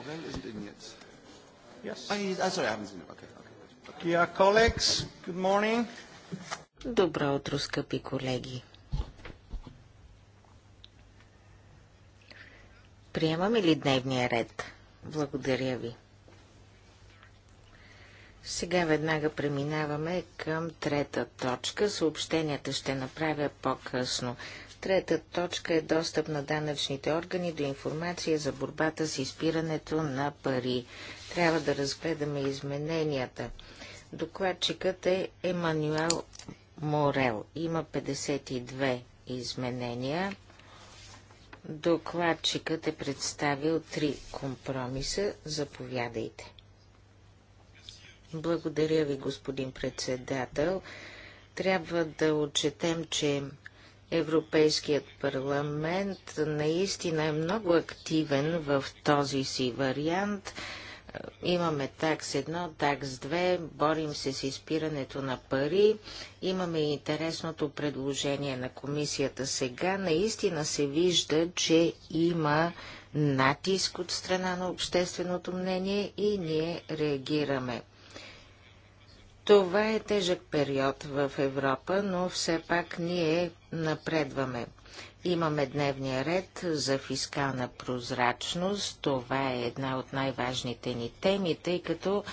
Borrell isn't in yet. Yes. Oh, oh, sorry, I haven't seen okay. okay. Dear colleagues, good morning. Добро утро, скъпи колеги. Приемаме ли дневния ред? Благодаря ви. Сега веднага преминаваме към трета точка. Съобщенията ще направя по-късно. Трета точка е достъп на данъчните органи до информация за борбата с изпирането на пари. Трябва да разгледаме измененията. Докладчикът е Емануел Морел. Има 52 изменения. Докладчикът е представил три компромиса. Заповядайте. Благодаря ви, господин председател. Трябва да отчетем, че Европейският парламент наистина е много активен в този си вариант. Имаме такс 1, такс 2, борим се с изпирането на пари. Имаме интересното предложение на комисията сега. Наистина се вижда, че има натиск от страна на общественото мнение и ние реагираме. Това е тежък период в Европа, но все пак ние напредваме. Имаме дневния ред за фискална прозрачност. Това е една от най-важните ни теми, тъй като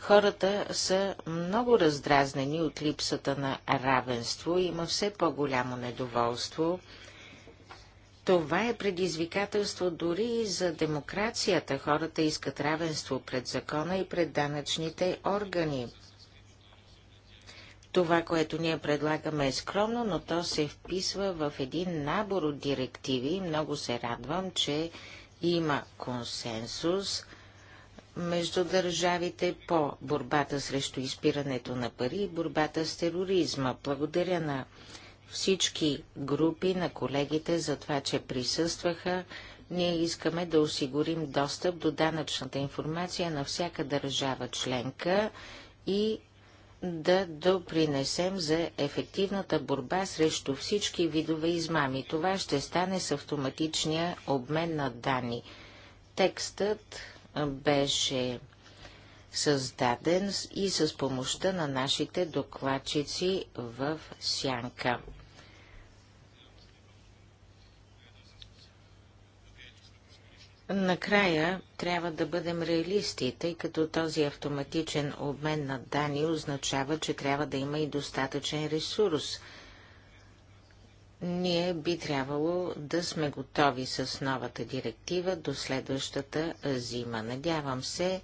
хората са много раздразнени от липсата на равенство. Има все по-голямо недоволство. Това е предизвикателство дори и за демокрацията. Хората искат равенство пред закона и пред данъчните органи. Това, което ние предлагаме е скромно, но то се вписва в един набор от директиви. Много се радвам, че има консенсус между държавите по борбата срещу изпирането на пари и борбата с тероризма. Благодаря на всички групи, на колегите за това, че присъстваха. Ние искаме да осигурим достъп до данъчната информация на всяка държава членка и да допринесем за ефективната борба срещу всички видове измами. Това ще стане с автоматичния обмен на данни. Текстът беше създаден и с помощта на нашите докладчици в Сянка. Накрая трябва да бъдем реалисти, тъй като този автоматичен обмен на данни означава, че трябва да има и достатъчен ресурс. Ние би трябвало да сме готови с новата директива до следващата зима. Надявам се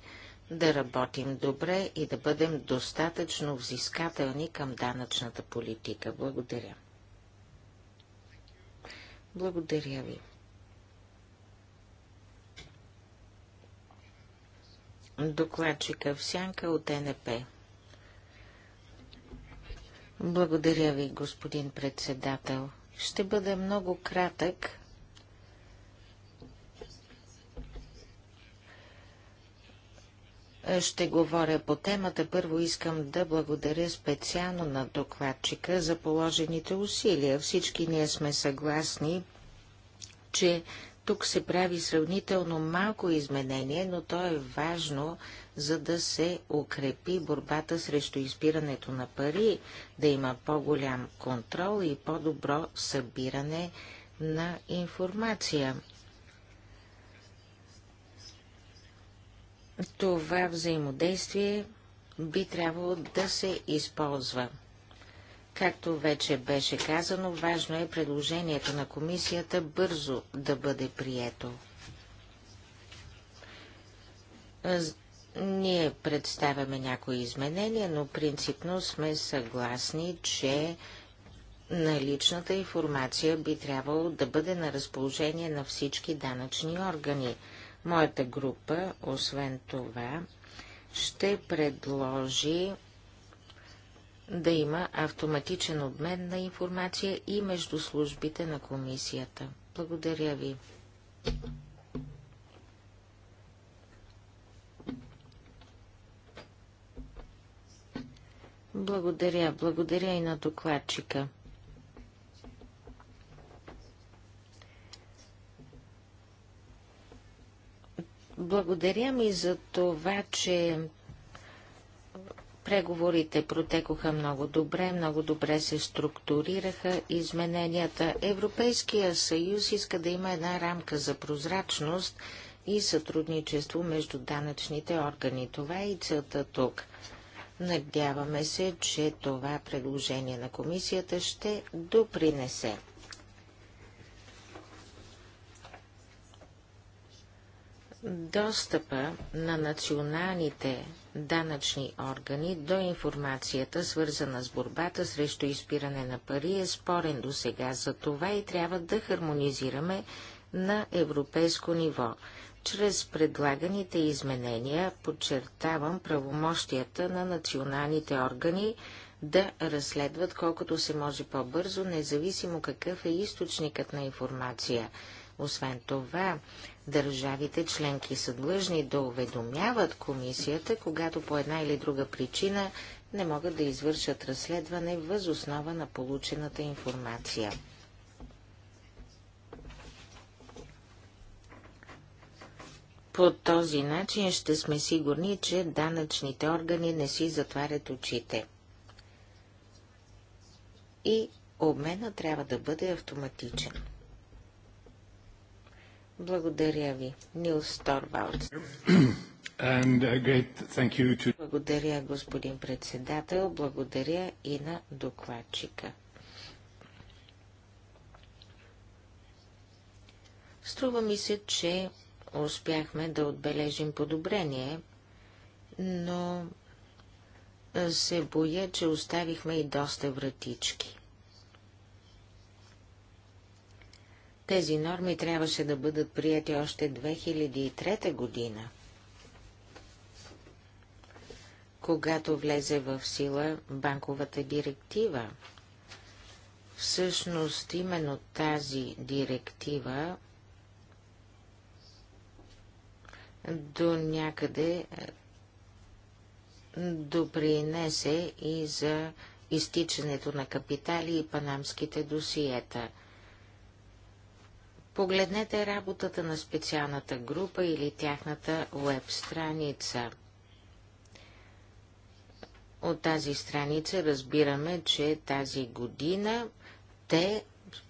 да работим добре и да бъдем достатъчно взискателни към данъчната политика. Благодаря. Благодаря ви. докладчика в сянка от НП. Благодаря ви, господин председател. Ще бъда много кратък. Ще говоря по темата. Първо искам да благодаря специално на докладчика за положените усилия. Всички ние сме съгласни, че тук се прави сравнително малко изменение, но то е важно, за да се укрепи борбата срещу избирането на пари, да има по-голям контрол и по-добро събиране на информация. Това взаимодействие би трябвало да се използва. Както вече беше казано, важно е предложението на комисията бързо да бъде прието. Ние представяме някои изменения, но принципно сме съгласни, че наличната информация би трябвало да бъде на разположение на всички данъчни органи. Моята група, освен това, ще предложи да има автоматичен обмен на информация и между службите на комисията. Благодаря ви. Благодаря, благодаря и на докладчика. Благодаря ми за това, че Преговорите протекоха много добре, много добре се структурираха измененията. Европейския съюз иска да има една рамка за прозрачност и сътрудничество между данъчните органи. Това е и целта тук. Надяваме се, че това предложение на комисията ще допринесе Достъпа на националните данъчни органи до информацията, свързана с борбата срещу изпиране на пари, е спорен до сега. За това и трябва да хармонизираме на европейско ниво. Чрез предлаганите изменения подчертавам правомощията на националните органи да разследват колкото се може по-бързо, независимо какъв е източникът на информация. Освен това, Държавите членки са длъжни да уведомяват комисията, когато по една или друга причина не могат да извършат разследване въз основа на получената информация. По този начин ще сме сигурни, че данъчните органи не си затварят очите. И обмена трябва да бъде автоматичен. Благодаря ви, Нил Сторвалд. Благодаря, господин председател. Благодаря и на докладчика. Струва ми се, че успяхме да отбележим подобрение, но се боя, че оставихме и доста вратички. Тези норми трябваше да бъдат прияти още 2003 година, когато влезе в сила банковата директива. Всъщност именно тази директива до някъде е, допринесе и за изтичането на капитали и панамските досиета – Погледнете работата на специалната група или тяхната веб-страница. От тази страница разбираме, че тази година те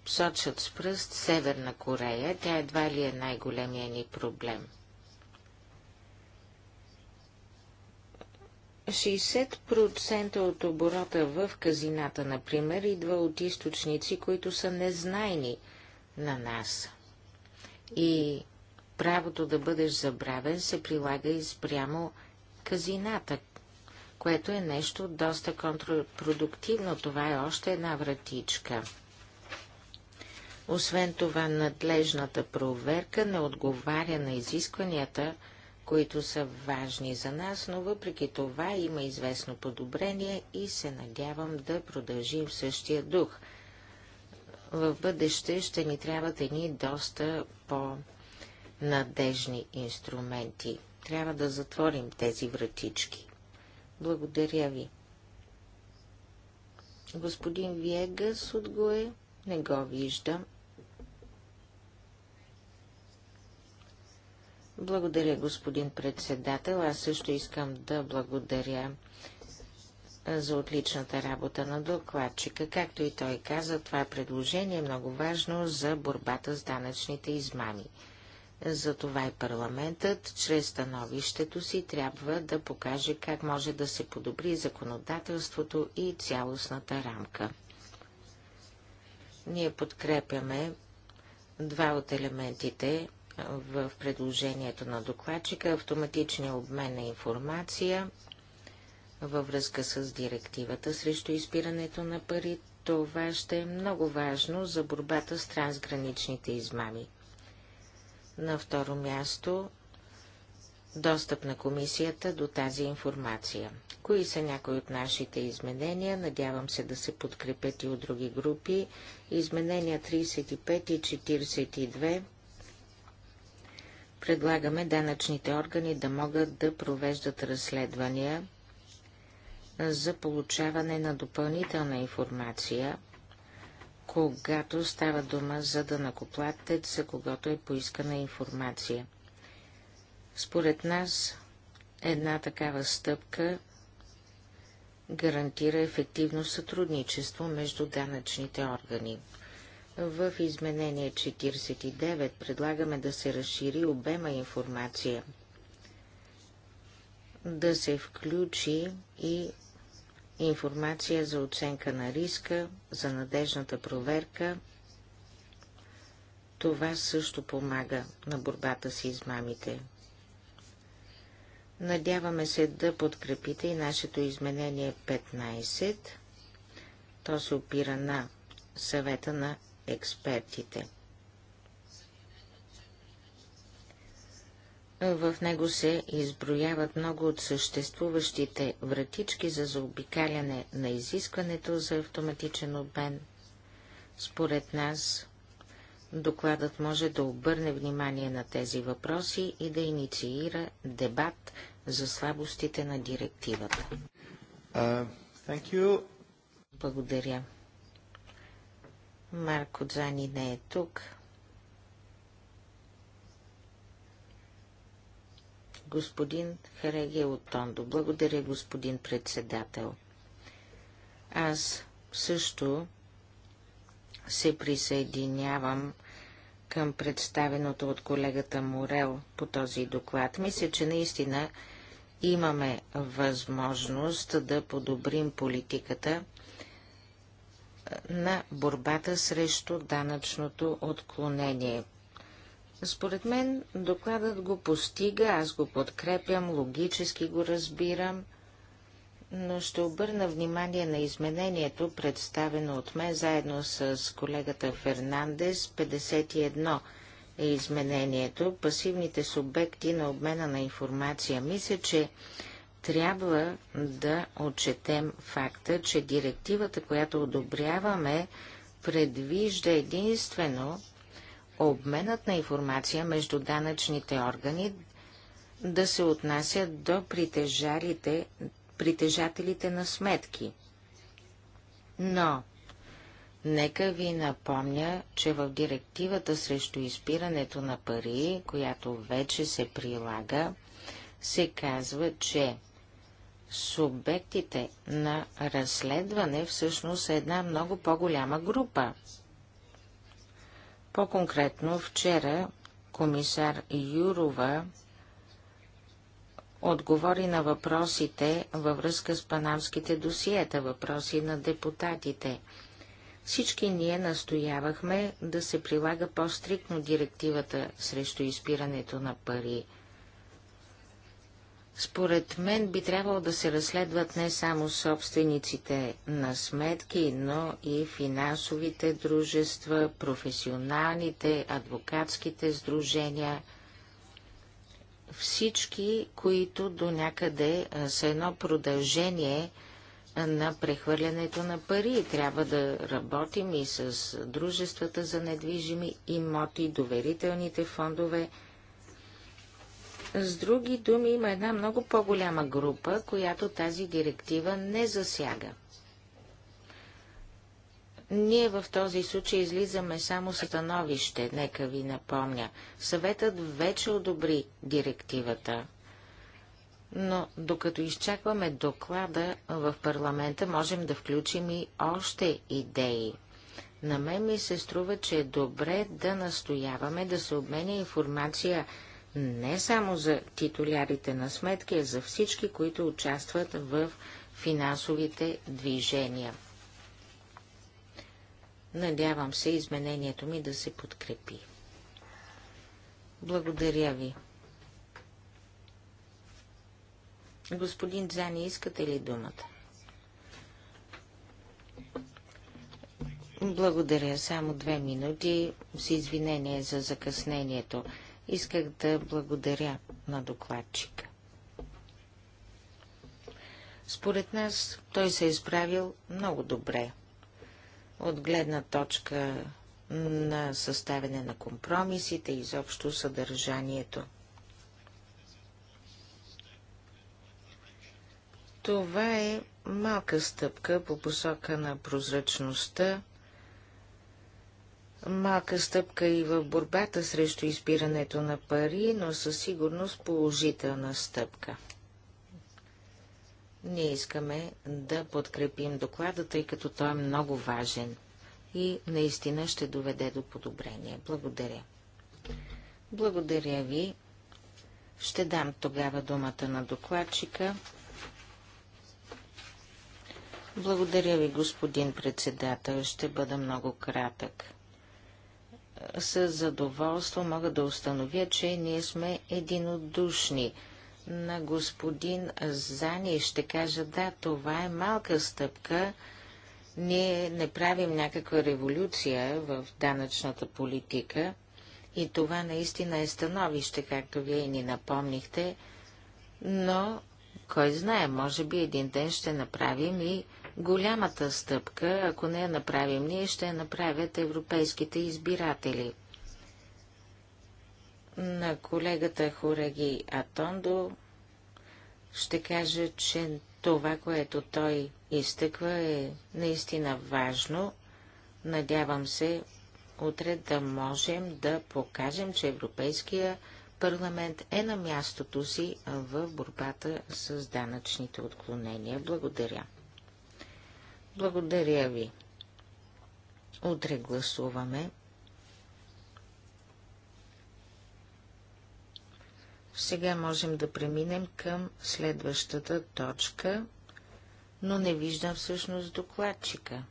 сочат с пръст Северна Корея. Тя едва ли е най-големия ни проблем. 60% от оборота в казината, например, идва от източници, които са незнайни на нас. И правото да бъдеш забравен се прилага и спрямо казината, което е нещо доста контрпродуктивно. Това е още една вратичка. Освен това, надлежната проверка не отговаря на изискванията, които са важни за нас, но въпреки това има известно подобрение и се надявам да продължим в същия дух – в бъдеще ще ни трябват едни доста по-надежни инструменти. Трябва да затворим тези вратички. Благодаря ви. Господин Виегас Судгое, не го виждам. Благодаря, господин председател. Аз също искам да благодаря за отличната работа на докладчика. Както и той каза, това предложение е много важно за борбата с данъчните измами. Затова и парламентът, чрез становището си, трябва да покаже как може да се подобри законодателството и цялостната рамка. Ние подкрепяме два от елементите в предложението на докладчика – автоматичния обмен на информация – във връзка с директивата срещу изпирането на пари. Това ще е много важно за борбата с трансграничните измами. На второ място достъп на комисията до тази информация. Кои са някои от нашите изменения? Надявам се да се подкрепят и от други групи. Изменения 35 и 42 предлагаме данъчните органи да могат да провеждат разследвания за получаване на допълнителна информация, когато става дума за данакоплатец, за когото е поискана информация. Според нас, една такава стъпка гарантира ефективно сътрудничество между данъчните органи. В изменение 49 предлагаме да се разшири обема информация, да се включи и информация за оценка на риска, за надежната проверка. Това също помага на борбата с измамите. Надяваме се да подкрепите и нашето изменение 15. То се опира на съвета на експертите. В него се изброяват много от съществуващите вратички за заобикаляне на изискването за автоматичен обмен. Според нас, докладът може да обърне внимание на тези въпроси и да инициира дебат за слабостите на директивата. Uh, thank you. Благодаря. Марко Дзани не е тук. господин Хареге от Тондо. Благодаря, господин председател. Аз също се присъединявам към представеното от колегата Морел по този доклад. Мисля, че наистина имаме възможност да подобрим политиката на борбата срещу данъчното отклонение. Според мен докладът го постига, аз го подкрепям, логически го разбирам, но ще обърна внимание на изменението, представено от мен заедно с колегата Фернандес, 51 е изменението, пасивните субекти на обмена на информация. Мисля, че трябва да отчетем факта, че директивата, която одобряваме, предвижда единствено обменът на информация между данъчните органи да се отнася до притежателите на сметки. Но, нека ви напомня, че в директивата срещу изпирането на пари, която вече се прилага, се казва, че субектите на разследване всъщност е една много по-голяма група по-конкретно, вчера комисар Юрова отговори на въпросите във връзка с панамските досиета, въпроси на депутатите. Всички ние настоявахме да се прилага по-стрикно директивата срещу изпирането на пари – според мен би трябвало да се разследват не само собствениците на сметки, но и финансовите дружества, професионалните, адвокатските сдружения, всички, които до някъде са едно продължение на прехвърлянето на пари. Трябва да работим и с дружествата за недвижими имоти, доверителните фондове – с други думи, има една много по-голяма група, която тази директива не засяга. Ние в този случай излизаме само становище, нека ви напомня. Съветът вече одобри директивата. Но докато изчакваме доклада в парламента, можем да включим и още идеи. На мен ми се струва, че е добре да настояваме да се обменя информация не само за титулярите на сметки, а за всички, които участват в финансовите движения. Надявам се изменението ми да се подкрепи. Благодаря ви. Господин Дзани, искате ли думата? Благодаря. Само две минути. С извинение за закъснението. Исках да благодаря на докладчика. Според нас той се е изправил много добре. От гледна точка на съставяне на компромисите и изобщо съдържанието. Това е малка стъпка по посока на прозрачността малка стъпка и в борбата срещу изпирането на пари, но със сигурност положителна стъпка. Ние искаме да подкрепим доклада, тъй като той е много важен и наистина ще доведе до подобрение. Благодаря. Благодаря ви. Ще дам тогава думата на докладчика. Благодаря ви, господин председател. Ще бъда много кратък с задоволство мога да установя, че ние сме единодушни. На господин Зани ще кажа, да, това е малка стъпка. Ние не правим някаква революция в данъчната политика и това наистина е становище, както вие и ни напомнихте, но кой знае, може би един ден ще направим и Голямата стъпка, ако не я направим ние, ще я направят европейските избиратели. На колегата Хораги Атондо ще кажа, че това, което той изтъква е наистина важно. Надявам се утре да можем да покажем, че Европейския парламент е на мястото си в борбата с данъчните отклонения. Благодаря. Благодаря ви. Утре гласуваме. Сега можем да преминем към следващата точка, но не виждам всъщност докладчика.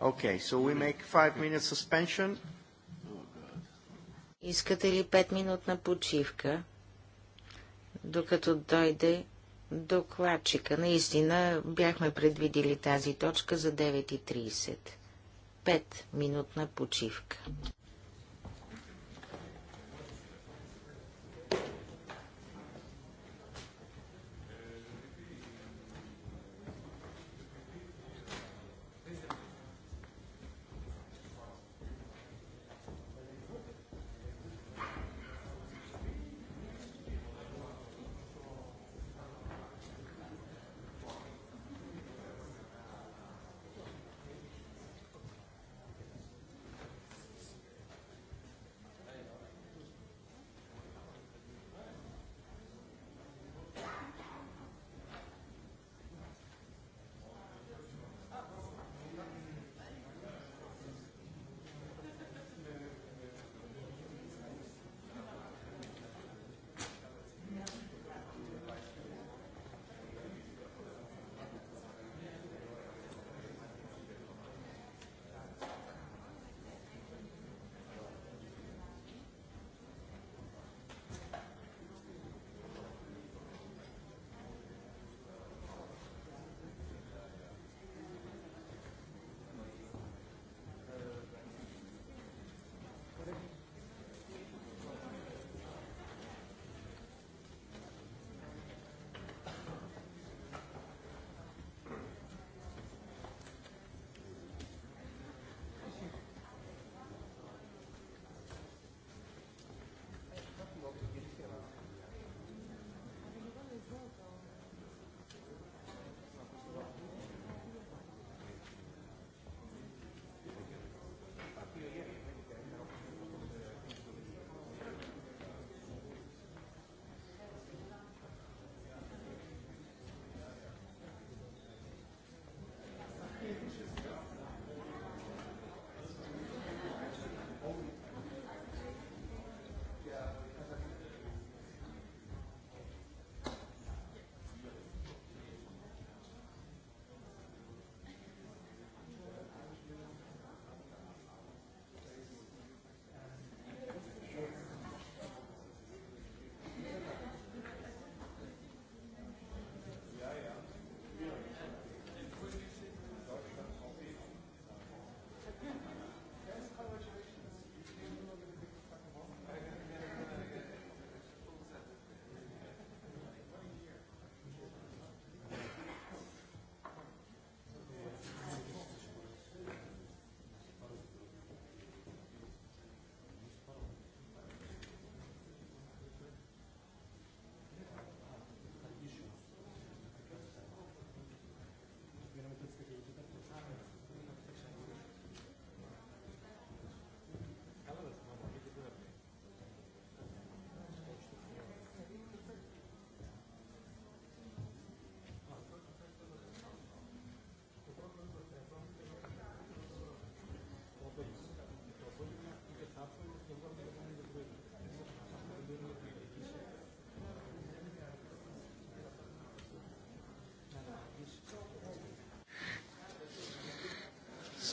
Okay, so we make five minutes suspension. Искате ли 5 минутна почивка? докато дойде докладчика. Наистина бяхме предвидили тази точка за 9.30. Пет минутна почивка.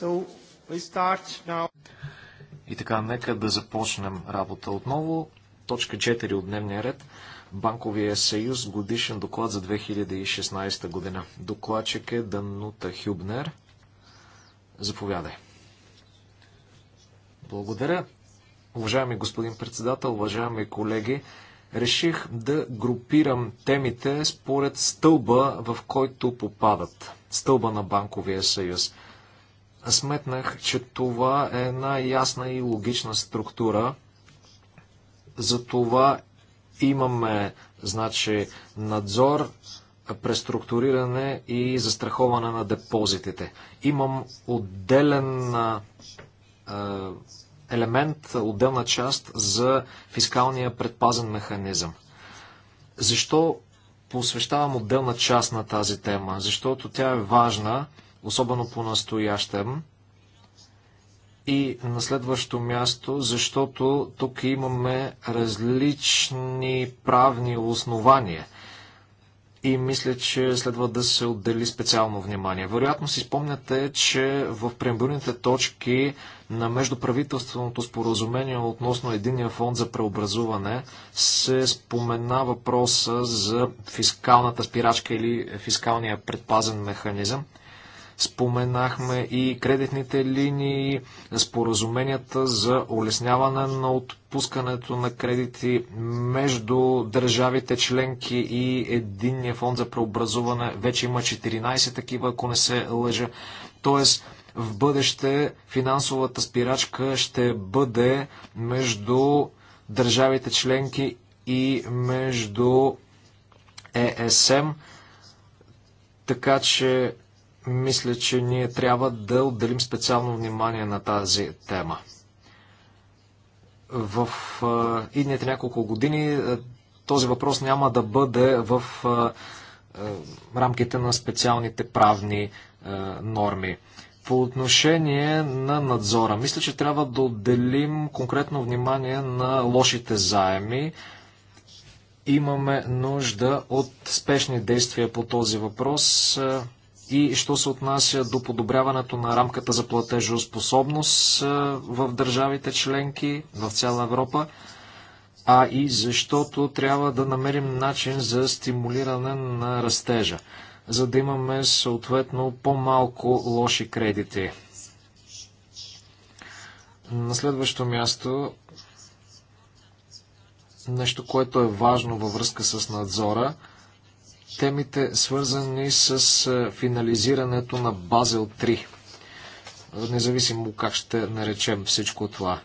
So и така, нека да започнем работа отново. Точка 4 от дневния ред. Банковия съюз, годишен доклад за 2016 година. Докладчик е Данута Хюбнер. Заповядай. Благодаря. Уважаеми господин председател, уважаеми колеги, реших да групирам темите според стълба, в който попадат. Стълба на Банковия съюз сметнах, че това е една ясна и логична структура. Затова имаме значи, надзор, преструктуриране и застраховане на депозитите. Имам отделен е, елемент, отделна част за фискалния предпазен механизъм. Защо посвещавам отделна част на тази тема? Защото тя е важна особено по-настоящем. И на следващо място, защото тук имаме различни правни основания и мисля, че следва да се отдели специално внимание. Вероятно си спомняте, че в преамбюлните точки на междуправителственото споразумение относно единия фонд за преобразуване се спомена въпроса за фискалната спирачка или фискалния предпазен механизъм. Споменахме и кредитните линии, споразуменията за улесняване на отпускането на кредити между държавите членки и Единния фонд за преобразуване. Вече има 14 такива, ако не се лъжа. Тоест, в бъдеще финансовата спирачка ще бъде между държавите членки и между ЕСМ. Така че мисля, че ние трябва да отделим специално внимание на тази тема. В идните няколко години този въпрос няма да бъде в рамките на специалните правни норми. По отношение на надзора, мисля, че трябва да отделим конкретно внимание на лошите заеми. Имаме нужда от спешни действия по този въпрос и що се отнася до подобряването на рамката за платежоспособност е, в държавите членки, в цяла Европа, а и защото трябва да намерим начин за стимулиране на растежа, за да имаме съответно по-малко лоши кредити. На следващо място, нещо, което е важно във връзка с надзора – темите, свързани с е, финализирането на Базел 3. Независимо как ще наречем всичко това.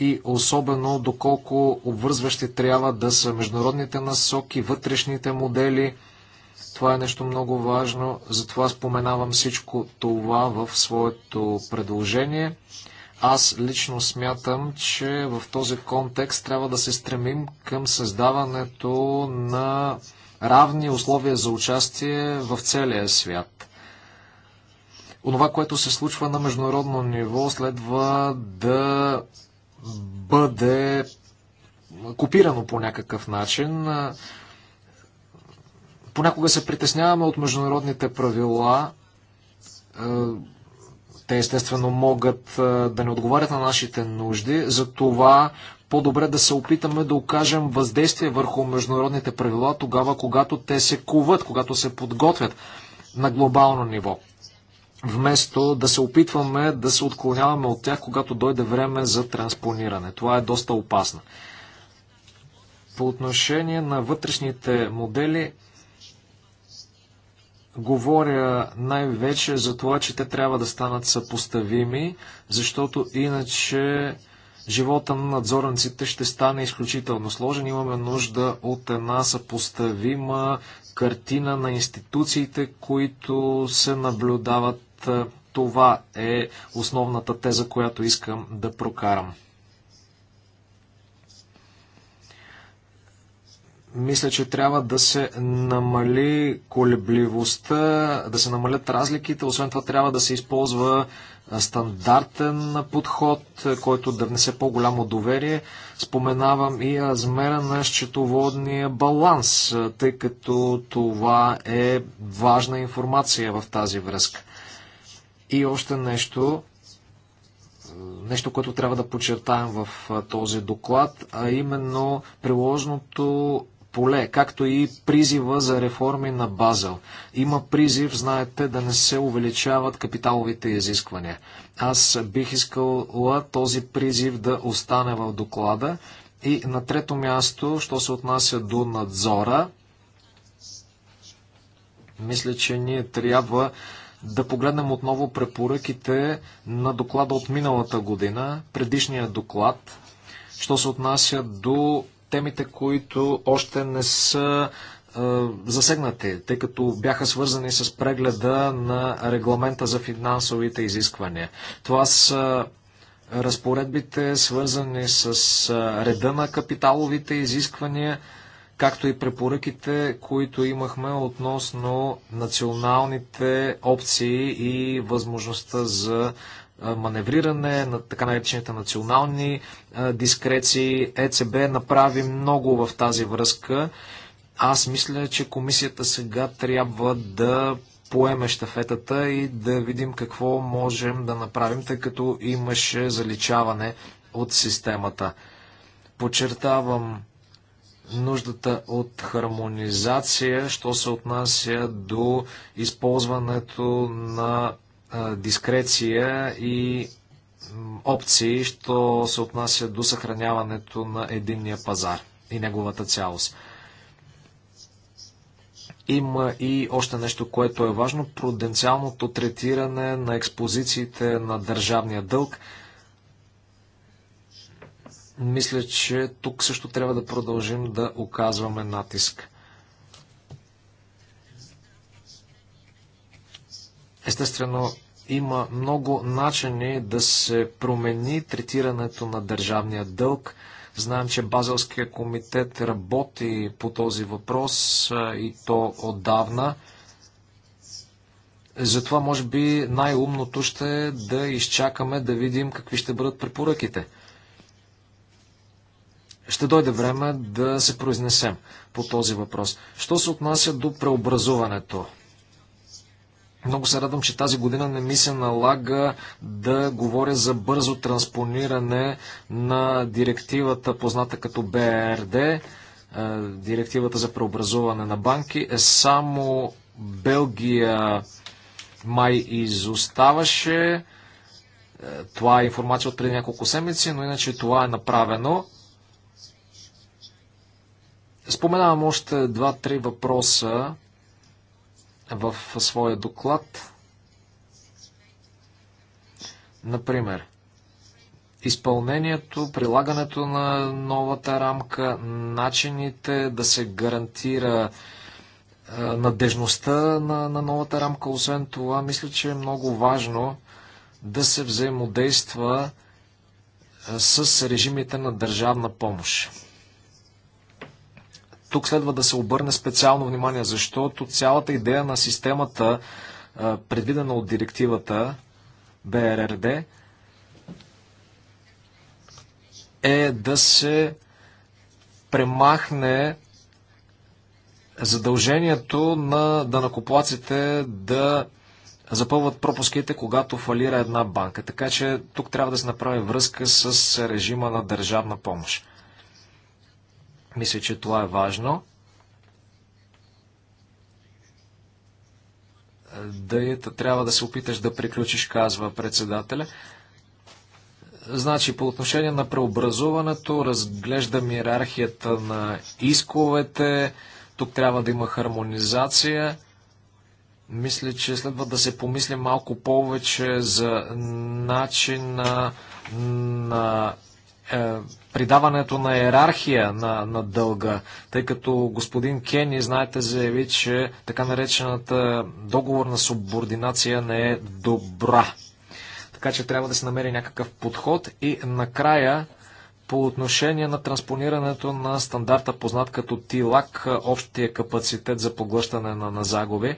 И особено доколко обвързващи трябва да са международните насоки, вътрешните модели. Това е нещо много важно, затова споменавам всичко това в своето предложение. Аз лично смятам, че в този контекст трябва да се стремим към създаването на равни условия за участие в целия свят. Онова, което се случва на международно ниво, следва да бъде копирано по някакъв начин. Понякога се притесняваме от международните правила. Те естествено могат да не отговарят на нашите нужди. Затова по-добре да се опитаме да окажем въздействие върху международните правила тогава, когато те се куват, когато се подготвят на глобално ниво. Вместо да се опитваме да се отклоняваме от тях, когато дойде време за транспониране. Това е доста опасно. По отношение на вътрешните модели, говоря най-вече за това, че те трябва да станат съпоставими, защото иначе живота на надзорниците ще стане изключително сложен. Имаме нужда от една съпоставима картина на институциите, които се наблюдават. Е, това е основната теза, която искам да прокарам. мисля, че трябва да се намали колебливостта, да се намалят разликите. Освен това трябва да се използва стандартен подход, който да внесе по-голямо доверие. Споменавам и размера на счетоводния баланс, тъй като това е важна информация в тази връзка. И още нещо, нещо, което трябва да подчертаем в този доклад, а именно приложното поле, както и призива за реформи на Базел. Има призив, знаете, да не се увеличават капиталовите изисквания. Аз бих искала този призив да остане в доклада. И на трето място, що се отнася до надзора, мисля, че ние трябва да погледнем отново препоръките на доклада от миналата година, предишния доклад, що се отнася до темите, които още не са засегнати, тъй като бяха свързани с прегледа на регламента за финансовите изисквания. Това са разпоредбите, свързани с реда на капиталовите изисквания, както и препоръките, които имахме относно националните опции и възможността за маневриране, на така наречените национални дискреции. ЕЦБ направи много в тази връзка. Аз мисля, че комисията сега трябва да поеме щафетата и да видим какво можем да направим, тъй като имаше заличаване от системата. Почертавам нуждата от хармонизация, що се отнася до използването на дискреция и опции, що се отнася до съхраняването на единния пазар и неговата цялост. Има и още нещо, което е важно пруденциалното третиране на експозициите на държавния дълг. Мисля, че тук също трябва да продължим да оказваме натиск. Естествено, има много начини да се промени третирането на държавния дълг. Знаем, че Базелския комитет работи по този въпрос и то отдавна. Затова, може би, най-умното ще е да изчакаме да видим какви ще бъдат препоръките. Ще дойде време да се произнесем по този въпрос. Що се отнася до преобразуването? Много се радвам, че тази година не ми се налага да говоря за бързо транспониране на директивата, позната като БРД, е, директивата за преобразуване на банки. Е само Белгия май изоставаше. Е, това е информация от преди няколко седмици, но иначе това е направено. Споменавам още два-три въпроса в своя доклад. Например, изпълнението, прилагането на новата рамка, начините да се гарантира е, надежността на, на новата рамка. Освен това, мисля, че е много важно да се взаимодейства е, с режимите на държавна помощ. Тук следва да се обърне специално внимание, защото цялата идея на системата, предвидена от директивата БРРД, е да се премахне задължението на данакоплаците да запълват пропуските, когато фалира една банка. Така че тук трябва да се направи връзка с режима на държавна помощ. Мисля, че това е важно. Дъята трябва да се опиташ да приключиш, казва председателя. Значи, по отношение на преобразуването, разглеждам иерархията на исковете. Тук трябва да има хармонизация. Мисля, че следва да се помисли малко повече за начина на е, придаването на иерархия на, на дълга, тъй като господин Кени, знаете, заяви, че така наречената договорна субординация не е добра. Така че трябва да се намери някакъв подход и накрая по отношение на транспонирането на стандарта, познат като ТИЛАК, общия капацитет за поглъщане на, на загуби, е,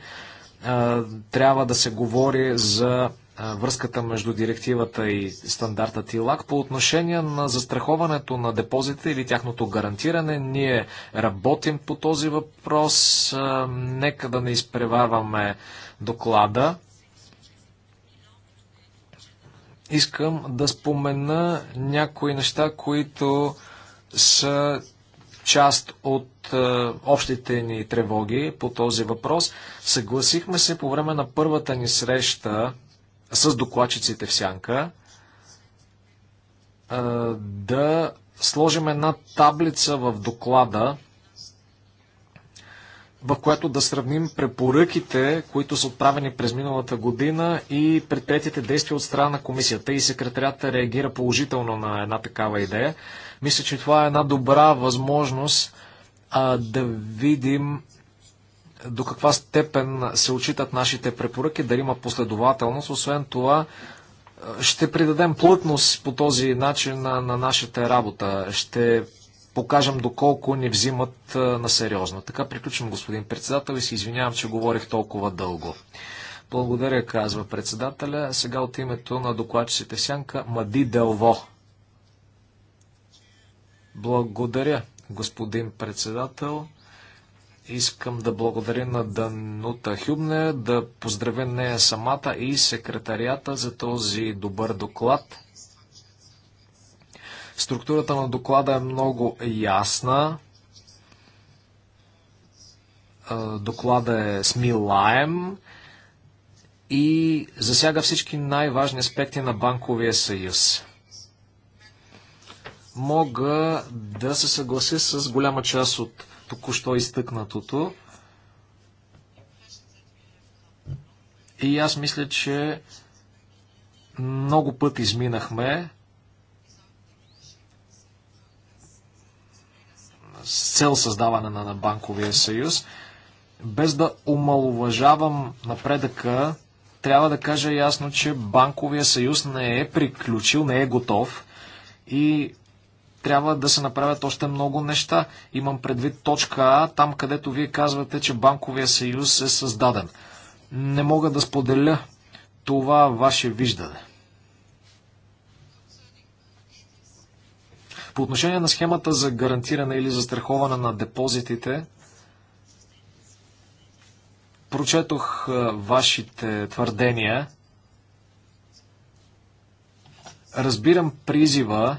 трябва да се говори за връзката между директивата и стандарта ТИЛАК. По отношение на застраховането на депозита или тяхното гарантиране, ние работим по този въпрос. Нека да не изпреварваме доклада. Искам да спомена някои неща, които са част от е, общите ни тревоги по този въпрос. Съгласихме се по време на първата ни среща с докладчиците в сянка да сложим една таблица в доклада, в която да сравним препоръките, които са отправени през миналата година и предприятите действия от страна на комисията. И секретарята реагира положително на една такава идея. Мисля, че това е една добра възможност а, да видим до каква степен се очитат нашите препоръки, дали има последователност. Освен това, е, ще придадем плътност по този начин на, на нашата работа. Ще покажем доколко ни взимат е, на сериозно. Така приключвам, господин председател, и се извинявам, че говорих толкова дълго. Благодаря, казва председателя. Сега от името на докладчиците Сянка Мади Делво. Благодаря, господин председател. Искам да благодаря на Данута Хюбне, да поздравя нея самата и секретарията за този добър доклад. Структурата на доклада е много ясна. Доклада е смилаем и засяга всички най-важни аспекти на банковия съюз. Мога да се съглася с голяма част от току-що изтъкнатото. И аз мисля, че много път изминахме с цел създаване на банковия съюз. Без да омалуважавам напредъка, трябва да кажа ясно, че банковия съюз не е приключил, не е готов и трябва да се направят още много неща. Имам предвид точка А, там където вие казвате, че банковия съюз е създаден. Не мога да споделя това ваше виждане. По отношение на схемата за гарантиране или застраховане на депозитите, прочетох вашите твърдения. Разбирам призива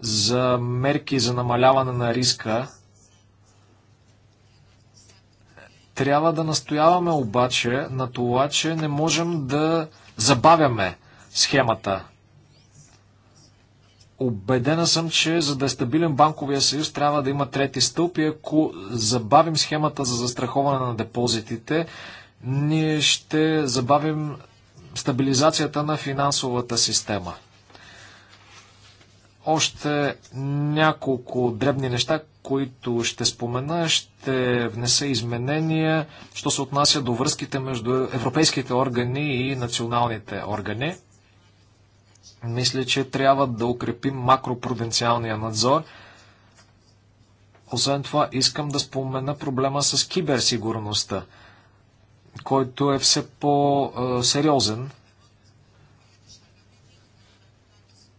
за мерки за намаляване на риска. Трябва да настояваме обаче на това, че не можем да забавяме схемата. Обедена съм, че за да е стабилен банковия съюз трябва да има трети стълб и ако забавим схемата за застраховане на депозитите, ние ще забавим стабилизацията на финансовата система още няколко дребни неща, които ще спомена, ще внеса изменения, що се отнася до връзките между европейските органи и националните органи. Мисля, че трябва да укрепим макропруденциалния надзор. Освен това, искам да спомена проблема с киберсигурността, който е все по-сериозен.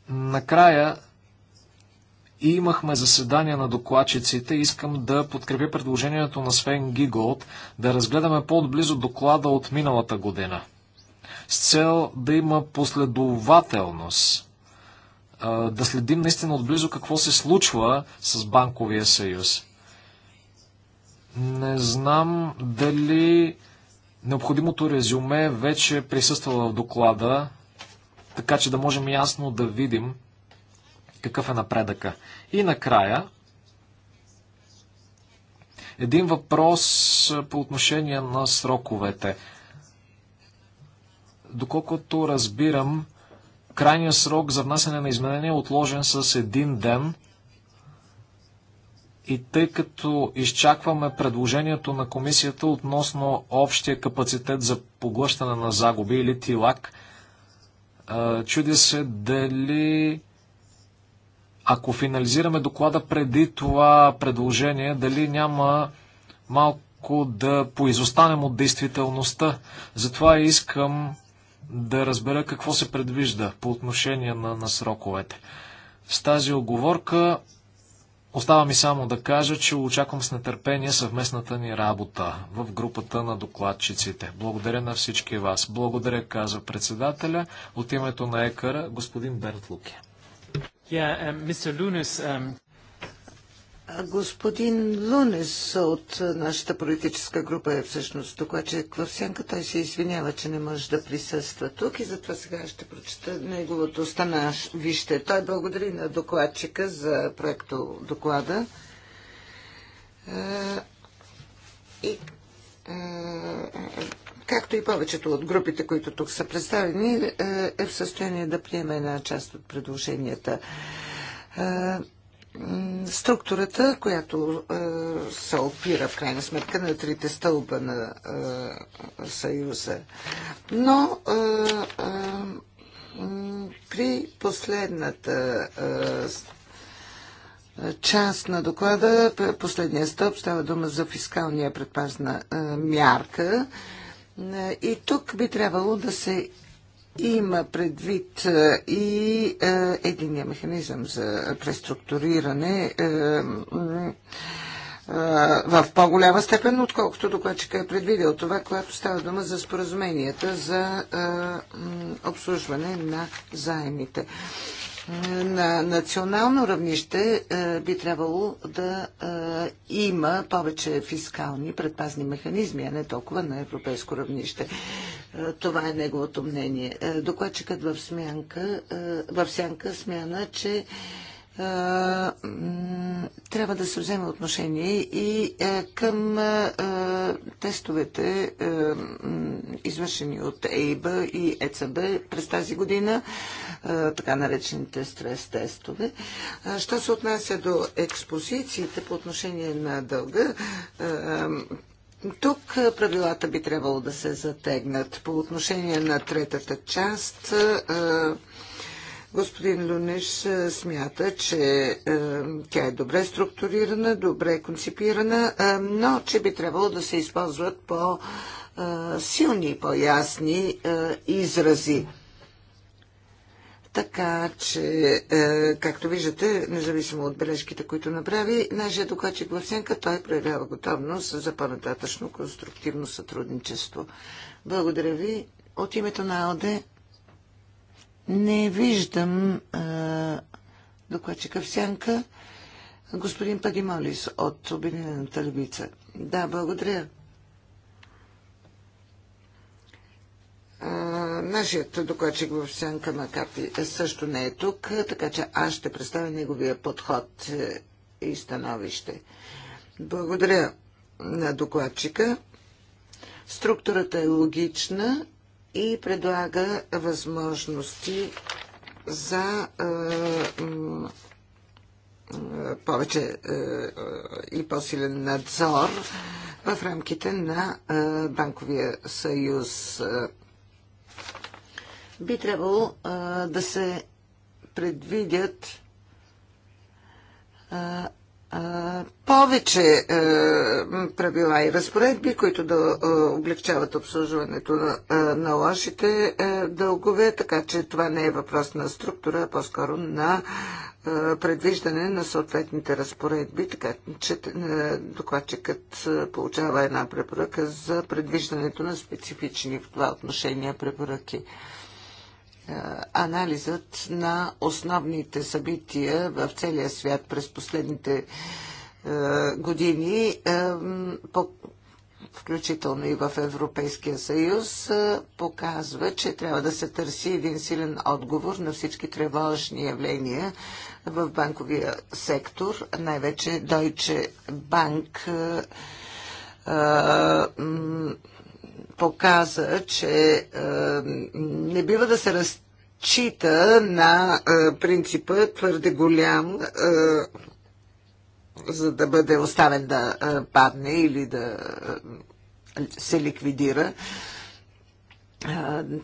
Накрая и имахме заседание на докладчиците. Искам да подкрепя предложението на Свен Гиголд да разгледаме по-отблизо доклада от миналата година. С цел да има последователност, да следим наистина отблизо какво се случва с Банковия съюз. Не знам дали необходимото резюме вече присъства в доклада, така че да можем ясно да видим какъв е напредъка. И накрая, един въпрос по отношение на сроковете. Доколкото разбирам, крайният срок за внасяне на изменения е отложен с един ден. И тъй като изчакваме предложението на комисията относно общия капацитет за поглъщане на загуби или тилак, чуди се дали ако финализираме доклада преди това предложение, дали няма малко да поизостанем от действителността? Затова искам да разбера какво се предвижда по отношение на, на сроковете. С тази оговорка остава ми само да кажа, че очаквам с нетърпение съвместната ни работа в групата на докладчиците. Благодаря на всички вас. Благодаря, каза председателя от името на ЕКАРА господин Берт Луке. Um, um, Господин Лунес от нашата политическа група е всъщност докладчик в Сянка. Той се извинява, че не може да присъства тук и затова сега ще прочета неговото Вижте, Той благодари на докладчика за проекто доклада. Е, и е, както и повечето от групите, които тук са представени, е, е в състояние да приеме една част от предложенията. Е, структурата, която е, се опира в крайна сметка на трите стълба на Съюза. Но при последната част на доклада, последния стълб, става дума за фискалния предпазна мярка. И тук би трябвало да се има предвид е, и е, единия механизъм за преструктуриране е, в по-голяма степен, отколкото докладчика е предвидел това, което става дума за споразуменията за обслужване на заемите на национално равнище е, би трябвало да е, има повече фискални предпазни механизми, а не толкова на европейско равнище. Е, това е неговото мнение. Докладчикът в, смянка, в сянка смяна, че трябва да се вземе отношение и към тестовете, извършени от ЕИБ и ЕЦБ през тази година така наречените стрес тестове. Що се отнася до експозициите по отношение на дълга, тук правилата би трябвало да се затегнат. По отношение на третата част, господин Лунеш смята, че тя е добре структурирана, добре концепирана, но че би трябвало да се използват по силни, по-ясни изрази така че, е, както виждате, независимо от бележките, които направи, нашия докладчик в Сенка, той проявява готовност за по-нататъчно конструктивно сътрудничество. Благодаря ви. От името на АОД, не виждам е, докладчика в Сянка. Господин Падимолис от Обединената левица. Да, благодаря. Нашият докладчик в Сенка Макарти също не е тук, така че аз ще представя неговия подход е, и становище. Благодаря на докладчика. Структурата е логична и предлага възможности за е, е повече е, е, и по-силен надзор в рамките на Банковия съюз би трябвало да се предвидят повече правила и разпоредби, които да облегчават обслужването на, на лошите дългове, така че това не е въпрос на структура, а по-скоро на предвиждане на съответните разпоредби, така че докладчикът получава една препоръка за предвиждането на специфични в това отношение препоръки анализът на основните събития в целия свят през последните години, включително и в Европейския съюз, показва, че трябва да се търси един силен отговор на всички тревожни явления в банковия сектор, най-вече Deutsche Bank показа, че е, не бива да се разчита на е, принципа твърде голям, е, за да бъде оставен да падне или да се ликвидира.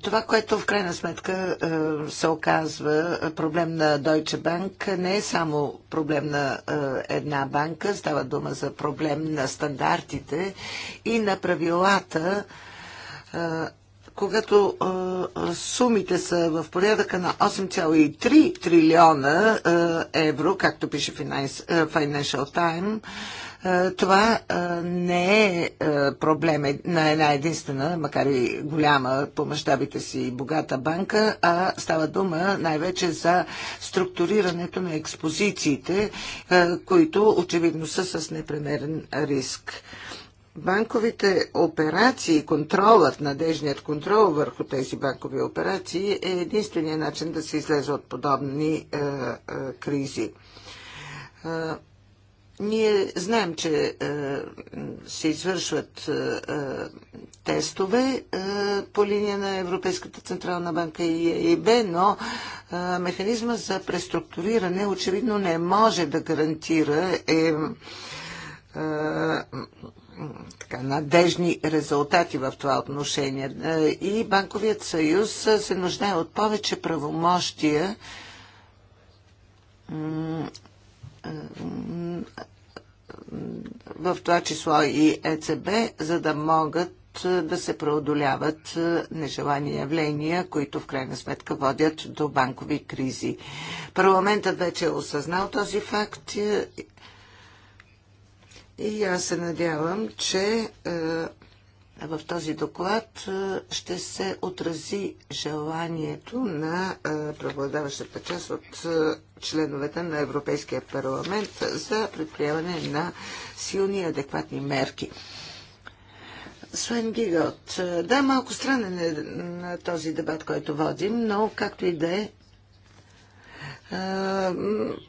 Това, което в крайна сметка се оказва проблем на Deutsche Bank, не е само проблем на една банка, става дума за проблем на стандартите и на правилата, когато сумите са в порядъка на 8,3 трилиона евро, както пише Financial Time, това не е проблем е на една единствена, макар и голяма по мащабите си богата банка, а става дума най-вече за структурирането на експозициите, които очевидно са с непремерен риск банковите операции, контролът, надежният контрол върху тези банкови операции е единствения начин да се излезе от подобни е, е, кризи. Е, ние знаем, че е, се извършват е, е тестове е, по линия на Европейската централна банка и ЕИБ, но е, механизма за преструктуриране очевидно не може да гарантира е, е така, надежни резултати в това отношение. Е, и Банковият съюз се нуждае от повече правомощия е, в това число и ЕЦБ, за да могат е, да се преодоляват нежелани явления, които в крайна сметка водят до банкови кризи. Парламентът вече е осъзнал този факт и аз се надявам, че е, в този доклад е, ще се отрази желанието на е, преобладаващата част от членовете на Европейския парламент за предприемане на силни и адекватни мерки. Суен Гигот. Да, малко странен е на този дебат, който водим, но както и да е,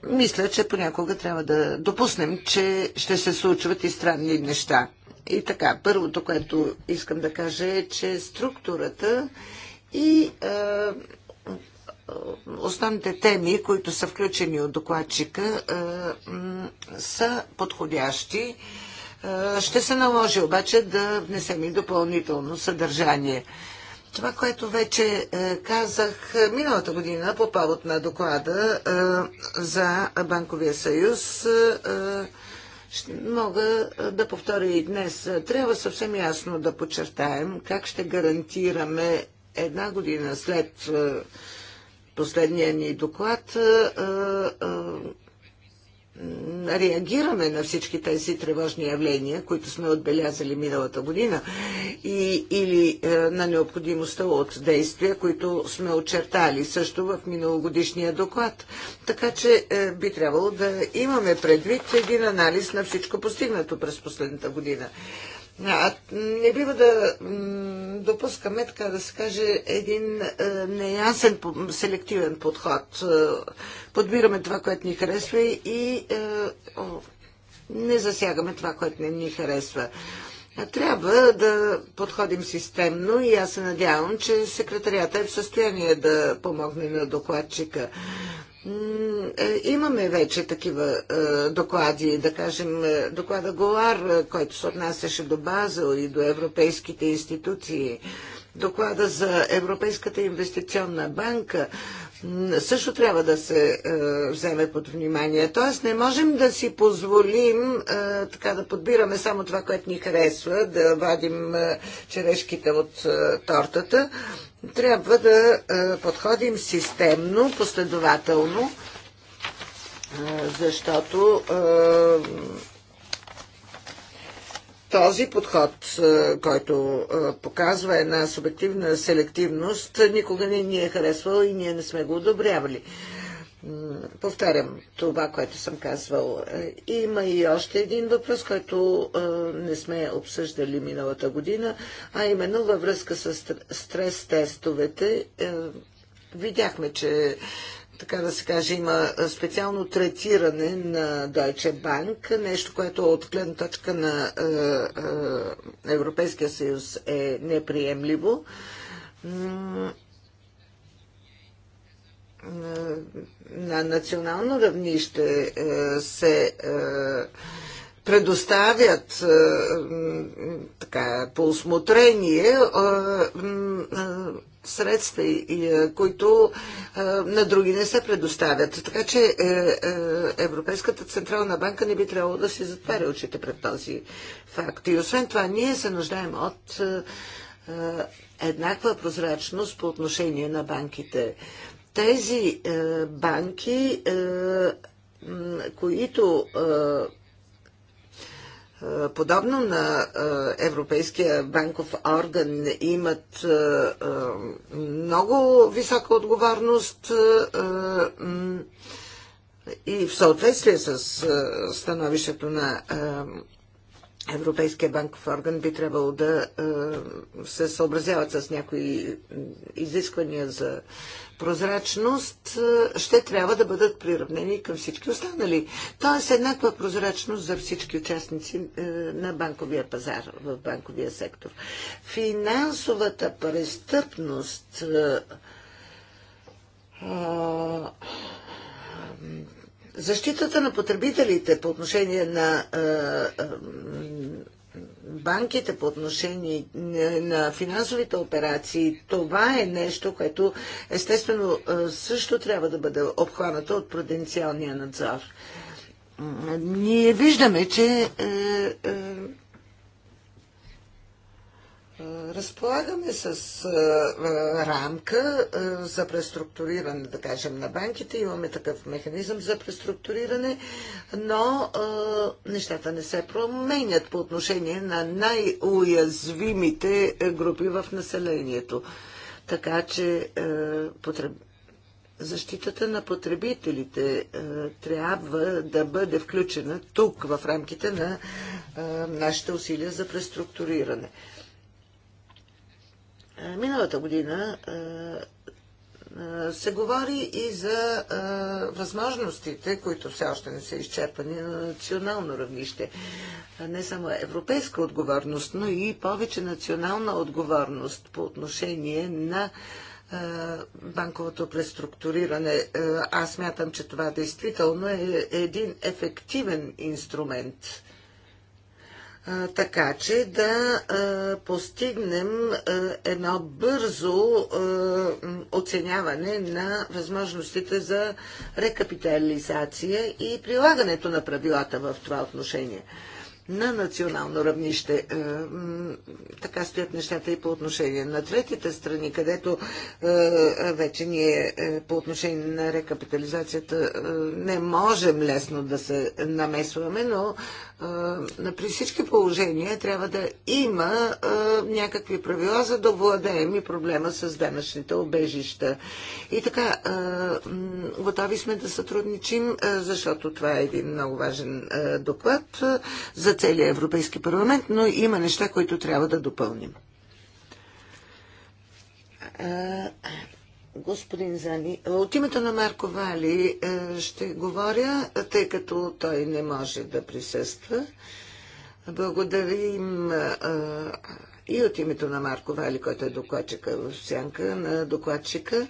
мисля, че понякога трябва да допуснем, че ще се случват и странни неща. И така, първото, което искам да кажа е, че структурата и а, основните теми, които са включени от докладчика, м- са подходящи. А, ще се наложи обаче да внесем и допълнително съдържание. Това, което вече е, казах е, миналата година по повод на доклада е, за Банковия съюз, мога да повторя и днес. Трябва съвсем ясно да подчертаем как ще гарантираме една година след последния ни доклад реагираме на всички тези тревожни явления, които сме отбелязали миналата година, и, или е, на необходимостта от действия, които сме очертали също в миналогодишния доклад. Така че е, би трябвало да имаме предвид един анализ на всичко постигнато през последната година. А, не бива да допускаме, така да се каже, един е, неясен, селективен подход. Е, подбираме това, което ни харесва и е, не засягаме това, което не ни харесва. Трябва да подходим системно и аз се надявам, че секретарията е в състояние да помогне на докладчика. Е, имаме вече такива е, доклади, да кажем е, доклада Голар, който се отнасяше до Базел и до европейските институции, доклада за Европейската инвестиционна банка, също трябва да се вземе под внимание. Тоест не можем да си позволим така да подбираме само това, което ни харесва, да вадим черешките от тортата, трябва да е, подходим системно, последователно, е, защото е, този подход, който показва една субективна селективност, никога не ни е харесвал и ние не сме го одобрявали повтарям това, което съм казвал. Има и още един въпрос, който не сме обсъждали миналата година, а именно във връзка с стрес-тестовете. Е, видяхме, че така да се каже, има специално третиране на Deutsche Bank, нещо, което от гледна точка на е, е, Европейския съюз е неприемливо на национално равнище е, се е, предоставят е, така, по осмотрение средства, които на други не се предоставят. Така че Европейската Централна банка не би трябвало да си затваря очите пред този факт. И освен това, ние се нуждаем от еднаква прозрачност по отношение на банките тези е, банки, е, които е, подобно на Европейския банков орган имат много висока отговорност и в съответствие с становището на Европейския банков орган би трябвало да се съобразяват с някои изисквания за прозрачност е, ще трябва да бъдат приравнени към всички останали. Тоест еднаква прозрачност за всички участници е, на банковия пазар в банковия сектор. Финансовата престъпност е, защитата на потребителите по отношение на банките по отношение на финансовите операции, това е нещо, което естествено е, също трябва да бъде обхванато от пруденциалния надзор. Ние виждаме, че е, е, Разполагаме с рамка за преструктуриране, да кажем, на банките. Имаме такъв механизъм за преструктуриране, но нещата не се променят по отношение на най-уязвимите е, групи в населението. Така че е, потреб... защитата на потребителите е, трябва да бъде включена тук, в рамките на нашите усилия за преструктуриране. Е, миналата година е, е, се говори и за възможностите, които все още не са изчерпани на национално равнище. Не само европейска отговорност, но и повече национална отговорност по отношение на банковото преструктуриране. Аз мятам, че това действително е един ефективен инструмент така че да постигнем едно бързо оценяване на възможностите за рекапитализация и прилагането на правилата в това отношение на национално равнище. Е, така стоят нещата и по отношение на третите страни, където е, вече ние е, по отношение на рекапитализацията не можем лесно да се намесваме, но при всички положения трябва да има някакви правила, за да владеем и проблема с денъчните обежища. И така, готови сме да сътрудничим, защото това е един много важен доклад за целия Европейски парламент, но има неща, които трябва да допълним. Господин Зани, от името на Марко Вали ще говоря, тъй като той не може да присъства. Благодарим и от името на Марко Вали, който е докладчика в сянка на докладчика.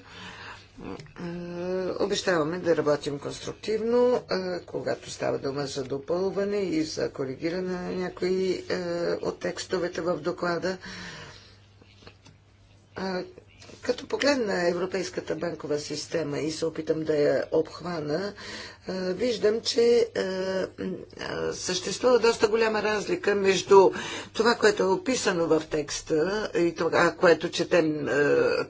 Е, обещаваме да работим конструктивно, е, когато става дума за допълване и за коригиране на някои е, от текстовете в доклада. Като погледна Европейската банкова система и се опитам да я обхвана, е, виждам, че е, е, съществува доста голяма разлика между това, което е описано в текста и това, което четем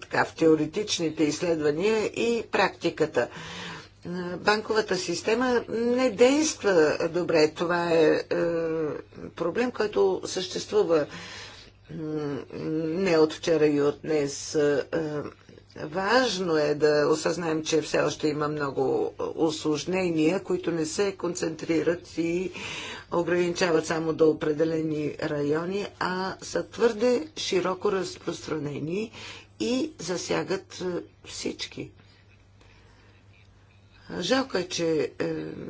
така, в теоретичните изследвания и практиката банковата система не действа добре. Това е, проблем, който съществува не от вчера и от днес. Е, е, важно е да осъзнаем, че все още има много осложнения, които не се концентрират и ограничават само до определени райони, а са твърде широко разпространени и засягат е, всички. Жалко е, че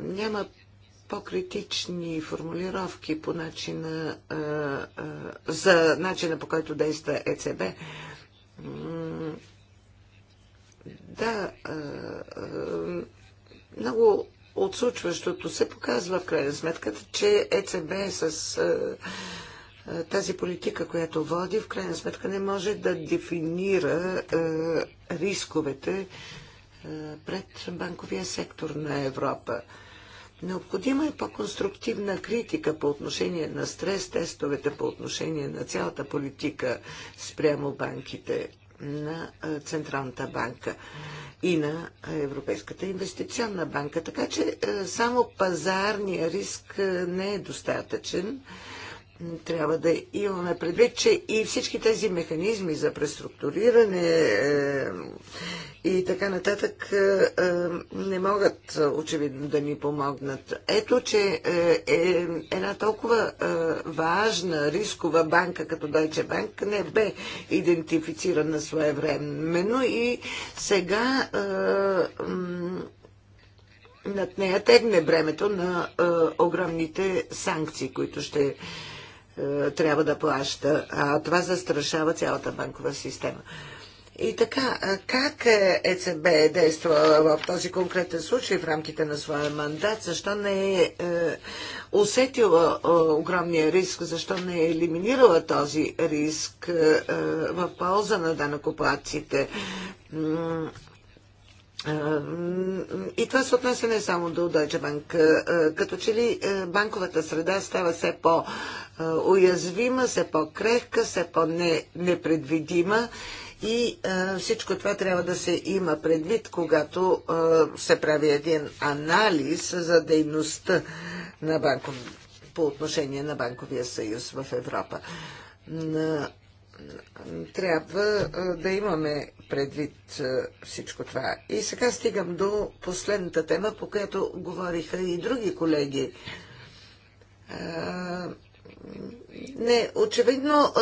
няма по-критични формулировки по начина, за начина по който действа ЕЦБ. Да, много отсучващото се показва в крайна сметка, че ЕЦБ с тази политика, която води, в крайна сметка не може да дефинира рисковете пред банковия сектор на Европа. Необходима е по-конструктивна критика по отношение на стрес тестовете, по отношение на цялата политика спрямо банките на Централната банка и на Европейската инвестиционна банка. Така че само пазарния риск не е достатъчен трябва да имаме предвид, че и всички тези механизми за преструктуриране е, и така нататък е, е, не могат очевидно да ни помогнат. Ето, че е една толкова важна рискова банка като Deutsche Bank не бе идентифицирана своевременно и сега над нея тегне бремето на е, огромните санкции, които ще е, трябва да плаща, а това застрашава цялата банкова система. И така, как е ЕЦБ е действала в този конкретен случай в рамките на своя мандат? Защо не е, е усетила огромния риск? Защо не е елиминирала този риск в полза на данакоплаците? И това се отнася не само до Deutsche Bank. Като че ли банковата среда става все по-уязвима, все по-крехка, все по-непредвидима и всичко това трябва да се има предвид, когато се прави един анализ за дейността на банков, по отношение на Банковия съюз в Европа трябва да имаме предвид всичко това. И сега стигам до последната тема, по която говориха и други колеги. Не, очевидно,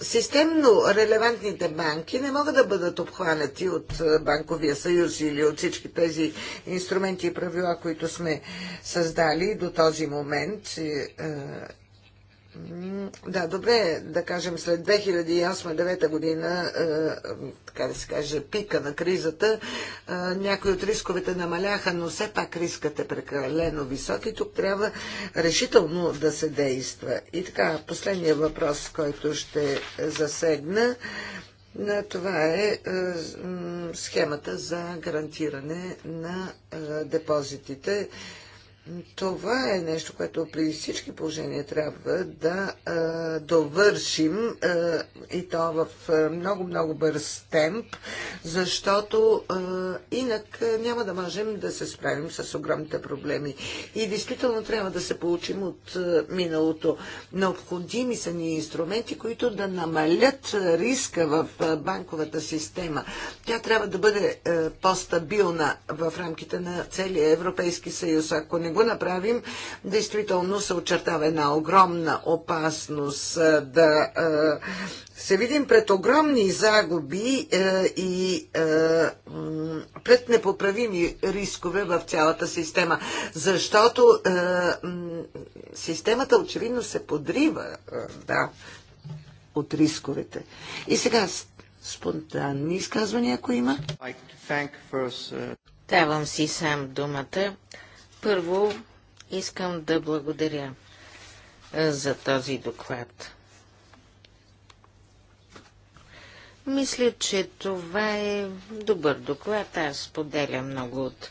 системно релевантните банки не могат да бъдат обхванати от Банковия съюз или от всички тези инструменти и правила, които сме създали до този момент да, добре, е да кажем след 2008-2009 година, е, така да се каже, пика на кризата, е, някои от рисковете намаляха, но все пак рискът е прекалено висок и тук трябва решително да се действа. И така, последният въпрос, който ще засегна, това е схемата за гарантиране на депозитите това е нещо, което при всички положения трябва да а, довършим а, и то в много-много бърз темп, защото а, инак няма да можем да се справим с огромните проблеми. И действително трябва да се получим от а, миналото. Необходими са ни инструменти, които да намалят риска в а, банковата система. Тя трябва да бъде по-стабилна в рамките на целия Европейски съюз. Ако не не го направим, действително се очертава една огромна опасност да се видим пред огромни загуби и пред непоправими рискове в цялата система, защото системата очевидно се подрива да, от рисковете. И сега спонтанни изказвания, ако има. Uh, Давам си сам думата. Първо искам да благодаря е, за този доклад. Мисля, че това е добър доклад. Аз поделям много от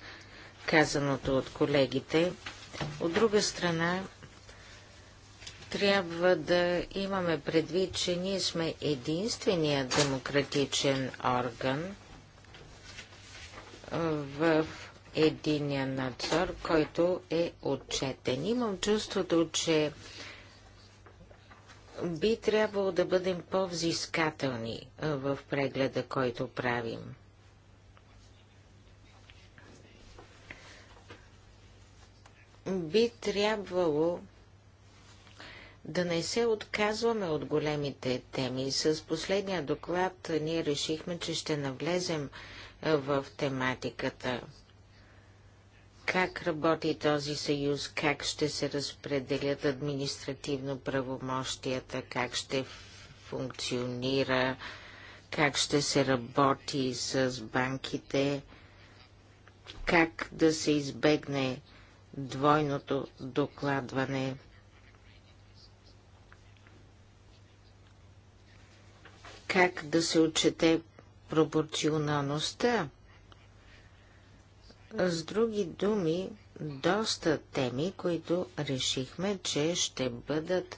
казаното от колегите. От друга страна, трябва да имаме предвид, че ние сме единствения демократичен орган в единия надзор, който е отчетен. Имам чувството, че би трябвало да бъдем по-взискателни в прегледа, който правим. Би трябвало да не се отказваме от големите теми. С последния доклад ние решихме, че ще навлезем в тематиката как работи този съюз, как ще се разпределят административно правомощията, как ще функционира, как ще се работи с банките, как да се избегне двойното докладване. Как да се отчете пропорционалността с други думи, доста теми, които решихме, че ще бъдат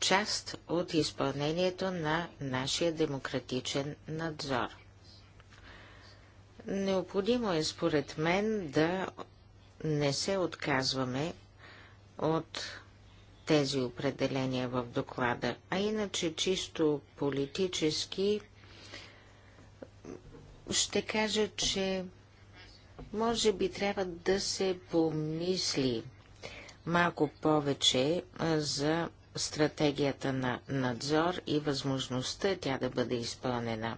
част от изпълнението на нашия демократичен надзор. Необходимо е, според мен, да не се отказваме от тези определения в доклада, а иначе чисто политически ще кажа, че може би трябва да се помисли малко повече за стратегията на надзор и възможността тя да бъде изпълнена.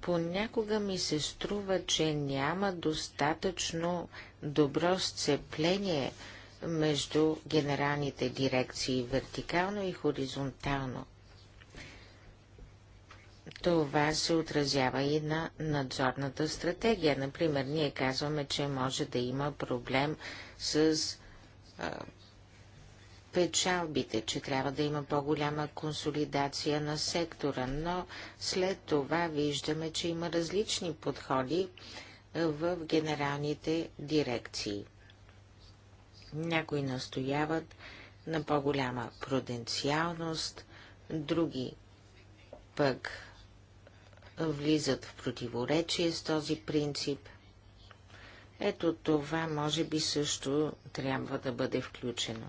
Понякога ми се струва, че няма достатъчно добро сцепление между генералните дирекции вертикално и хоризонтално – това се отразява и на надзорната стратегия. Например, ние казваме, че може да има проблем с а, печалбите, че трябва да има по-голяма консолидация на сектора, но след това виждаме, че има различни подходи в генералните дирекции. Някои настояват на по-голяма пруденциалност, други пък влизат в противоречие с този принцип. Ето това може би също трябва да бъде включено.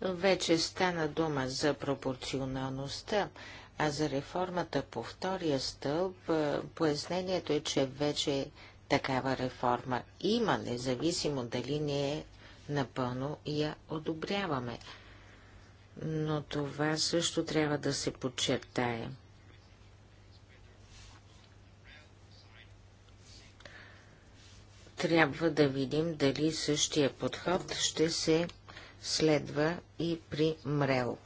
Вече стана дума за пропорционалността, а за реформата по втория стълб пояснението е, че вече такава реформа има, независимо дали ние напълно я одобряваме но това също трябва да се подчертае. Трябва да видим дали същия подход ще се следва и при МРЕЛ.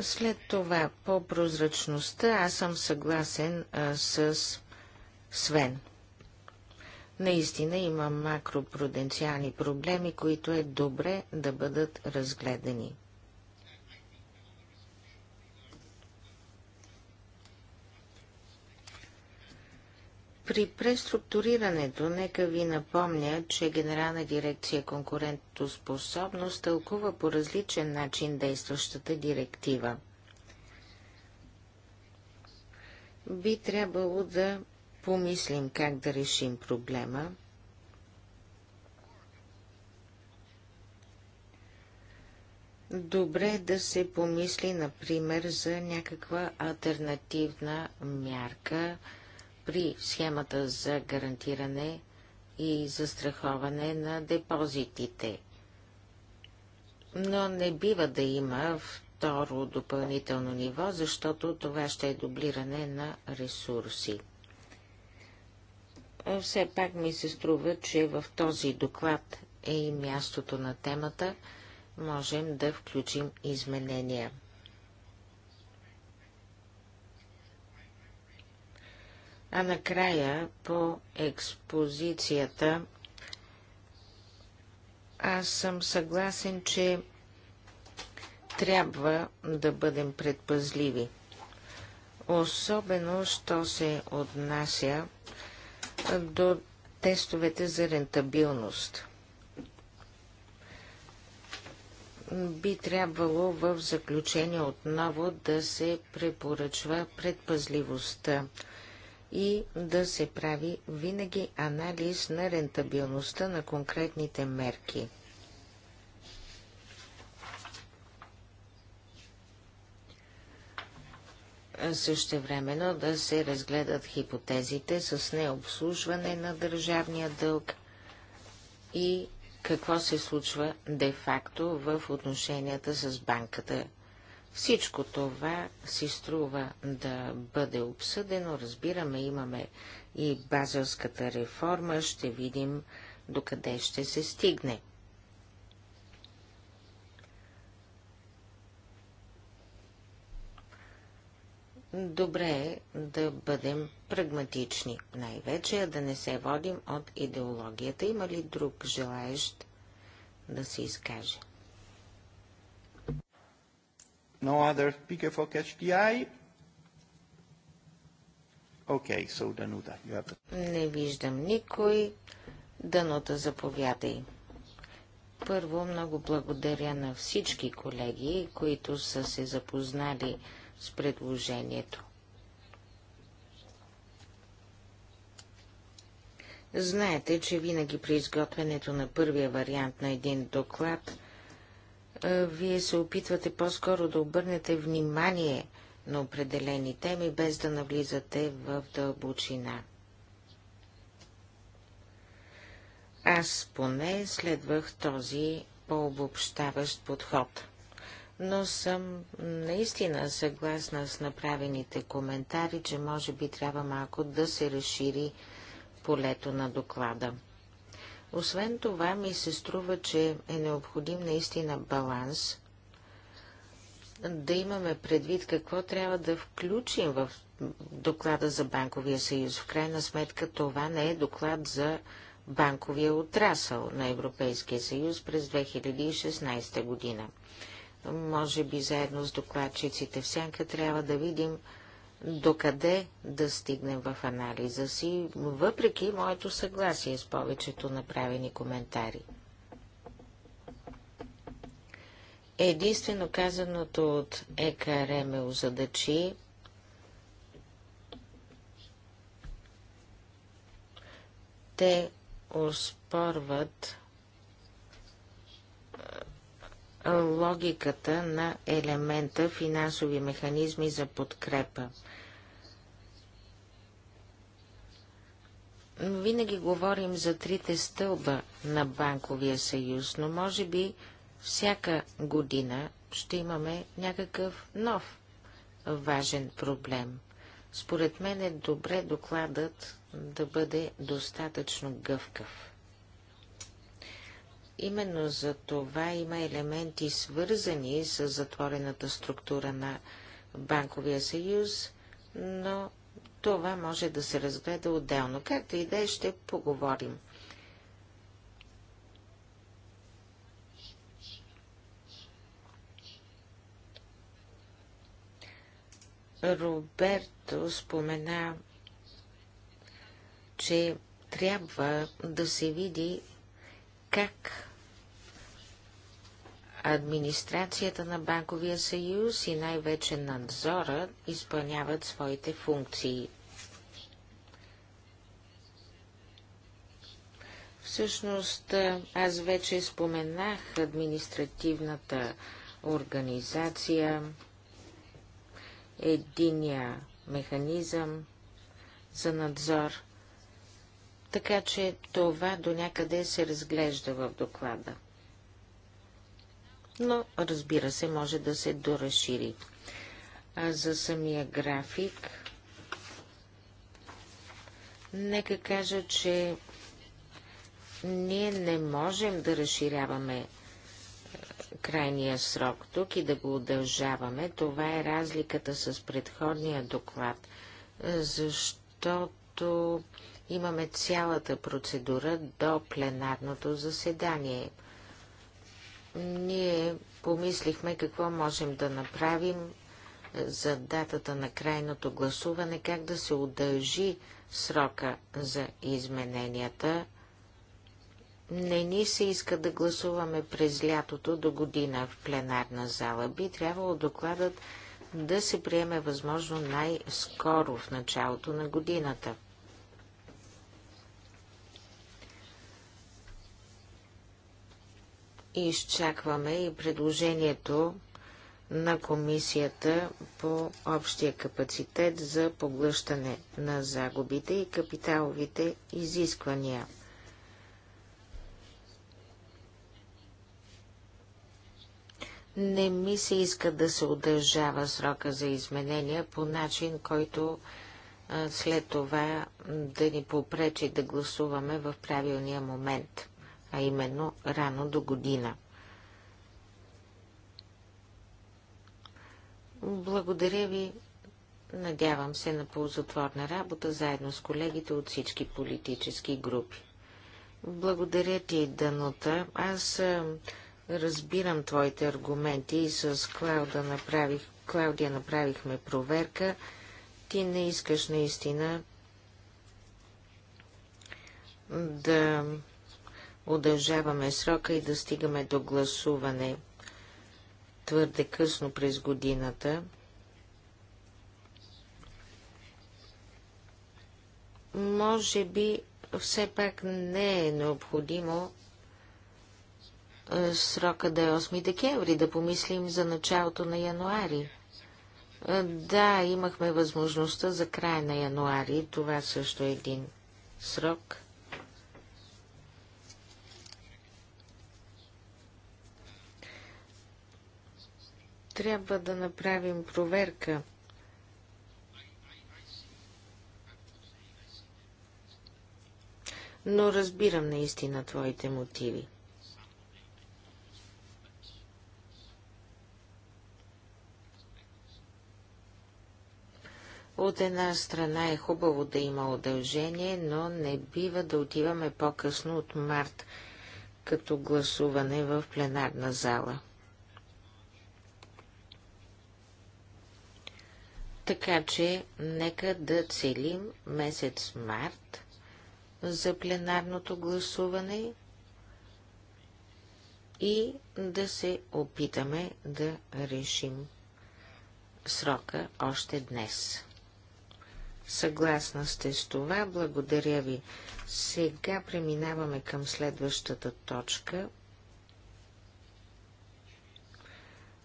След това по прозрачността аз съм съгласен а, с Свен. Наистина има макропруденциални проблеми, които е добре да бъдат разгледани. При преструктурирането, нека ви напомня, че Генерална дирекция конкурентоспособност тълкува по различен начин действащата директива. Би трябвало да помислим как да решим проблема. Добре е да се помисли, например, за някаква альтернативна мярка при схемата за гарантиране и застраховане на депозитите. Но не бива да има второ допълнително ниво, защото това ще е дублиране на ресурси все пак ми се струва, че в този доклад е и мястото на темата. Можем да включим изменения. А накрая по експозицията аз съм съгласен, че трябва да бъдем предпазливи. Особено, що се отнася до тестовете за рентабилност. Би трябвало в заключение отново да се препоръчва предпазливостта и да се прави винаги анализ на рентабилността на конкретните мерки – същевременно да се разгледат хипотезите с необслужване на държавния дълг и какво се случва де-факто в отношенията с банката. Всичко това си струва да бъде обсъдено. Разбираме, имаме и базелската реформа, ще видим докъде ще се стигне. добре е да бъдем прагматични, най-вече да не се водим от идеологията. Има ли друг желаещ да се изкаже? No other speaker for catch the eye. Okay, so Danuta, you have... Не виждам никой. Данута, заповядай. Първо, много благодаря на всички колеги, които са се запознали с с предложението. Знаете, че винаги при изготвянето на първия вариант на един доклад, вие се опитвате по-скоро да обърнете внимание на определени теми, без да навлизате в дълбочина. Аз поне следвах този по-обобщаващ подход но съм наистина съгласна с направените коментари, че може би трябва малко да се разшири полето на доклада. Освен това ми се струва, че е необходим наистина баланс, да имаме предвид какво трябва да включим в доклада за Банковия съюз. В крайна сметка това не е доклад за банковия отрасъл на Европейския съюз през 2016 година. Може би заедно с докладчиците в сянка трябва да видим докъде да стигнем в анализа си, въпреки моето съгласие с повечето направени коментари. Единствено казаното от ЕКР ме озадачи. Те оспорват логиката на елемента финансови механизми за подкрепа. Винаги говорим за трите стълба на Банковия съюз, но може би всяка година ще имаме някакъв нов важен проблем. Според мен е добре докладът да бъде достатъчно гъвкав. Именно за това има елементи свързани с затворената структура на Банковия съюз, но това може да се разгледа отделно. Както и да е, ще поговорим. Роберто спомена, че трябва да се види как администрацията на Банковия съюз и най-вече надзора изпълняват своите функции. Всъщност, аз вече споменах административната организация, единия механизъм за надзор. Така че това до някъде се разглежда в доклада. Но, разбира се, може да се доразшири. А за самия график, нека кажа, че ние не можем да разширяваме е, крайния срок тук и да го удължаваме. Това е разликата с предходния доклад, е, защото имаме цялата процедура до пленарното заседание. Ние помислихме какво можем да направим за датата на крайното гласуване, как да се удължи срока за измененията. Не ни се иска да гласуваме през лятото до година в пленарна зала. Би трябвало докладът да се приеме възможно най-скоро в началото на годината. изчакваме и предложението на комисията по общия капацитет за поглъщане на загубите и капиталовите изисквания. Не ми се иска да се удължава срока за изменения по начин, който след това да ни попречи да гласуваме в правилния момент а именно рано до година. Благодаря ви. Надявам се на ползотворна работа заедно с колегите от всички политически групи. Благодаря ти, Данута. Аз разбирам твоите аргументи и с Клауда направих, Клаудия направихме проверка. Ти не искаш наистина да удължаваме срока и да стигаме до гласуване твърде късно през годината. Може би все пак не е необходимо срока да е 8 декември, да помислим за началото на януари. Да, имахме възможността за края на януари, това също е един срок – Трябва да направим проверка. Но разбирам наистина твоите мотиви. От една страна е хубаво да има удължение, но не бива да отиваме по-късно от март, като гласуване в пленарна зала. Така че нека да целим месец март за пленарното гласуване и да се опитаме да решим срока още днес. Съгласна сте с това, благодаря ви. Сега преминаваме към следващата точка,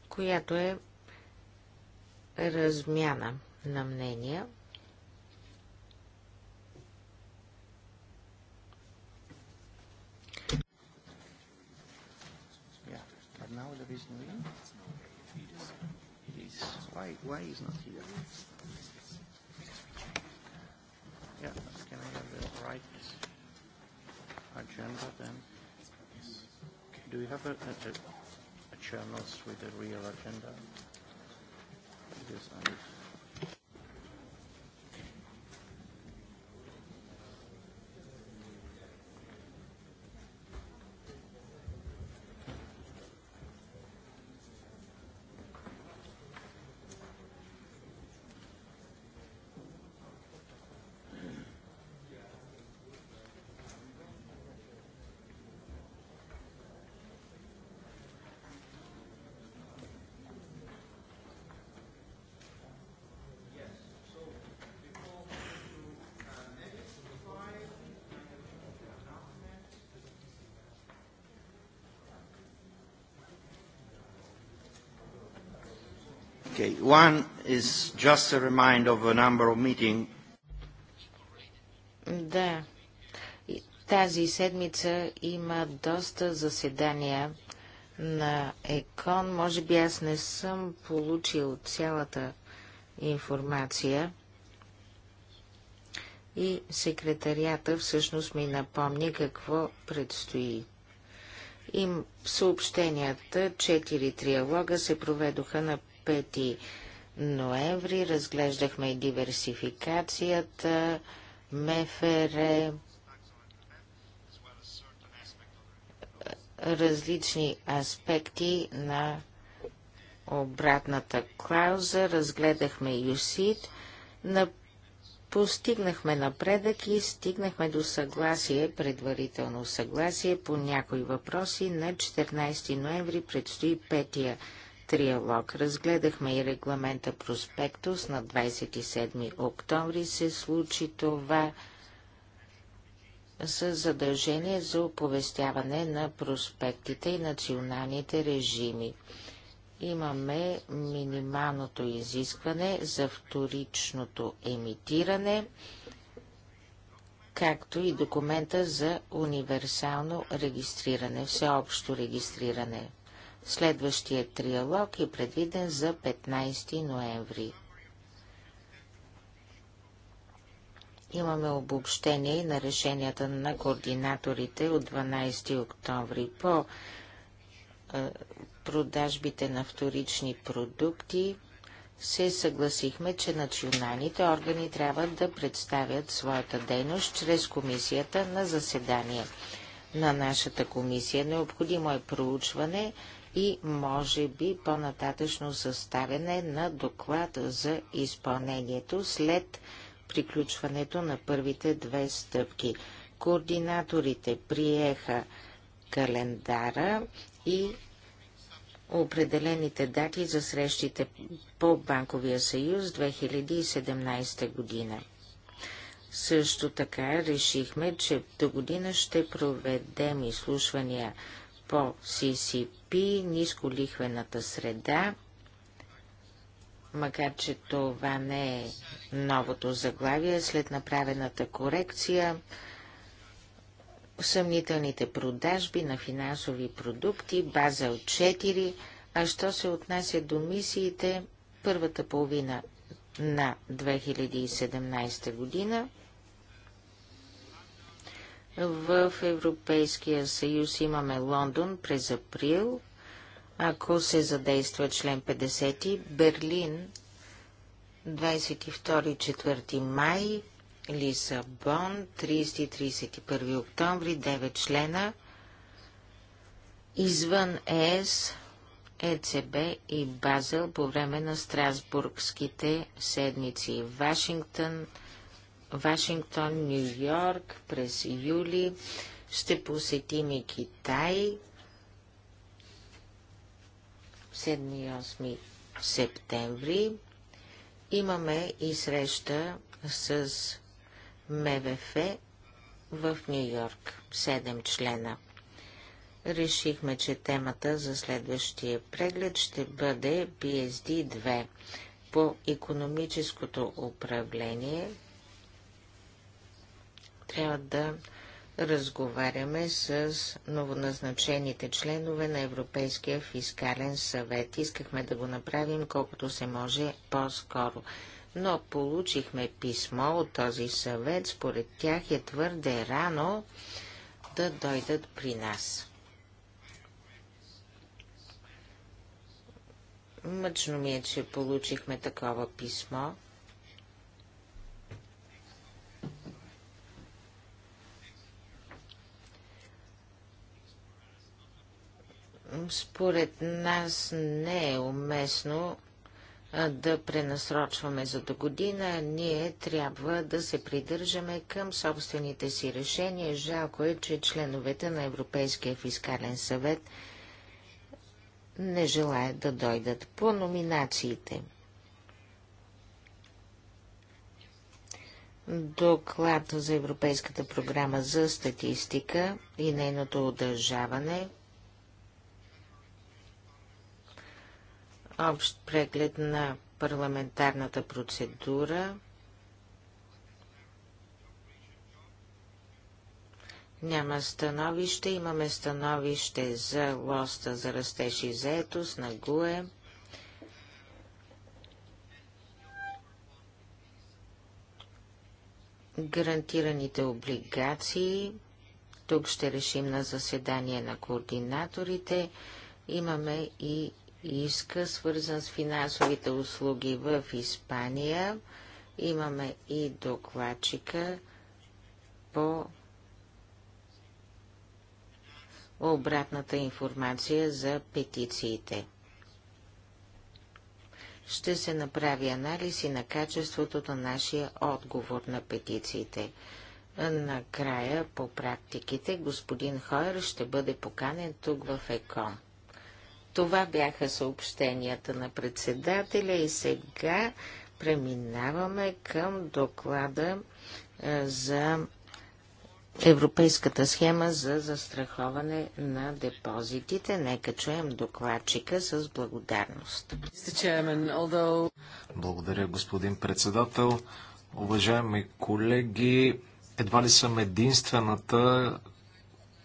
която е размяна на мнения. now there is no Do you have a, a, a journals with a real agenda? Yes, I Okay, one is just a remind of a number of meeting. Да, тази седмица има доста заседания на ЕКОН. Може би аз не съм получил цялата информация. И секретарията всъщност ми напомни какво предстои. Им съобщенията, четири триалога се проведоха на 5 ноември разглеждахме и диверсификацията, МФР, е, различни аспекти на обратната клауза, разгледахме ЮСИД, на... постигнахме напредък и стигнахме до съгласие, предварително съгласие по някои въпроси. На 14 ноември предстои петия триалог. Разгледахме и регламента Проспектус на 27 октомври се случи това с задължение за оповестяване на проспектите и националните режими. Имаме минималното изискване за вторичното емитиране, както и документа за универсално регистриране, всеобщо регистриране. Следващият триалог е предвиден за 15 ноември. Имаме обобщение и на решенията на координаторите от 12 октомври по е, продажбите на вторични продукти. Се съгласихме, че националните органи трябва да представят своята дейност чрез комисията на заседание на нашата комисия. Необходимо е проучване и може би по-нататъчно съставяне на доклад за изпълнението след приключването на първите две стъпки. Координаторите приеха календара и определените дати за срещите по Банковия съюз 2017 година. Също така решихме, че до година ще проведем изслушвания по CCP подкрепи нисколихвената среда, макар че това не е новото заглавие, след направената корекция, съмнителните продажби на финансови продукти, база от 4, а що се отнася до мисиите, първата половина на 2017 година – в Европейския съюз имаме Лондон през април, ако се задейства член 50, Берлин 22-4 май, Лисабон 30-31 октомври, 9 члена, извън ЕС, ЕЦБ и Базел по време на Страсбургските седмици, Вашингтон Вашингтон, Нью Йорк през юли. Ще посетим и Китай 7 8 септември. Имаме и среща с МВФ в Нью Йорк. 7 члена. Решихме, че темата за следващия преглед ще бъде BSD 2 по економическото управление, трябва да разговаряме с новоназначените членове на Европейския фискален съвет. Искахме да го направим колкото се може по-скоро. Но получихме писмо от този съвет. Според тях е твърде рано да дойдат при нас. Мъчно ми е, че получихме такова писмо. Според нас не е уместно да пренасрочваме за до година, ние трябва да се придържаме към собствените си решения. Жалко е, че членовете на Европейския фискален съвет не желаят да дойдат по номинациите. Доклад за Европейската програма за статистика и нейното удържаване – Общ преглед на парламентарната процедура. Няма становище. Имаме становище за лоста за растеж и заетост на ГУЕ. Гарантираните облигации. Тук ще решим на заседание на координаторите. Имаме и иска, свързан с финансовите услуги в Испания. Имаме и докладчика по обратната информация за петициите. Ще се направи анализ и на качеството на нашия отговор на петициите. Накрая по практиките господин Хойер ще бъде поканен тук в ЕКОН. Това бяха съобщенията на председателя и сега преминаваме към доклада е, за Европейската схема за застраховане на депозитите. Нека чуем докладчика с благодарност. Благодаря, господин председател. Уважаеми колеги, едва ли съм единствената,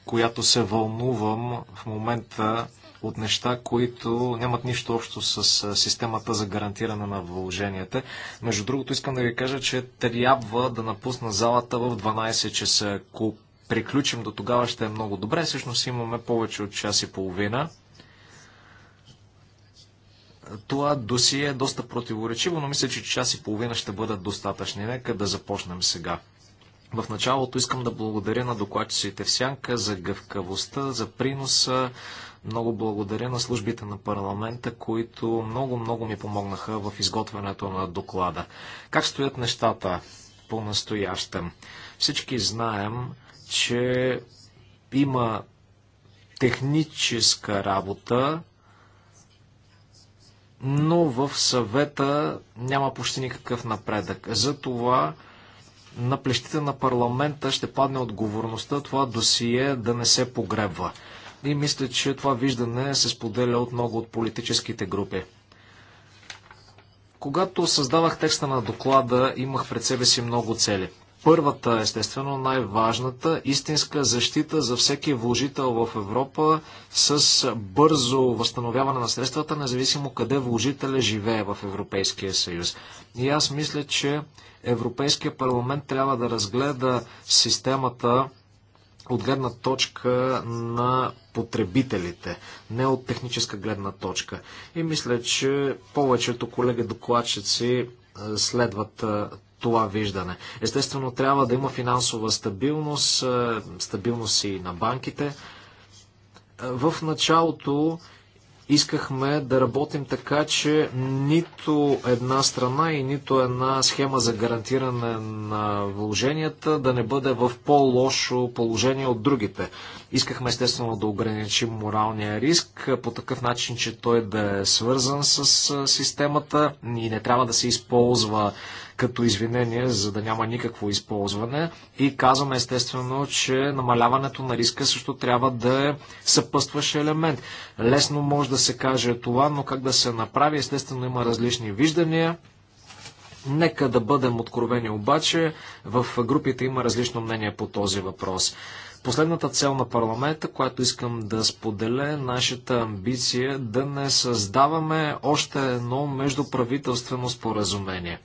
която се вълнувам в момента от неща, които нямат нищо общо с системата за гарантиране на вълженията. Между другото, искам да ви кажа, че трябва да напусна залата в 12 часа. Ако приключим до тогава, ще е много добре. Всъщност имаме повече от час и половина. Това досие е доста противоречиво, но мисля, че час и половина ще бъдат достатъчни. Нека да започнем сега. В началото искам да благодаря на докладчиците в Сянка за гъвкавостта, за приноса, много благодаря на службите на парламента, които много-много ми помогнаха в изготвянето на доклада. Как стоят нещата по-настоящем? Всички знаем, че има техническа работа, но в съвета няма почти никакъв напредък. Затова на плещите на парламента ще падне отговорността това досие да не се погребва и мисля, че това виждане се споделя от много от политическите групи. Когато създавах текста на доклада, имах пред себе си много цели. Първата, естествено, най-важната, истинска защита за всеки вложител в Европа с бързо възстановяване на средствата, независимо къде вложителя живее в Европейския съюз. И аз мисля, че Европейския парламент трябва да разгледа системата от гледна точка на потребителите, не от техническа гледна точка. И мисля, че повечето колеги докладчици е, следват е, това виждане. Естествено, трябва да има финансова стабилност, е, стабилност и на банките. В началото искахме да работим така, че нито една страна и нито една схема за гарантиране на вложенията да не бъде в по-лошо положение от другите. Искахме естествено да ограничим моралния риск по такъв начин, че той да е свързан с системата и не трябва да се използва като извинение, за да няма никакво използване. И казваме естествено, че намаляването на риска също трябва да е съпъстващ елемент. Лесно може да се каже това, но как да се направи, естествено има различни виждания. Нека да бъдем откровени обаче, в групите има различно мнение по този въпрос. Последната цел на парламента, която искам да споделя, е нашата амбиция да не създаваме още едно междуправителствено споразумение.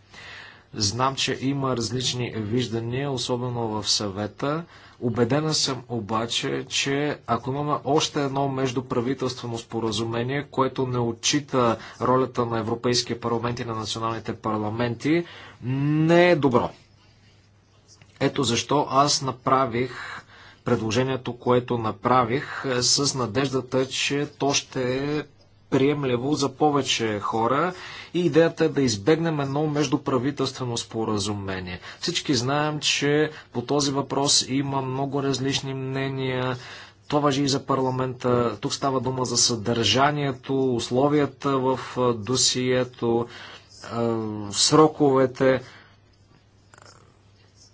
Знам, че има различни виждания, особено в съвета. Обедена съм обаче, че ако имаме още едно междуправителствено споразумение, което не отчита ролята на Европейския парламент и на националните парламенти, не е добро. Ето защо аз направих предложението, което направих, е, с надеждата, че то ще е приемливо за повече хора и идеята е да избегнем едно междуправителствено споразумение. Всички знаем, че по този въпрос има много различни мнения. Това въжи и за парламента. Тук става дума за съдържанието, условията в досието, сроковете.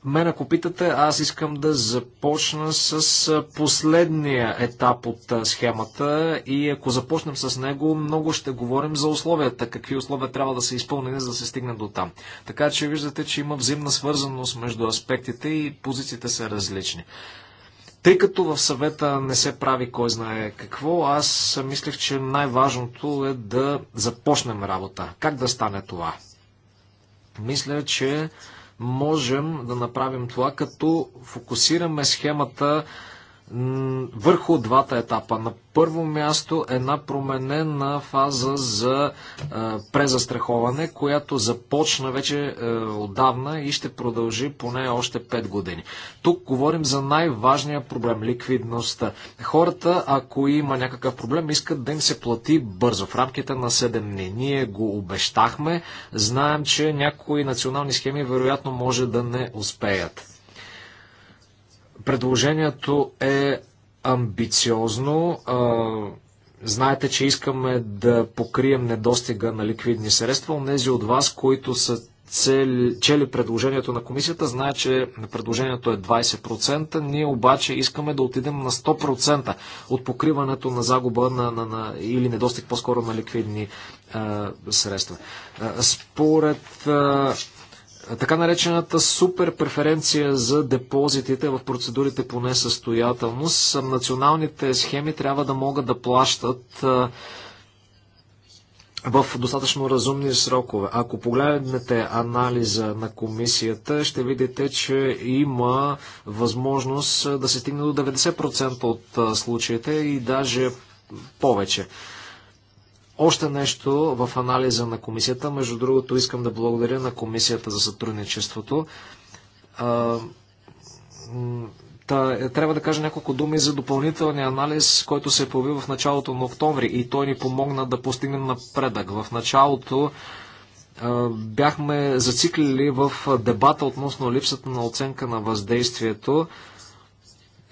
Мен ако питате, аз искам да започна с последния етап от схемата и ако започнем с него, много ще говорим за условията, какви условия трябва да се изпълнени, за да се стигне до там. Така че виждате, че има взаимна свързаност между аспектите и позициите са различни. Тъй като в съвета не се прави кой знае какво, аз мислех, че най-важното е да започнем работа. Как да стане това? Мисля, че можем да направим това, като фокусираме схемата върху двата етапа. На първо място е една променена фаза за е, презастраховане, която започна вече е, отдавна и ще продължи поне още 5 години. Тук говорим за най-важния проблем ликвидността. Хората, ако има някакъв проблем, искат да им се плати бързо, в рамките на 7 дни. Ние го обещахме. Знаем, че някои национални схеми вероятно може да не успеят. Предложението е амбициозно. Знаете, че искаме да покрием недостига на ликвидни средства. Нези от вас, които са цели, чели предложението на комисията, знаят, че предложението е 20%. Ние обаче искаме да отидем на 100% от покриването на загуба на, на, на, или недостиг по-скоро на ликвидни а, средства. А, според а, така наречената супер преференция за депозитите в процедурите по несъстоятелност. Националните схеми трябва да могат да плащат в достатъчно разумни срокове. Ако погледнете анализа на комисията, ще видите, че има възможност да се стигне до 90% от случаите и даже повече. Още нещо в анализа на комисията. Между другото, искам да благодаря на комисията за сътрудничеството. Та, е, трябва да кажа няколко думи за допълнителния анализ, който се е появи в началото на октомври и той ни помогна да постигнем напредък. В началото бяхме зациклили в дебата относно липсата на оценка на въздействието.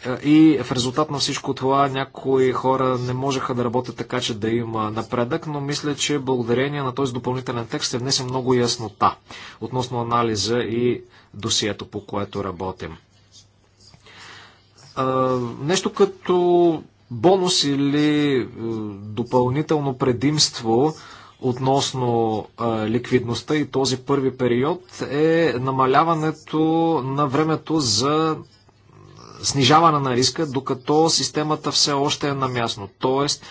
Е, и в резултат на всичко това някои хора не можеха да работят така, че да има напредък, но мисля, че благодарение на този допълнителен текст се внесе много яснота относно анализа и досието, по което работим. Е, нещо като бонус или е, допълнително предимство относно ликвидността и този първи период е намаляването на времето за снижаване на риска, докато системата все още е на място. Тоест,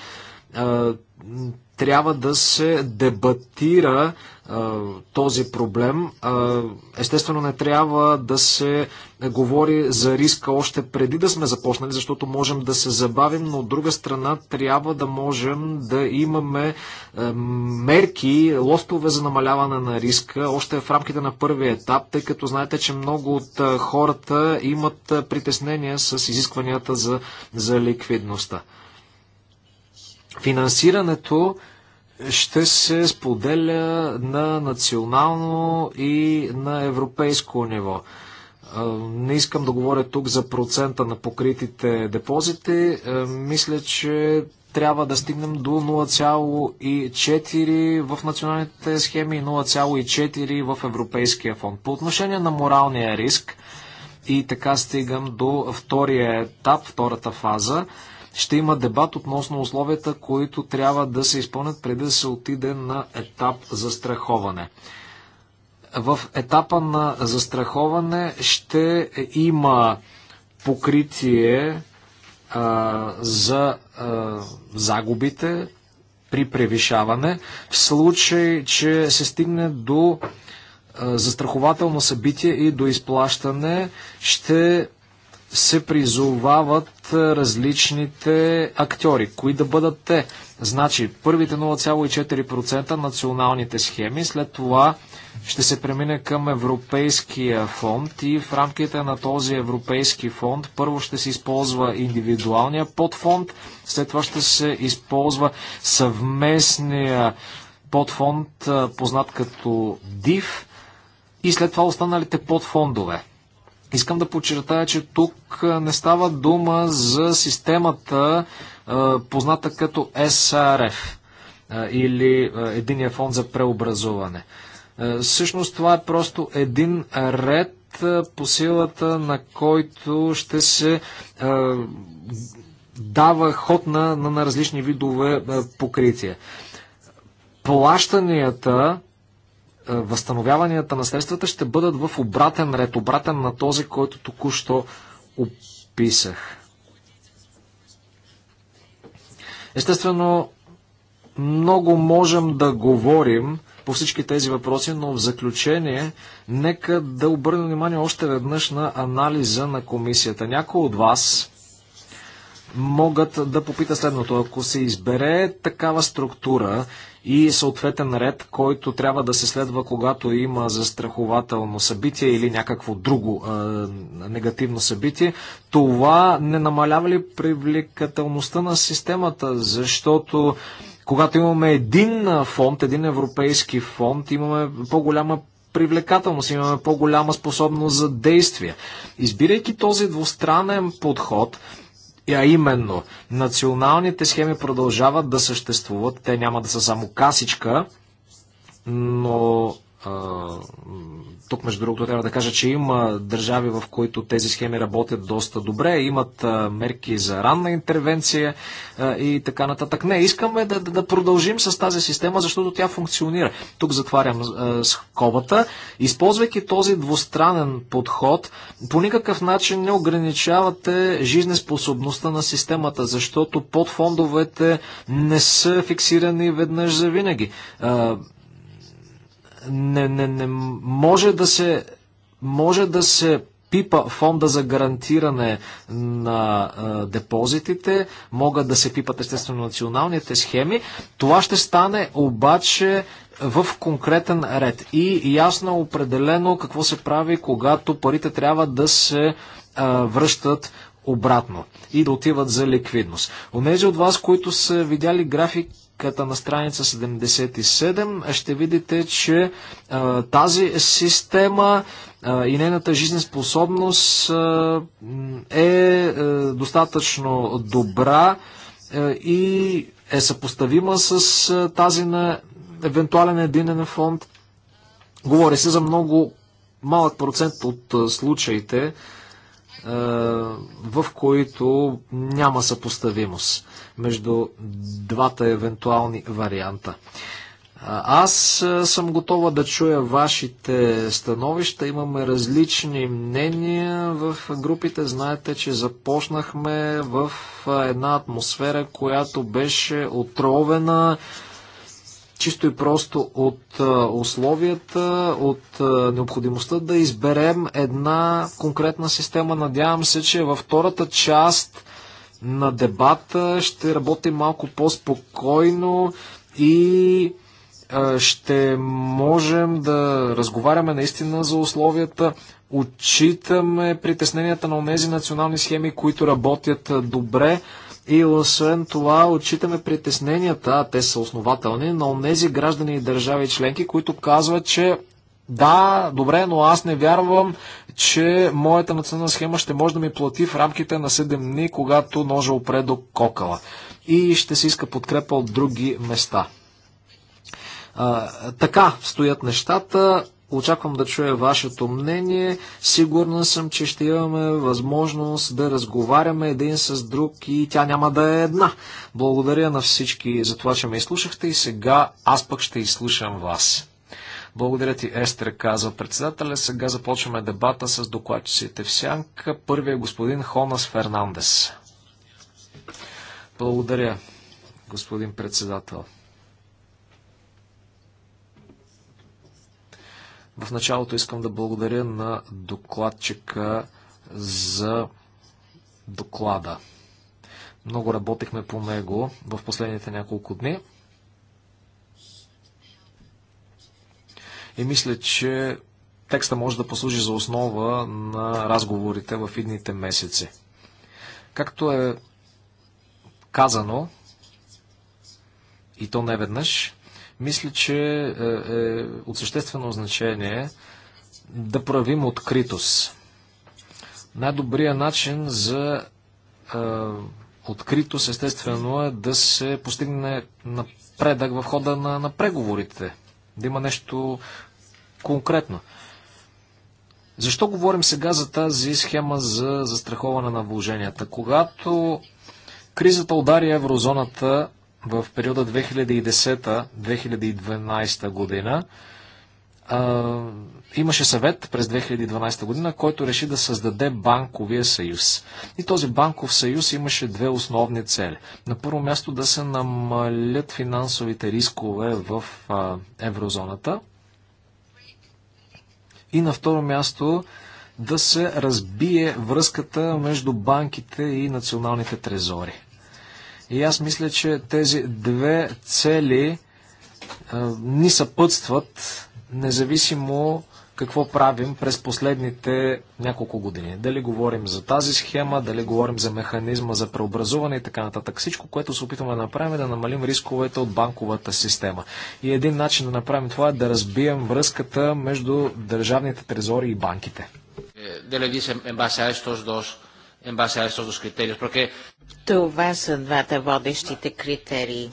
трябва да се дебатира а, този проблем. А, естествено, не трябва да се говори за риска още преди да сме започнали, защото можем да се забавим, но от друга страна трябва да можем да имаме а, мерки, лостове за намаляване на риска, още в рамките на първия етап, тъй като знаете, че много от хората имат притеснения с изискванията за, за ликвидността. Финансирането ще се споделя на национално и на европейско ниво. Е, не искам да говоря тук за процента на покритите депозити. Е, мисля, че трябва да стигнем до 0,4 в националните схеми и 0,4 в Европейския фонд. По отношение на моралния риск, и така стигам до втория етап, втората фаза ще има дебат относно условията, които трябва да се изпълнят преди да се отиде на етап за страховане. В етапа на застраховане ще има покритие а, за а, загубите при превишаване, в случай, че се стигне до застрахователно събитие и до изплащане ще се призовават различните актьори. Кои да бъдат те? Значи, първите 0,4% националните схеми, след това ще се премине към Европейския фонд и в рамките на този Европейски фонд първо ще се използва индивидуалния подфонд, след това ще се използва съвместния подфонд, познат като ДИВ и след това останалите подфондове. Искам да подчертая, че тук не става дума за системата, позната като СРФ или Единия фонд за преобразуване. Всъщност това е просто един ред, по силата на който ще се дава ход на, на различни видове покрития. Плащанията е, възстановяванията на средствата ще бъдат в обратен ред, обратен на този, който току-що описах. Естествено, много можем да говорим по всички тези въпроси, но в заключение, нека да обърнем внимание още веднъж на анализа на комисията. Някои от вас могат да попита следното. Ако се избере такава структура и съответен ред, който трябва да се следва, когато има застрахователно събитие или някакво друго е, негативно събитие. Това не намалява ли привлекателността на системата, защото когато имаме един фонд, един европейски фонд, имаме по-голяма привлекателност, имаме по-голяма способност за действие. Избирайки този двустранен подход, а именно, националните схеми продължават да съществуват, те няма да са само касичка, но тук, между другото, трябва да кажа, че има държави, в които тези схеми работят доста добре, имат мерки за ранна интервенция и така нататък. Не, искаме да, да продължим с тази система, защото тя функционира. Тук затварям скобата. Използвайки този двустранен подход, по никакъв начин не ограничавате жизнеспособността на системата, защото подфондовете не са фиксирани веднъж за винаги не, не, не може да се може да се пипа фонда за гарантиране на а, депозитите, могат да се пипат естествено националните схеми. Това ще стане обаче в конкретен ред и ясно определено какво се прави, когато парите трябва да се а, връщат обратно и да отиват за ликвидност. Онези от вас, които са видяли график Ката на страница 77 ще видите, че а, тази система а, и нейната жизнеспособност а, е а, е, достатъчно добра а, и е съпоставима с а, тази на евентуален единен фонд. Говори се за много малък процент от а, случаите, а, в които няма съпоставимост между двата евентуални варианта. Аз съм готова да чуя вашите становища. Имаме различни мнения в групите. Знаете, че започнахме в една атмосфера, която беше отровена чисто и просто от условията, от необходимостта да изберем една конкретна система. Надявам се, че във втората част на дебата, ще работим малко по-спокойно и ще можем да разговаряме наистина за условията. Отчитаме притесненията на тези национални схеми, които работят добре. И освен това, отчитаме притесненията, а те са основателни, на тези граждани и държави членки, които казват, че да, добре, но аз не вярвам че моята национална схема ще може да ми плати в рамките на 7 дни, когато ножа опре до кокала. И ще се иска подкрепа от други места. А, така стоят нещата. Очаквам да чуя вашето мнение. Сигурна съм, че ще имаме възможност да разговаряме един с друг и тя няма да е една. Благодаря на всички за това, че ме изслушахте и сега аз пък ще изслушам вас. Благодаря ти, Естер, казва председателя. Сега започваме дебата с докладчиците в сянка. Първият е господин Хонас Фернандес. Благодаря, господин председател. В началото искам да благодаря на докладчика за доклада. Много работихме по него в последните няколко дни. И мисля, че текста може да послужи за основа на разговорите в идните месеци. Както е казано, и то не веднъж, мисля, че е, е от съществено значение да проявим откритост. Най-добрият начин за е, откритост, естествено, е да се постигне напредък в хода на, на преговорите да има нещо конкретно. Защо говорим сега за тази схема за застраховане на вложенията? Когато кризата удари еврозоната в периода 2010-2012 година, Имаше съвет през 2012 година, който реши да създаде банковия съюз. И този банков съюз имаше две основни цели. На първо място да се намалят финансовите рискове в а, еврозоната. И на второ място да се разбие връзката между банките и националните трезори. И аз мисля, че тези две цели а, ни съпътстват, независимо какво правим през последните няколко години. Дали говорим за тази схема, дали говорим за механизма за преобразуване и така нататък. Всичко, което се опитваме да направим е да намалим рисковете от банковата система. И един начин да направим това е да разбием връзката между държавните трезори и банките. Това са двата водещите критерии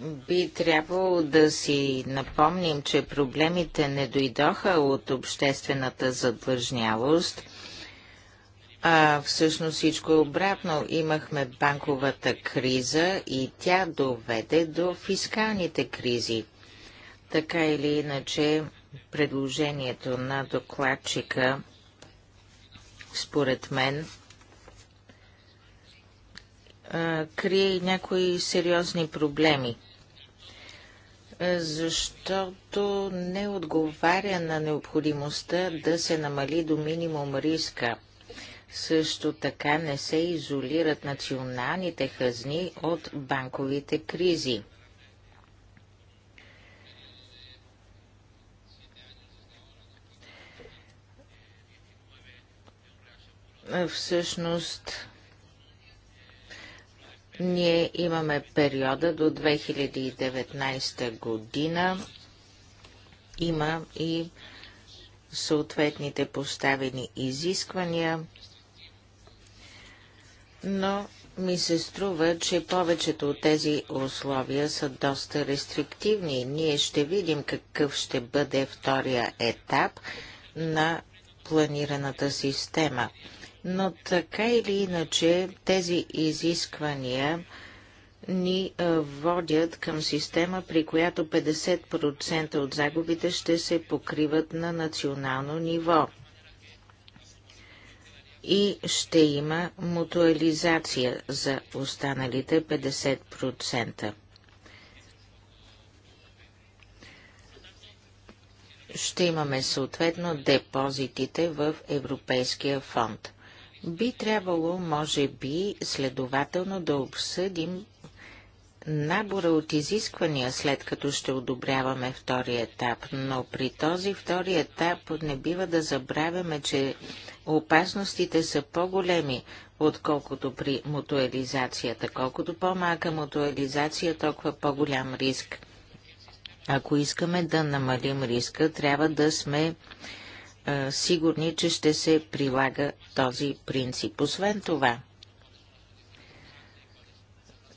би трябвало да си напомним, че проблемите не дойдоха от обществената задлъжнявост, а всъщност всичко е обратно. Имахме банковата криза и тя доведе до фискалните кризи. Така или иначе, предложението на докладчика, според мен, крие и някои сериозни проблеми, защото не отговаря на необходимостта да се намали до минимум риска. Също така не се изолират националните хазни от банковите кризи. Всъщност, ние имаме периода до 2019 година. Има и съответните поставени изисквания, но ми се струва, че повечето от тези условия са доста рестриктивни. Ние ще видим какъв ще бъде втория етап на планираната система. Но така или иначе тези изисквания ни водят към система, при която 50% от загубите ще се покриват на национално ниво. И ще има мутуализация за останалите 50%. Ще имаме съответно депозитите в Европейския фонд. Би трябвало, може би, следователно да обсъдим набора от изисквания, след като ще одобряваме втори етап, но при този втори етап не бива да забравяме, че опасностите са по-големи, отколкото при мутуализацията. Колкото по-малка мутуализация, толкова по-голям риск. Ако искаме да намалим риска, трябва да сме е, сигурни, че ще се прилага този принцип. Освен това,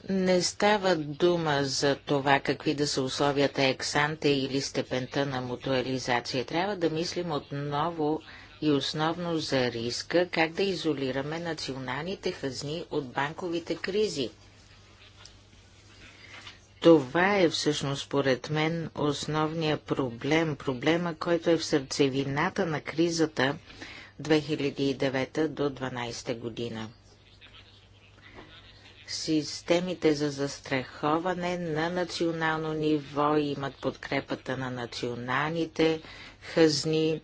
не става дума за това какви да са условията ексанте или степента на мутуализация. Трябва да мислим отново и основно за риска, как да изолираме националните хазни от банковите кризи. Това е всъщност, според мен, основният проблем, проблема, който е в сърцевината на кризата 2009 до 2012 година. Системите за застраховане на национално ниво имат подкрепата на националните хазни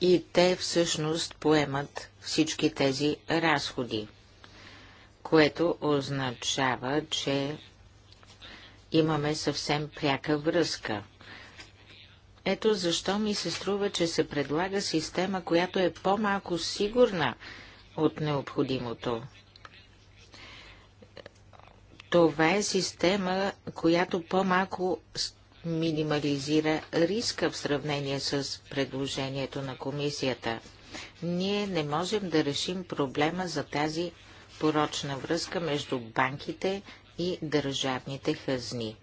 и те всъщност поемат всички тези разходи което означава, че имаме съвсем пряка връзка. Ето защо ми се струва, че се предлага система, която е по-малко сигурна от необходимото. Това е система, която по-малко минимализира риска в сравнение с предложението на комисията. Ние не можем да решим проблема за тази порочна връзка между банките и държавните хазни.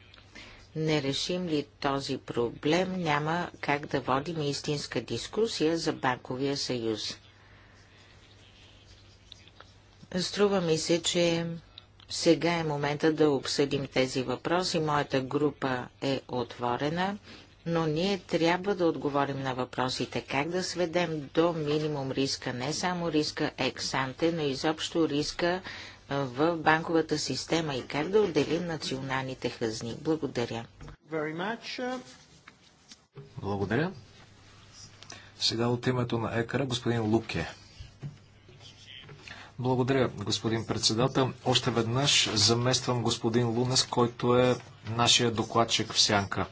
Не решим ли този проблем, няма как да водим истинска дискусия за банковия съюз. Струва ми се, че сега е момента да обсъдим тези въпроси. Моята група е отворена но ние трябва да отговорим на въпросите как да сведем до минимум риска, не само риска ексанте, но изобщо риска в банковата система и как да отделим националните хазни. Благодаря. Благодаря. Сега от името на ЕКРА господин Луке. Благодаря, господин председател. Още веднъж замествам господин Лунес, който е нашия докладчик в Сянка.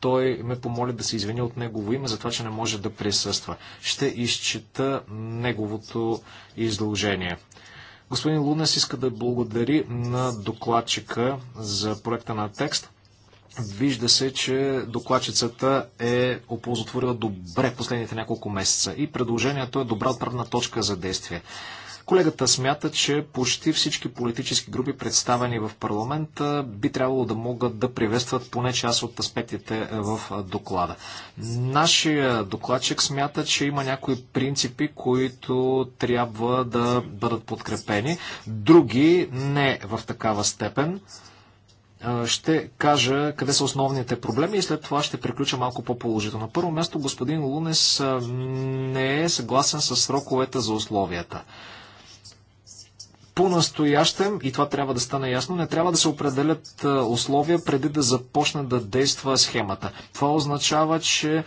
Той ме помоли да се извини от негово име за това, че не може да присъства. Ще изчита неговото изложение. Господин Лунес иска да благодари на докладчика за проекта на текст. Вижда се, че докладчицата е оползотворила добре последните няколко месеца и предложението е добра отправна точка за действие. Колегата смята, че почти всички политически групи, представени в парламента, би трябвало да могат да приветстват поне част от аспектите е, в е, доклада. Нашия докладчик смята, че има някои принципи, които трябва да бъдат подкрепени, други не в такава степен е, ще кажа къде са основните проблеми и след това ще приключа малко по-положително. На първо място господин Лунес не е съгласен с сроковете за условията. По-настоящем, и това трябва да стане ясно, не трябва да се определят е, условия преди да започне да действа схемата. Това означава, че е,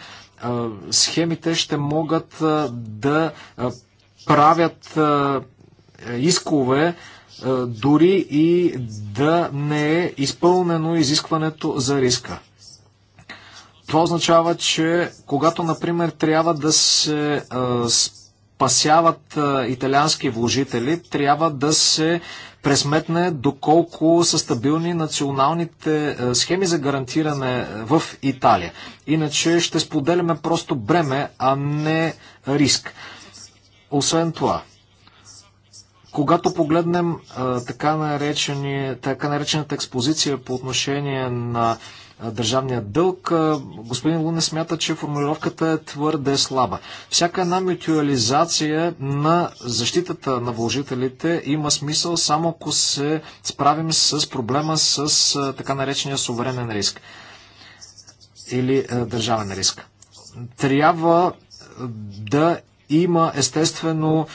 схемите ще могат е, да правят искове дори и да не е изпълнено изискването за риска. Това означава, че когато, например, трябва да се а, опасяват е, италиански вложители, трябва да се пресметне доколко са стабилни националните е, схеми за гарантиране е, в Италия. Иначе ще споделяме просто бреме, а не риск. Освен това, когато погледнем а, така, така наречената експозиция по отношение на държавния дълг. Господин Луне смята, че формулировката е твърде слаба. Всяка една мютуализация на защитата на вложителите има смисъл само ако се справим с проблема с така наречения суверенен риск или държавен риск. Трябва да има естествено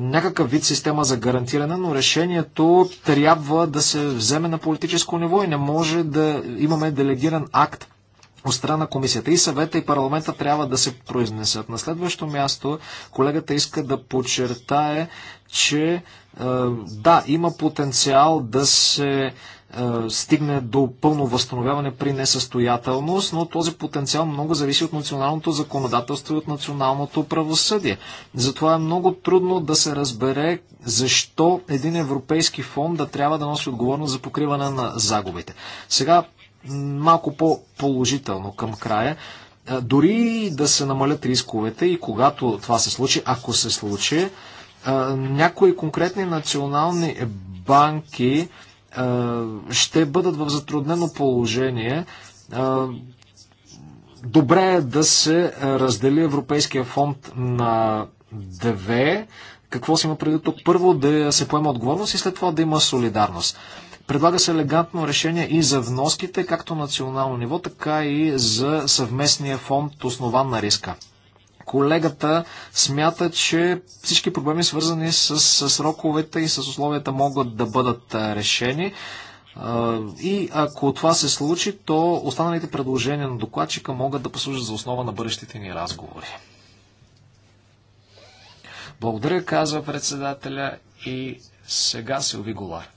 някакъв вид система за гарантиране, но решението трябва да се вземе на политическо ниво и не може да имаме делегиран акт от страна на комисията. И съвета и парламента трябва да се произнесат. На следващо място колегата иска да подчертае, че да, има потенциал да се стигне до пълно възстановяване при несъстоятелност, но този потенциал много зависи от националното законодателство и от националното правосъдие. Затова е много трудно да се разбере защо един европейски фонд да трябва да носи отговорност за покриване на загубите. Сега малко по-положително към края. Дори да се намалят рисковете и когато това се случи, ако се случи, някои конкретни национални банки ще бъдат в затруднено положение. Добре е да се раздели Европейския фонд на две. Какво си има преди тук? Първо да се поема отговорност и след това да има солидарност. Предлага се елегантно решение и за вноските, както национално ниво, така и за съвместния фонд основан на риска. Колегата смята, че всички проблеми, свързани с сроковете и с условията, могат да бъдат решени. И ако това се случи, то останалите предложения на докладчика могат да послужат за основа на бъдещите ни разговори. Благодаря, казва председателя и сега се Голар.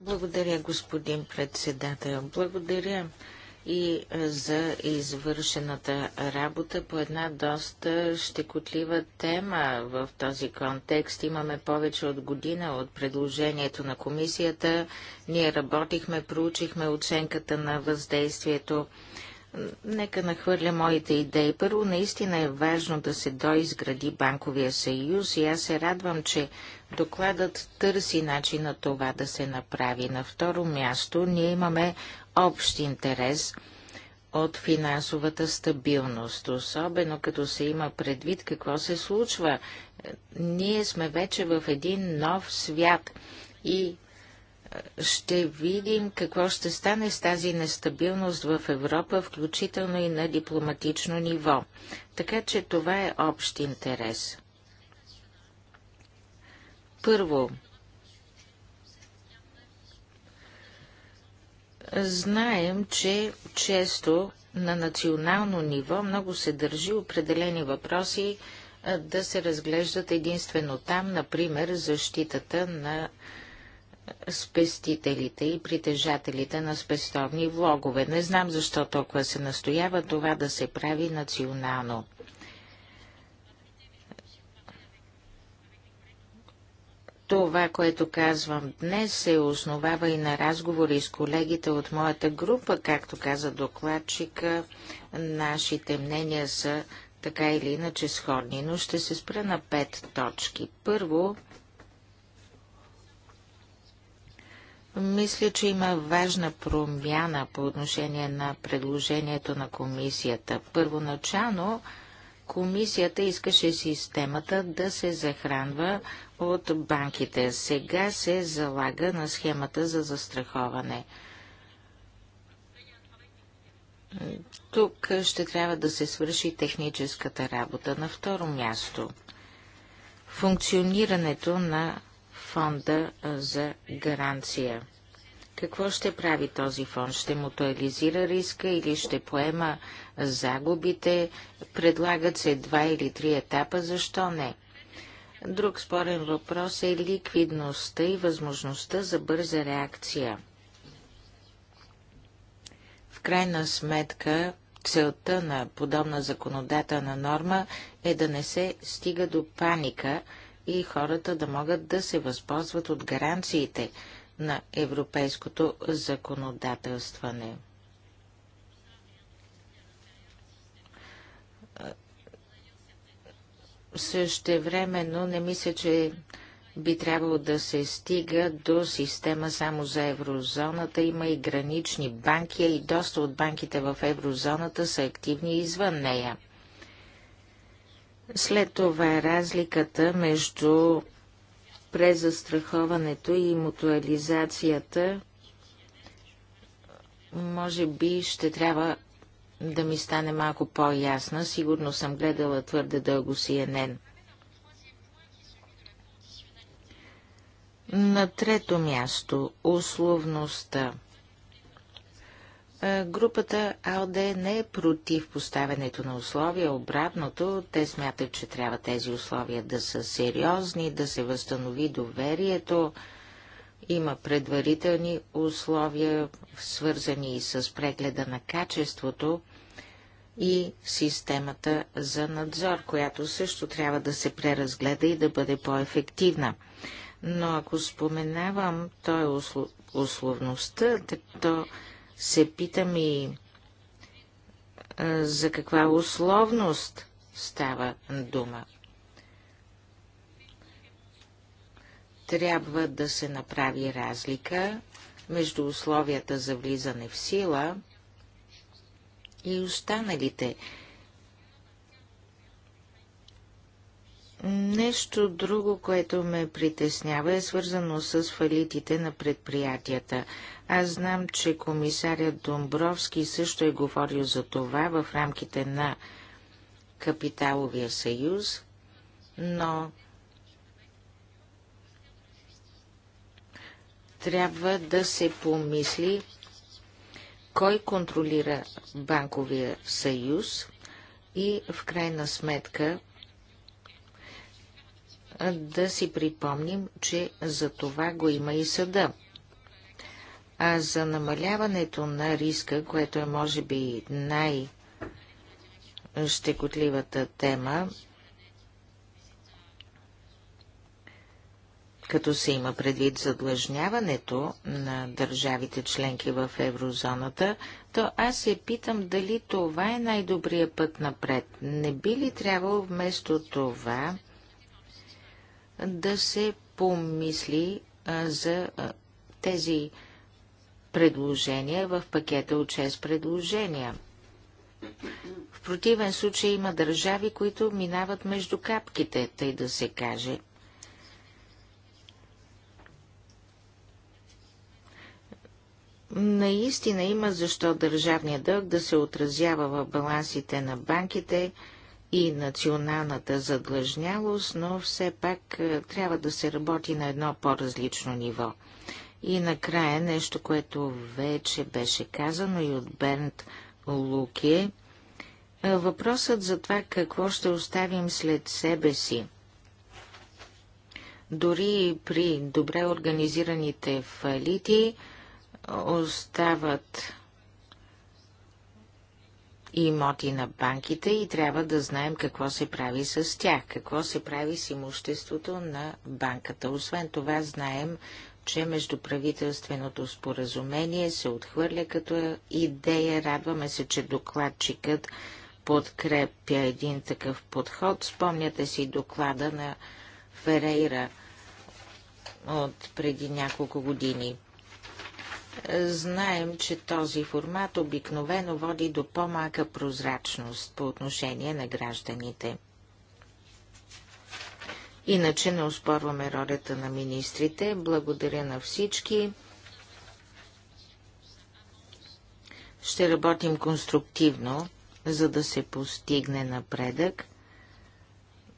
Благодаря, господин председател. Благодаря и е, за извършената работа по една доста щекотлива тема в този контекст. Имаме повече от година от предложението на комисията. Ние работихме, проучихме оценката на въздействието. Нека нахвърля моите идеи. Първо, наистина е важно да се доизгради банковия съюз и аз се радвам, че докладът търси начина това да се направи. На второ място, ние имаме общ интерес от финансовата стабилност, особено като се има предвид какво се случва. Ние сме вече в един нов свят и е, ще видим какво ще стане с тази нестабилност в Европа, включително и на дипломатично ниво. Така че това е общ интерес. Първо, Знаем, че често на национално ниво много се държи определени въпроси да се разглеждат единствено там, например, защитата на спестителите и притежателите на спестовни влогове. Не знам защо толкова се настоява това да се прави национално. Това, което казвам днес, се основава и на разговори с колегите от моята група, както каза докладчика. Нашите мнения са така или иначе сходни, но ще се спра на пет точки. Първо, мисля, че има важна промяна по отношение на предложението на комисията. Първоначално комисията искаше системата да се захранва от банките. Сега се залага на схемата за застраховане. Тук ще трябва да се свърши техническата работа. На второ място – функционирането на фонда за гаранция. Какво ще прави този фонд? Ще мутуализира риска или ще поема загубите? Предлагат се два или три етапа, защо не? Друг спорен въпрос е ликвидността и възможността за бърза реакция. В крайна сметка, целта на подобна законодателна норма е да не се стига до паника и хората да могат да се възползват от гаранциите на европейското законодателстване. но не мисля, че би трябвало да се стига до система само за еврозоната. Има и гранични банки, и доста от банките в еврозоната са активни извън нея. След това е разликата между презастраховането и мутуализацията може би ще трябва да ми стане малко по-ясна. Сигурно съм гледала твърде дълго CNN. На трето място – условността. Е, групата АЛД не е против поставянето на условия, обратното, те смятат, че трябва тези условия да са сериозни, да се възстанови доверието, има предварителни условия, свързани и с прегледа на качеството и системата за надзор, която също трябва да се преразгледа и да бъде по-ефективна. Но ако споменавам, той е услов... условността, то се питам и за каква условност става дума. трябва да се направи разлика между условията за влизане в сила и останалите. Нещо друго, което ме притеснява, е свързано с фалитите на предприятията. Аз знам, че комисарят Домбровски също е говорил за това в рамките на Капиталовия съюз, но трябва да се помисли кой контролира банковия съюз и в крайна сметка да си припомним, че за това го има и съда. А за намаляването на риска, което е може би най- щекотливата тема, като се има предвид задлъжняването на държавите членки в еврозоната, то аз се питам дали това е най-добрият път напред. Не би ли трябвало вместо това да се помисли за тези предложения в пакета от 6 предложения? В противен случай има държави, които минават между капките, тъй да се каже. Наистина има защо държавния дълг да се отразява в балансите на банките и националната задлъжнялост, но все пак е, трябва да се работи на едно по-различно ниво. И накрая нещо, което вече беше казано и от Бернт Луки, е, въпросът за това какво ще оставим след себе си. Дори при добре организираните фалити, остават имоти на банките и трябва да знаем какво се прави с тях, какво се прави с имуществото на банката. Освен това знаем, че междуправителственото споразумение се отхвърля като идея. Радваме се, че докладчикът подкрепя един такъв подход. Спомняте си доклада на Ферейра от преди няколко години. Знаем, че този формат обикновено води до по-малка прозрачност по отношение на гражданите. Иначе не успорваме ролята на министрите. Благодаря на всички. Ще работим конструктивно, за да се постигне напредък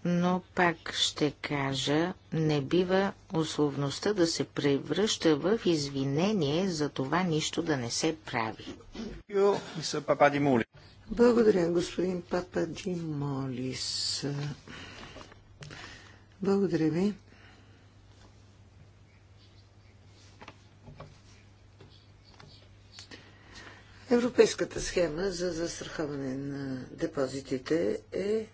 но пак ще кажа, не бива условността да се превръща в извинение за това нищо да не се прави. Благодаря, господин Папа Димолис. Благодаря ви. Европейската схема за застраховане на депозитите е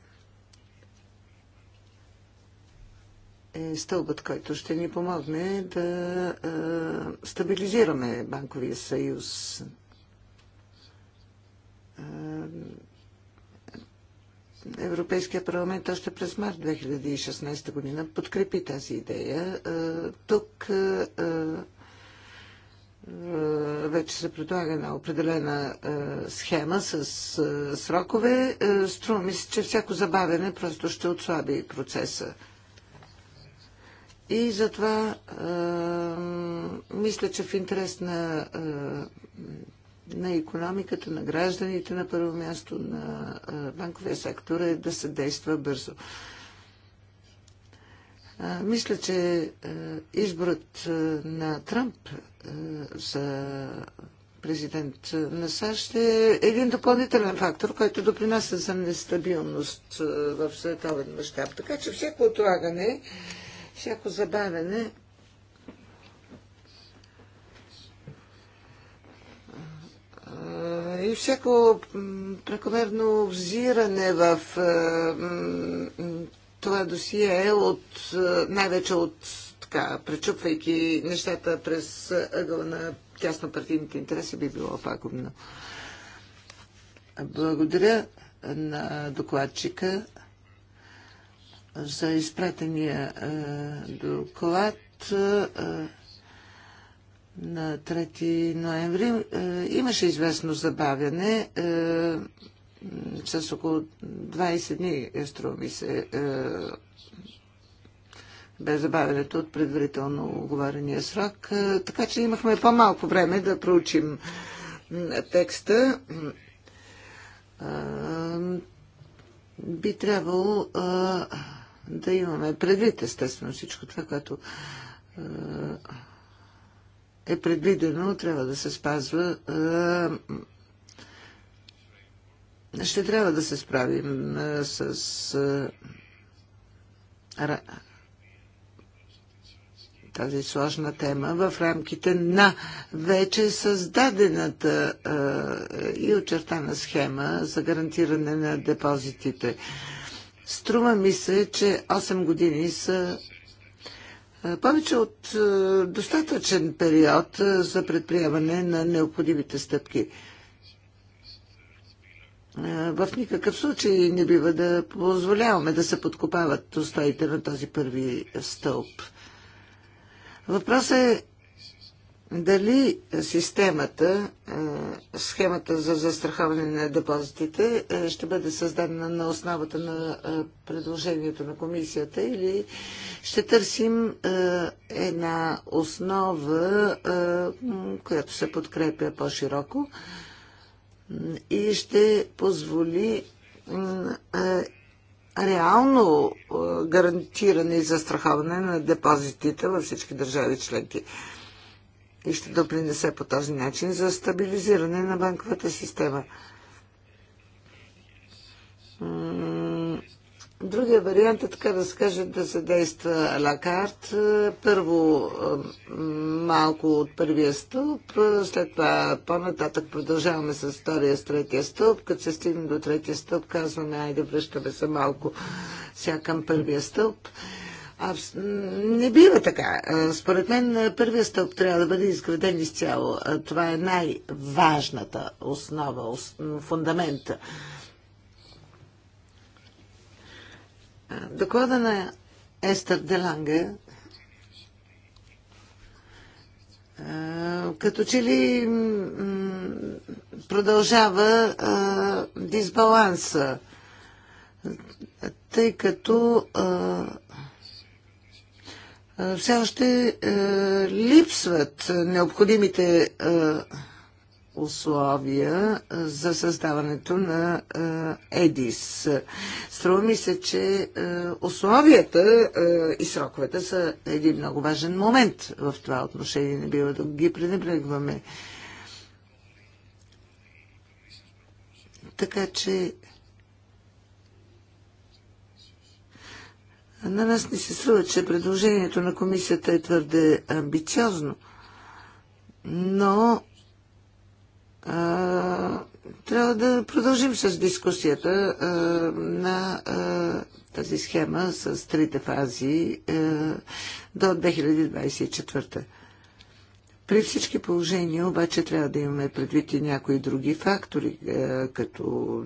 е стълбът, който ще ни помогне да е, стабилизираме банковия съюз. Е, Европейския парламент още през март 2016 година подкрепи тази идея. Е, тук вече се предлага една определена схема с срокове. Струва ми се, че всяко забавене просто ще отслаби процеса. И затова е, мисля, че в интерес на, е, на економиката, на гражданите на първо място, на е, банковия сектор е да се действа бързо. Е, мисля, че е, изборът на Трамп е, за президент на САЩ е един допълнителен фактор, който допринася за нестабилност в световен мащаб. Така че всяко отлагане. Е, Всяко забавене и всяко прекомерно взиране в това досие е от, най-вече от така, пречупвайки нещата през ъгъла на тясно партийните интереси би било пагубно. Благодаря на докладчика за изпратения е, доклад е, на 3 ноември. Е, имаше известно забавяне с около 20 дни, струва ми се, без забавянето от предварително оговарения срок. Така че имахме по-малко време да проучим текста. Би трябвало да имаме предвид, естествено, всичко това, което е, е предвидено, трябва да се спазва. Е, ще трябва да се справим е, с тази сложна тема в рамките на вече създадената и очертана схема за гарантиране на депозитите. Струва ми се, че 8 години са повече от достатъчен период за предприемане на необходимите стъпки. В никакъв случай не бива да позволяваме да се подкопават устоите на този първи стълб. Въпросът е дали системата, е, схемата за застраховане на депозитите е, ще бъде създадена на основата на е, предложението на комисията или ще търсим една основа, която се подкрепя по-широко и ще позволи реално гарантиране и застраховане на депозитите във всички държави членки и ще допринесе по този начин за стабилизиране на банковата система. Другия вариант е така да се каже да се действа лакарт. Първо малко от първия стълб, след това по-нататък продължаваме с втория, с третия стълб. Като се стигне до третия стълб, казваме, айде връщаме се малко сякам първия стълб. А, не бива така. Според мен първият стълб трябва да бъде изграден изцяло. Това е най-важната основа, фундамента. Доклада на Естер Деланга като че ли продължава дисбаланса, тъй като е, все още е, липсват необходимите е, условия за създаването на ЕДИС. Струва ми се, че условията и сроковете са един много важен момент в това отношение. Не бива да ги пренебрегваме. Така че На нас не се струва, че предложението на комисията е твърде амбициозно, но а, трябва да продължим с дискусията а, на а, тази схема с трите фази а, до 2024. При всички положения обаче трябва да имаме предвид и някои други фактори, а, като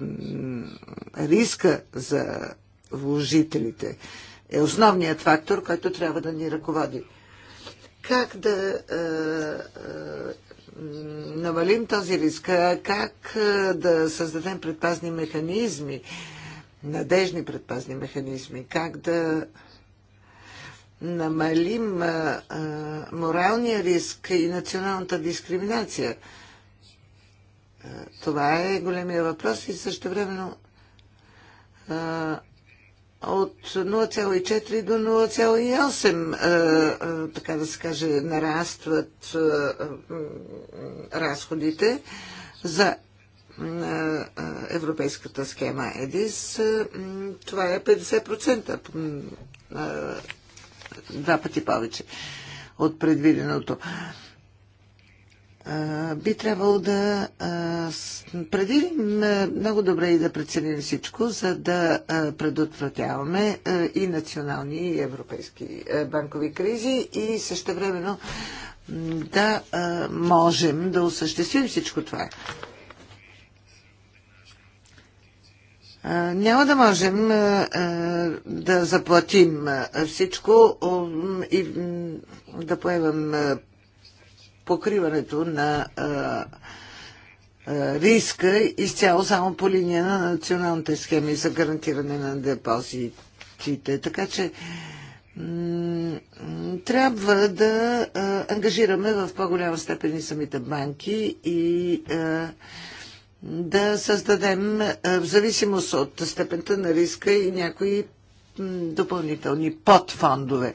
риска за вложителите е основният фактор, който трябва да ни ръководи. Как да е, е, намалим този риск? Как е, да създадем предпазни механизми, надежни предпазни механизми? Как да намалим а, е, а, е, моралния риск и националната дискриминация. А, е, това е големия въпрос и също времено от 0,4 до 0,8, е, е, така да се каже, нарастват е, разходите за европейската схема ЕДИС. Това е 50%, два пъти повече от предвиденото би трябвало да предвидим много добре и да преценим всичко, за да предотвратяваме и национални и европейски банкови кризи и също времено да можем да осъществим всичко това. Няма да можем да заплатим всичко и да поемем покриването на риска изцяло само по линия на националните схеми за гарантиране на депозитите. Така че трябва да ангажираме в по-голяма степен и самите банки и да създадем в зависимост от степента на риска и някои допълнителни подфондове,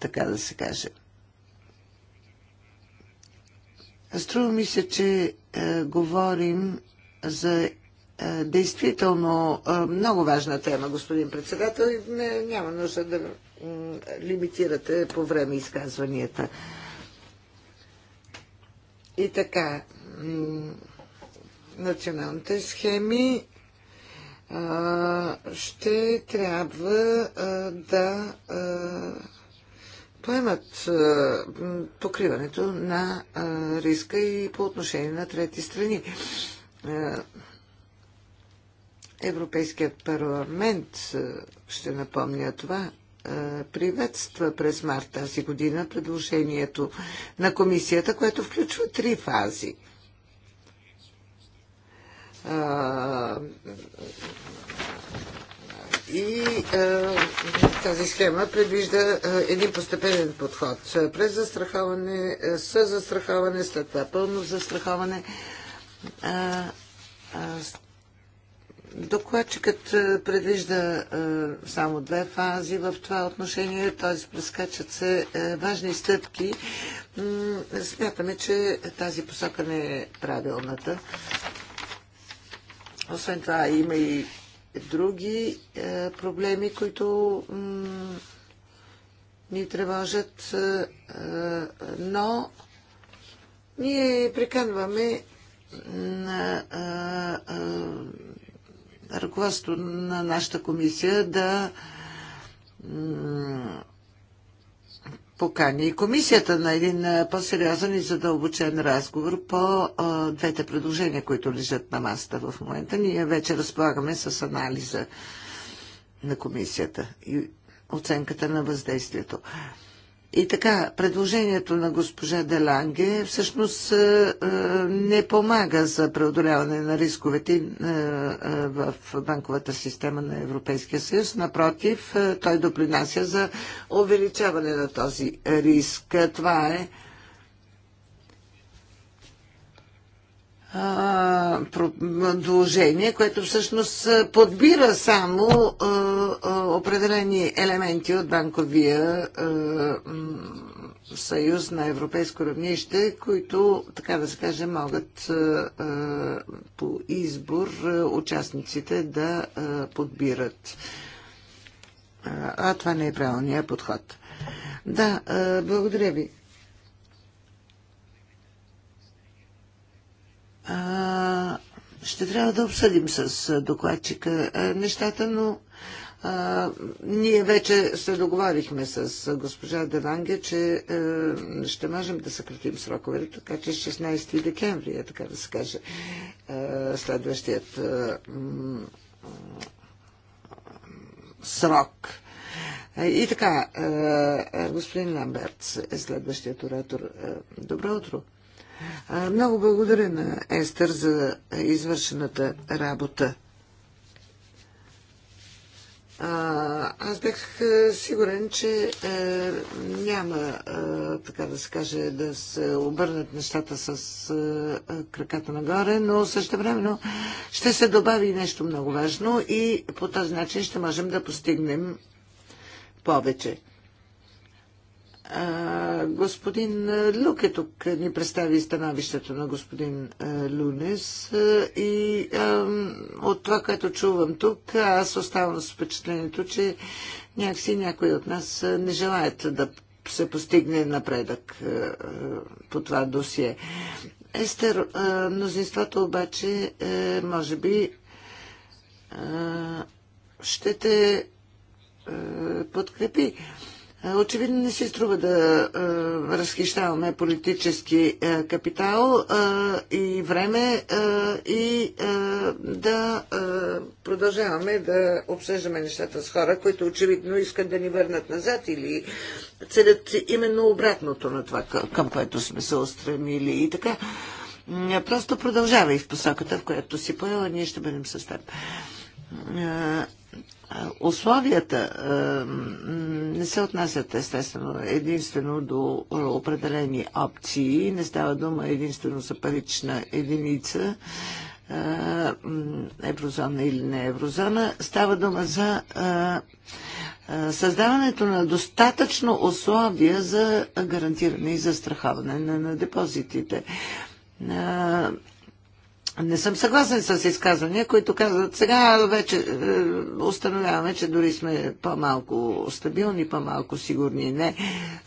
така да се каже. Струва ми се, че е, говорим за е, действително е, много важна тема, господин председател. И не, няма нужда да лимитирате по време изказванията. И така, националните схеми е, ще трябва е, да е, поемат покриването на риска и по отношение на трети страни. Европейският парламент, ще напомня това, приветства през март тази година предложението на комисията, което включва три фази и е, тази схема предвижда е, един постепенен подход. Е, през застраховане, с застраховане, след това пълно застраховане. Докладчикът предвижда само две фази в това отношение, т.е. прескачат се важни стъпки. Смятаме, че тази посока не е правилната. Освен това има и други е, проблеми, които ни тревожат, е, е, но ние приканваме на ръководство на нашата комисия да покани и комисията на един по-сериозен и задълбочен разговор по а, двете предложения, които лежат на масата в момента. Ние вече разполагаме с анализа на комисията и оценката на въздействието. И така, предложението на госпожа Деланге всъщност е, е, не помага за преодоляване на рисковете е, в банковата система на Европейския съюз. Напротив, той допринася за увеличаване на този риск. Това е предложение, което всъщност подбира само определени елементи от банковия съюз на европейско равнище, които, така да се каже, могат по избор участниците да подбират. А това не е правилният подход. Да, благодаря ви. ще трябва да обсъдим с докладчика нещата, но а, ние вече се договорихме с госпожа Деванге, че а, ще можем да съкратим сроковете, така че 16 декември е, така да се каже, а, следващият а, а, срок. И така, господин Ламберт е следващият оратор. Добро утро! Много благодаря на Естер за извършената работа. А, аз бях сигурен, че е, няма, е, така да се каже, да се обърнат нещата с е, краката нагоре, но също времено ще се добави нещо много важно и по този начин ще можем да постигнем повече господин Люке тук ни представи становището на господин Люнес и от това, което чувам тук, аз оставам с впечатлението, че някакси някои от нас не желаят да се постигне напредък по това досие. Естер, мнозинството обаче, е, може би, ще те подкрепи. Е, очевидно не си струва да а, е, разхищаваме политически а, е, капитал а, и време а, и а, да а, продължаваме да обсъждаме нещата с хора, които очевидно искат да ни върнат назад или целят именно обратното на това, към което сме се устремили и така. Просто продължавай в посоката, в която си поела, ние ще бъдем с теб условията не се отнасят естествено единствено до определени опции, не става дума единствено за парична единица, еврозона или не еврозона, става дума за създаването на достатъчно условия за гарантиране и застраховане на депозитите не съм съгласен с изказвания, които казват сега вече е, установяваме, че дори сме по-малко стабилни, по-малко сигурни. Не. Е,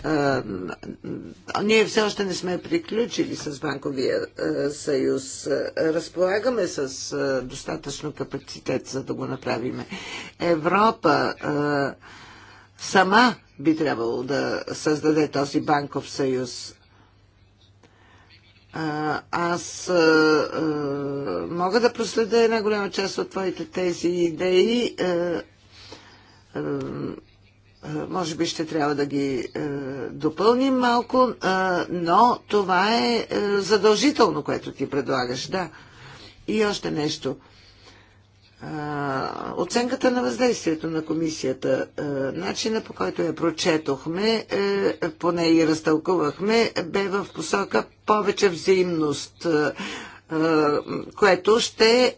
е, ние все още не сме приключили с банковия е, съюз. Е, разполагаме с е, достатъчно капацитет, за да го направиме. Европа е, сама би трябвало да създаде този банков съюз аз мога да проследя една голяма част от твоите тези идеи. Може би ще трябва да ги допълним малко, но това е задължително, което ти предлагаш, да. И още нещо – оценката на въздействието на комисията, начина по който я прочетохме, е, поне и разтълкувахме, бе в посока повече взаимност, което ще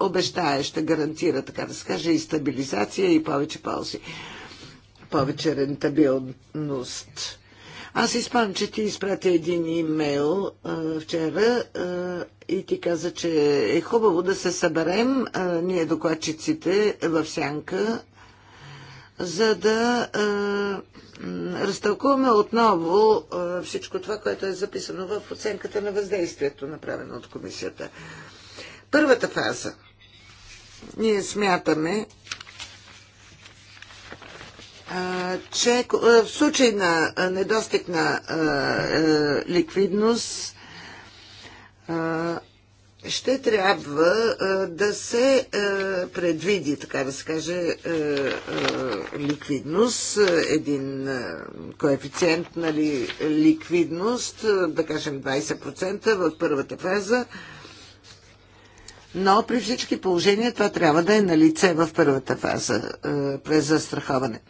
обещае, ще гарантира, така да се каже, и стабилизация, и повече ползи, повече рентабилност. Аз изпам, че ти изпрати един имейл а, вчера а, и ти каза, че е хубаво да се съберем, а, ние докладчиците в сянка, за да а, разтълкуваме отново а, всичко това, което е записано в оценката на въздействието, направено от комисията. Първата фаза. Ние смятаме, че в случай на недостиг на ликвидност ще трябва да се предвиди, така да се каже, ликвидност, един коефициент на нали, ликвидност, да кажем 20% в първата фаза, но при всички положения това трябва да е на лице в първата фаза през застраховане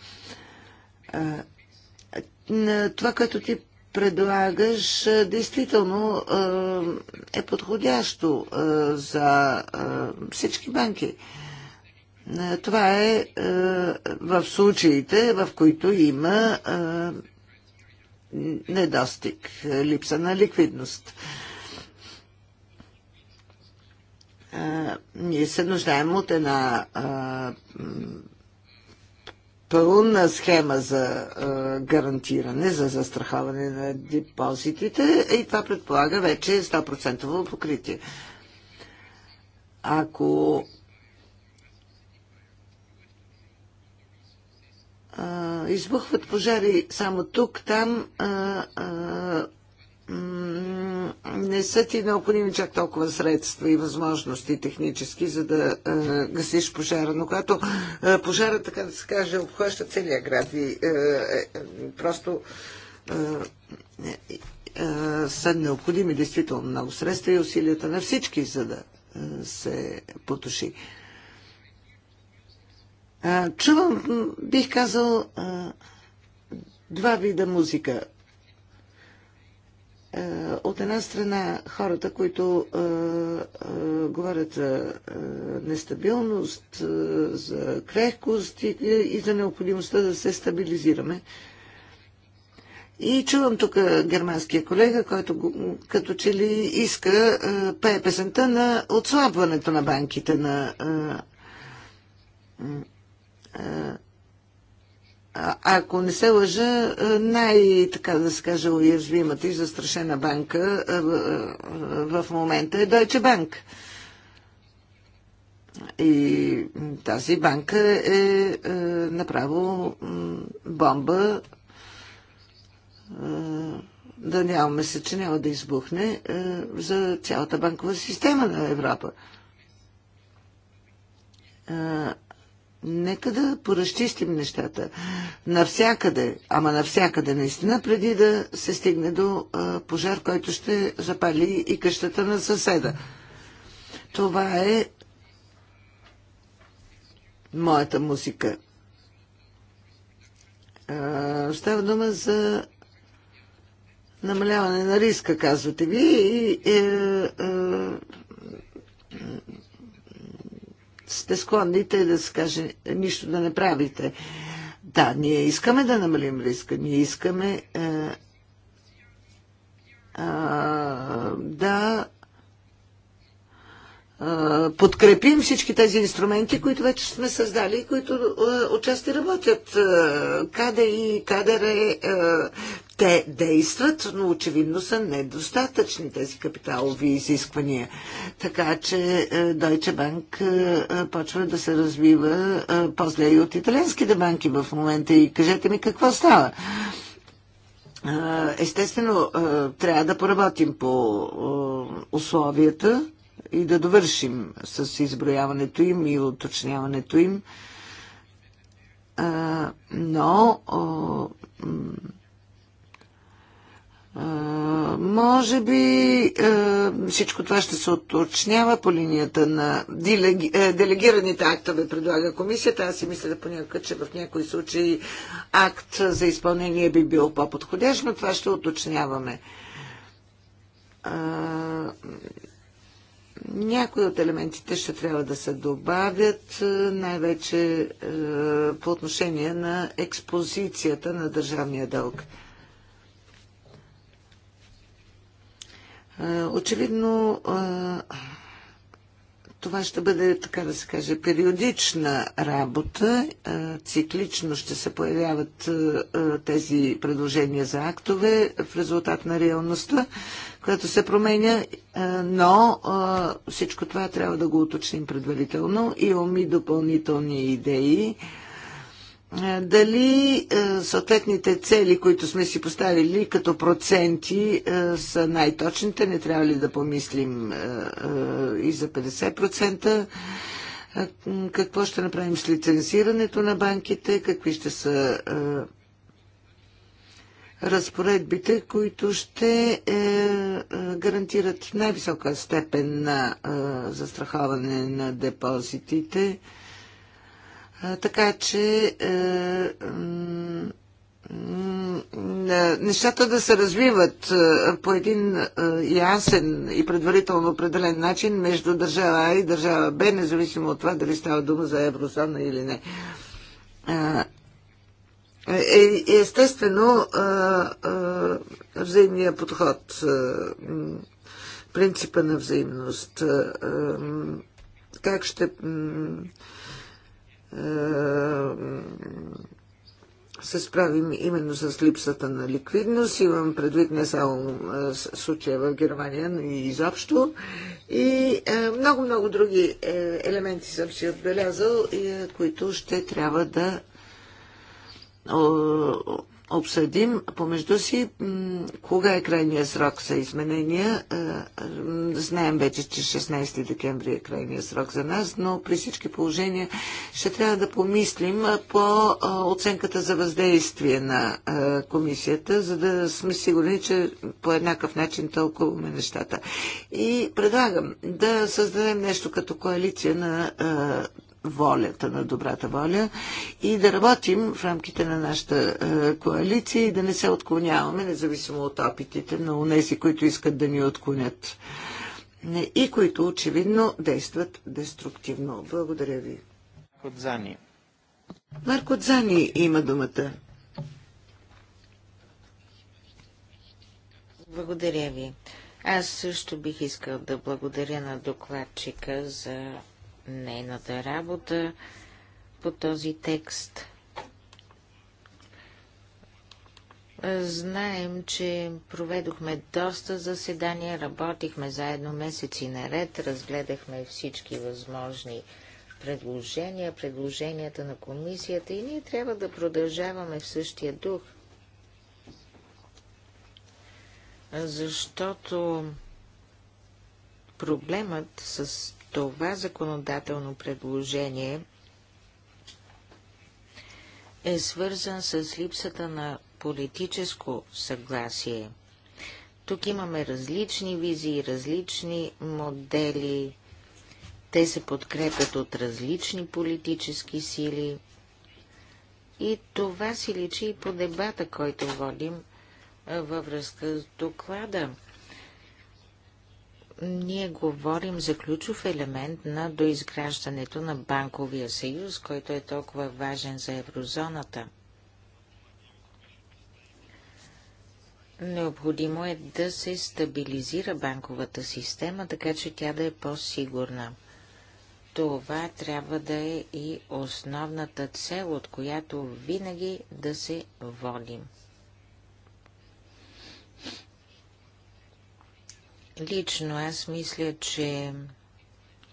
на това, което ти предлагаш, действително е подходящо за всички банки. Това е в случаите, в които има недостиг, липса на ликвидност. Ние се нуждаем от една пълна схема за гарантиране, за застраховане на депозитите и това предполага вече 100% покритие. Ако избухват пожари само тук, там а, а, не са ти необходими чак толкова средства и възможности технически, за да е, гасиш пожара. Но когато е, пожара, така да се каже, обхваща целия град и е, е, просто е, е, са необходими действително много средства и усилията на всички, за да е, се потуши. Е, чувам, бих казал, е, два вида музика. Е, от една страна хората, които а, е, а, е, говорят за а, нестабилност, а, за крехкост и, и за необходимостта да се стабилизираме. И чувам тук германския колега, който като че ли иска а, пее песента на отслабването на банките, на а, а, ако не се лъжа, най-така да се каже уязвимата и застрашена банка в момента е Deutsche Bank. И тази банка е, е направо бомба. Да нямаме се, че няма да избухне за цялата банкова система на Европа нека да поразчистим нещата. Навсякъде, ама навсякъде наистина, преди да се стигне до а, пожар, който ще запали и къщата на съседа. Това е моята музика. А, става дума за намаляване на риска, казвате ви, и сте склонни те да се каже нищо да не правите. Да, ние искаме да намалим риска, ние искаме а, е, е, да е, подкрепим всички тези инструменти, които вече сме създали и които е, отчасти работят. Каде и кадър е те действат, но очевидно са недостатъчни тези капиталови изисквания. Така че е, Deutsche Bank е, е, почва да се развива по-зле и от италианските банки в момента. И кажете ми какво става. Естествено, трябва да поработим по условията и да довършим с изброяването им и уточняването им. Но може би всичко това ще се уточнява по линията на делегираните актове, предлага комисията. Аз си мисля да понякога, че в някои случаи акт за изпълнение би бил по-подходящ, но това ще уточняваме. Някои от елементите ще трябва да се добавят, най-вече по отношение на експозицията на държавния дълг. Очевидно това ще бъде, така да се каже, периодична работа. Циклично ще се появяват тези предложения за актове в резултат на реалността, която се променя, но всичко това трябва да го уточним предварително. Имам и допълнителни идеи е, дали е, съответните цели, които сме си поставили като проценти, е, са най-точните? Не трябва ли да помислим и за 50%? Какво ще направим с лицензирането на банките? Какви ще са разпоредбите, които ще гарантират най-висока степен на застраховане на депозитите? Така че е, е, нещата да се развиват е, по един ясен и предварително определен начин между държава А и държава Б, независимо от това дали става дума за еврозона или не. естествено, взаимния подход, принципа на взаимност, как ще е, се справим именно с липсата на ликвидност. Имам предвид не само е, случая в Германия, но и изобщо. И много-много е, други елементи съм си отбелязал, които ще трябва да обсъдим помежду си кога е крайният срок за изменения. Е, е, знаем вече, че 16 декември е крайният срок за нас, но при всички положения ще трябва да помислим по е, оценката за въздействие на комисията, за да сме сигурни, че по еднакъв начин тълкуваме нещата. И предлагам да създадем нещо като коалиция на волята, на добрата воля и да работим в рамките на нашата е, коалиция и да не се отклоняваме, независимо от опитите на унези, които искат да ни отклонят и които очевидно действат деструктивно. Благодаря ви. Кодзани. Марко Дзани има думата. Благодаря ви. Аз също бих искал да благодаря на докладчика за нейната работа по този текст. Знаем, че проведохме доста заседания, работихме заедно месеци наред, разгледахме всички възможни предложения, предложенията на комисията и ние трябва да продължаваме в същия дух. Защото проблемът с това законодателно предложение е свързан с липсата на политическо съгласие. Тук имаме различни визии, различни модели. Те се подкрепят от различни политически сили. И това си личи и по дебата, който водим във връзка с доклада ние говорим за ключов елемент на доизграждането на банковия съюз, който е толкова важен за еврозоната. Необходимо е да се стабилизира банковата система, така че тя да е по-сигурна. Това трябва да е и основната цел, от която винаги да се водим. Лично аз мисля, че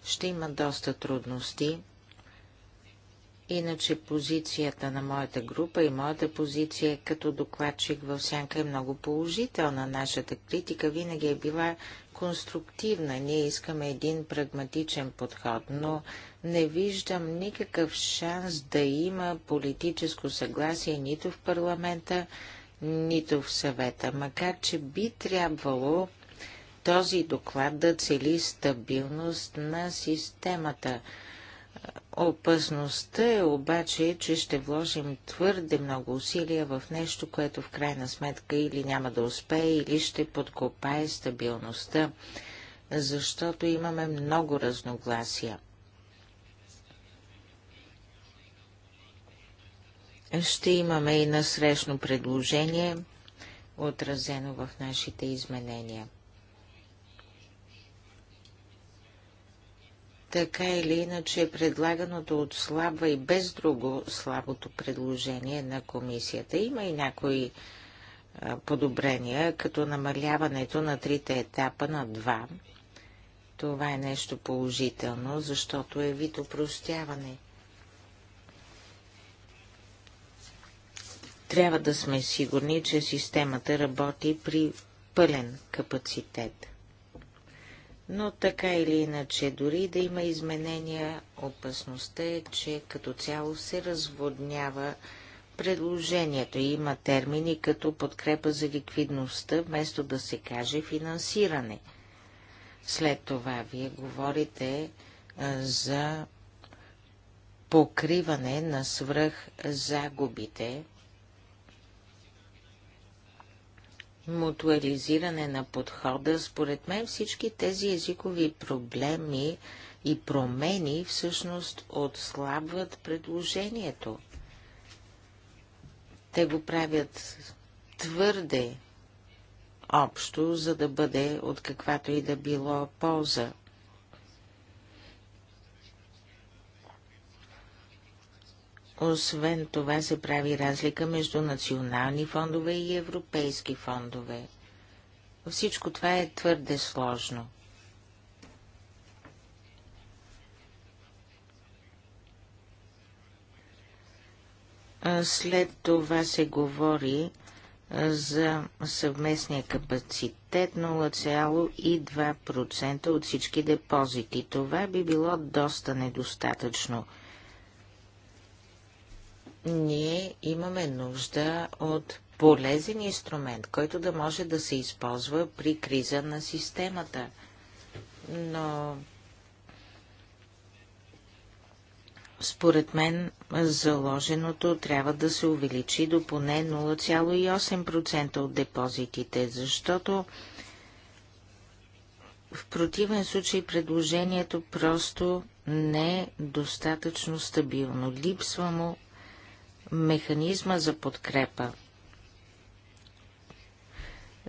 ще има доста трудности. Иначе позицията на моята група и моята позиция като докладчик в Сянка е много положителна. Нашата критика винаги е била конструктивна. Ние искаме един прагматичен подход, но не виждам никакъв шанс да има политическо съгласие нито в парламента, нито в съвета, макар че би трябвало този доклад да цели стабилност на системата. Опасността е обаче, че ще вложим твърде много усилия в нещо, което в крайна сметка или няма да успее, или ще подкопае стабилността, защото имаме много разногласия. Ще имаме и насрещно предложение, отразено в нашите изменения. Така или иначе, е предлаганото отслабва и без друго слабото предложение на комисията. Има и някои подобрения, като намаляването на трите етапа на два. Това е нещо положително, защото е вид упростяване. Трябва да сме сигурни, че системата работи при пълен капацитет. Но така или иначе, дори да има изменения, опасността е, че като цяло се разводнява предложението. Има термини като подкрепа за ликвидността, вместо да се каже финансиране. След това вие говорите за покриване на свръх загубите мутуализиране на подхода, според мен всички тези езикови проблеми и промени всъщност отслабват предложението. Те го правят твърде общо, за да бъде от каквато и да било полза. Освен това се прави разлика между национални фондове и европейски фондове. Всичко това е твърде сложно. След това се говори за съвместния капацитет 0,2% от всички депозити. Това би било доста недостатъчно – ние имаме нужда от полезен инструмент, който да може да се използва при криза на системата. Но според мен заложеното трябва да се увеличи до поне 0,8% от депозитите, защото в противен случай предложението просто не е достатъчно стабилно. Липсва му механизма за подкрепа.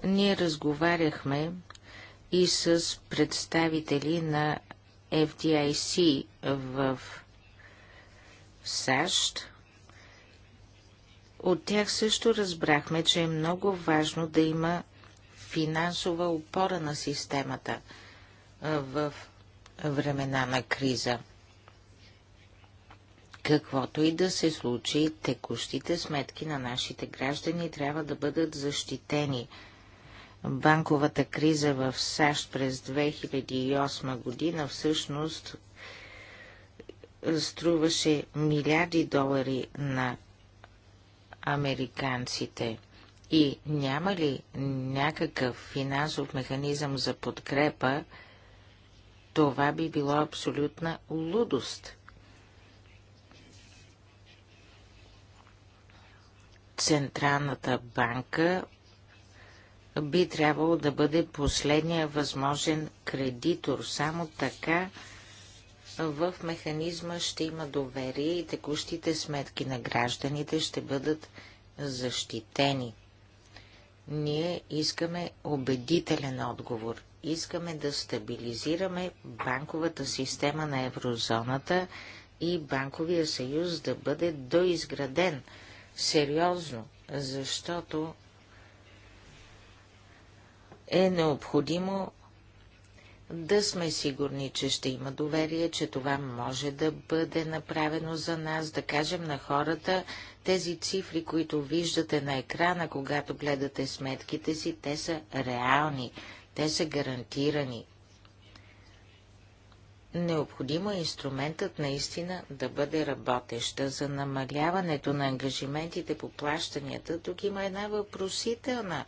Ние разговаряхме и с представители на FDIC в САЩ. От тях също разбрахме, че е много важно да има финансова опора на системата в времена на криза. Каквото и да се случи, текущите сметки на нашите граждани трябва да бъдат защитени. Банковата криза в САЩ през 2008 година всъщност струваше милиарди долари на американците. И няма ли някакъв финансов механизъм за подкрепа, това би било абсолютна лудост. Централната банка би трябвало да бъде последния възможен кредитор. Само така в механизма ще има доверие и текущите сметки на гражданите ще бъдат защитени. Ние искаме убедителен отговор. Искаме да стабилизираме банковата система на еврозоната и банковия съюз да бъде доизграден – сериозно, защото е необходимо да сме сигурни, че ще има доверие, че това може да бъде направено за нас, да кажем на хората, тези цифри, които виждате на екрана, когато гледате сметките си, те са реални, те са гарантирани, Необходимо е инструментът наистина да бъде работеща за намаляването на ангажиментите по плащанията. Тук има една въпросителна.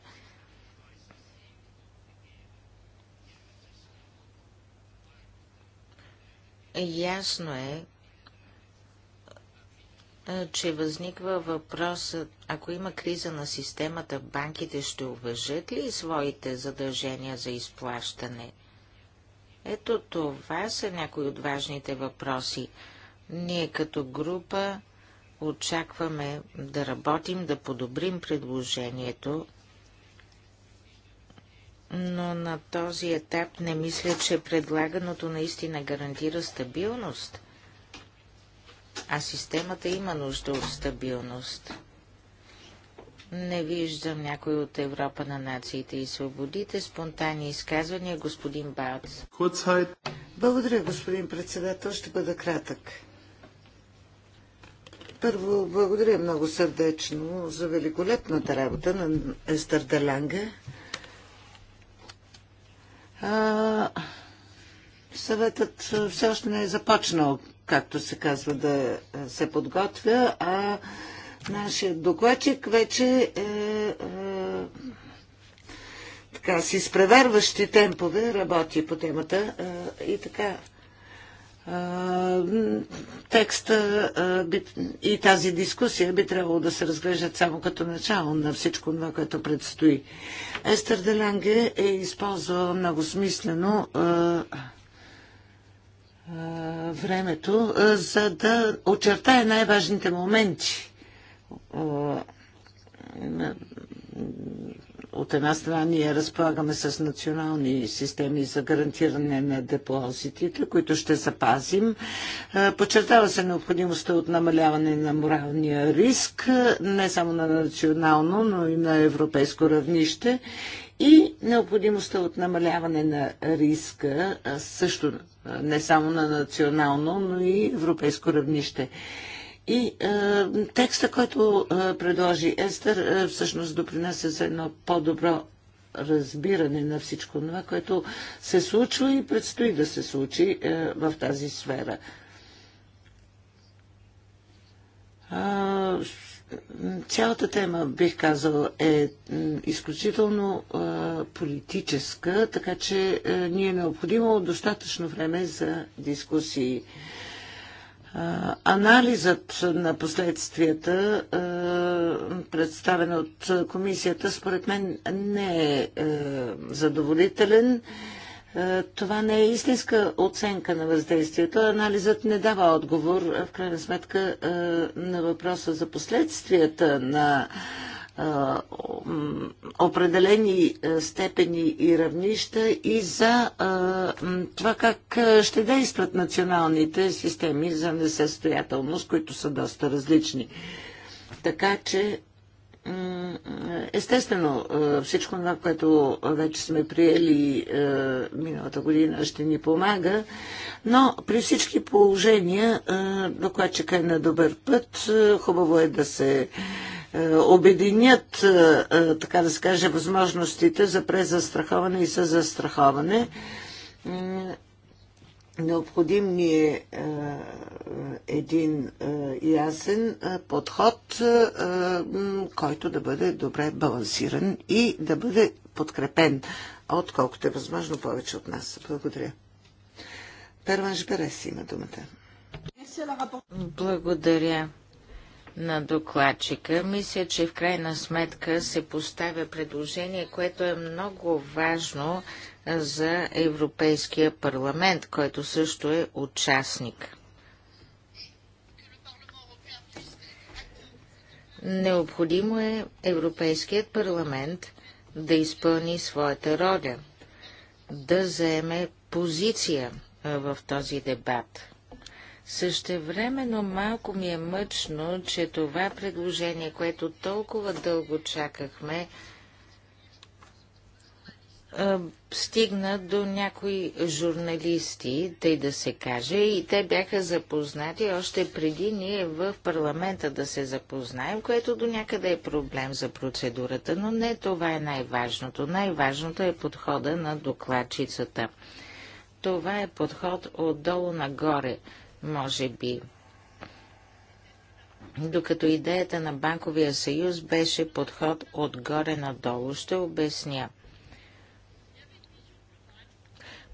Ясно е, че възниква въпросът, ако има криза на системата, банките ще уважат ли своите задължения за изплащане? Ето това са някои от важните въпроси. Ние като група очакваме да работим, да подобрим предложението, но на този етап не мисля, че предлаганото наистина гарантира стабилност, а системата има нужда от стабилност. Не виждам някой от Европа на нациите и свободите. Спонтанни изказвания, господин Бауц. Благодаря, господин председател. Ще бъда кратък. Първо, благодаря много сърдечно за великолепната работа на Естер Даланга. А, съветът все още не е започнал, както се казва, да се подготвя, а Нашият докладчик вече е, е, така, с изпреварващи темпове работи по темата е, и така. Е, текста е, би, и тази дискусия би трябвало да се разглеждат само като начало на всичко това, което предстои. Естер Делянге е използвал много смислено е, е времето, е, за да очертае най-важните моменти от една страна ние разполагаме с национални системи за гарантиране на депозитите, които ще запазим. Подчертава се необходимостта от намаляване на моралния риск, не само на национално, но и на европейско равнище. И необходимостта от намаляване на риска също не само на национално, но и европейско равнище. И е, текста, който е, предложи Естер, е, всъщност допринася за едно по-добро разбиране на всичко това, което се случва и предстои да се случи е, в тази сфера. А, е, цялата тема, бих казал, е изключително а, е, политическа, така че а, е, ни е необходимо достатъчно време за дискусии. Анализът на последствията, представен от комисията, според мен не е задоволителен. Това не е истинска оценка на въздействието. Анализът не дава отговор, в крайна сметка, на въпроса за последствията на определени степени и равнища и за това как ще действат националните системи за несъстоятелност, които са доста различни. Така че Естествено, всичко това, което вече сме приели миналата година, ще ни помага, но при всички положения докладчика е на добър път. Хубаво е да се е, обединят, е, е, така да се каже, възможностите за презастраховане и застраховане. Необходим ни е един ясен подход, който да бъде добре балансиран и да бъде подкрепен от колкото е възможно повече от нас. Благодаря. Перванж Берес има думата. Благодаря на докладчика. Мисля, че в крайна сметка се поставя предложение, което е много важно за Европейския парламент, който също е участник. Необходимо е Европейският парламент да изпълни своята роля, да заеме позиция в този дебат – Същевременно малко ми е мъчно, че това предложение, което толкова дълго чакахме, стигна до някои журналисти, тъй да се каже, и те бяха запознати още преди ние в парламента да се запознаем, което до някъде е проблем за процедурата, но не това е най-важното. Най-важното е подхода на докладчицата. Това е подход отдолу нагоре – може би. Докато идеята на Банковия съюз беше подход отгоре надолу, ще обясня.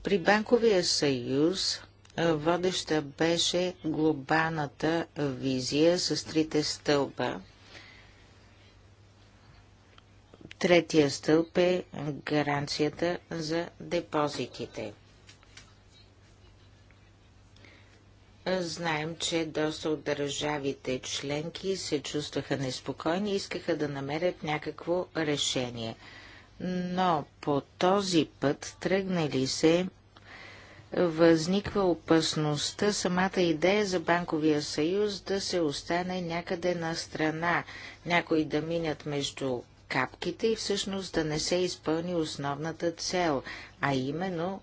При Банковия съюз водеща беше глобалната визия с трите стълба. Третия стълб е гаранцията за депозитите. Знаем, че доста от държавите членки се чувстваха неспокойни и искаха да намерят някакво решение. Но по този път тръгнали се възниква опасността самата идея за банковия съюз да се остане някъде на страна, някои да минят между капките и всъщност да не се изпълни основната цел, а именно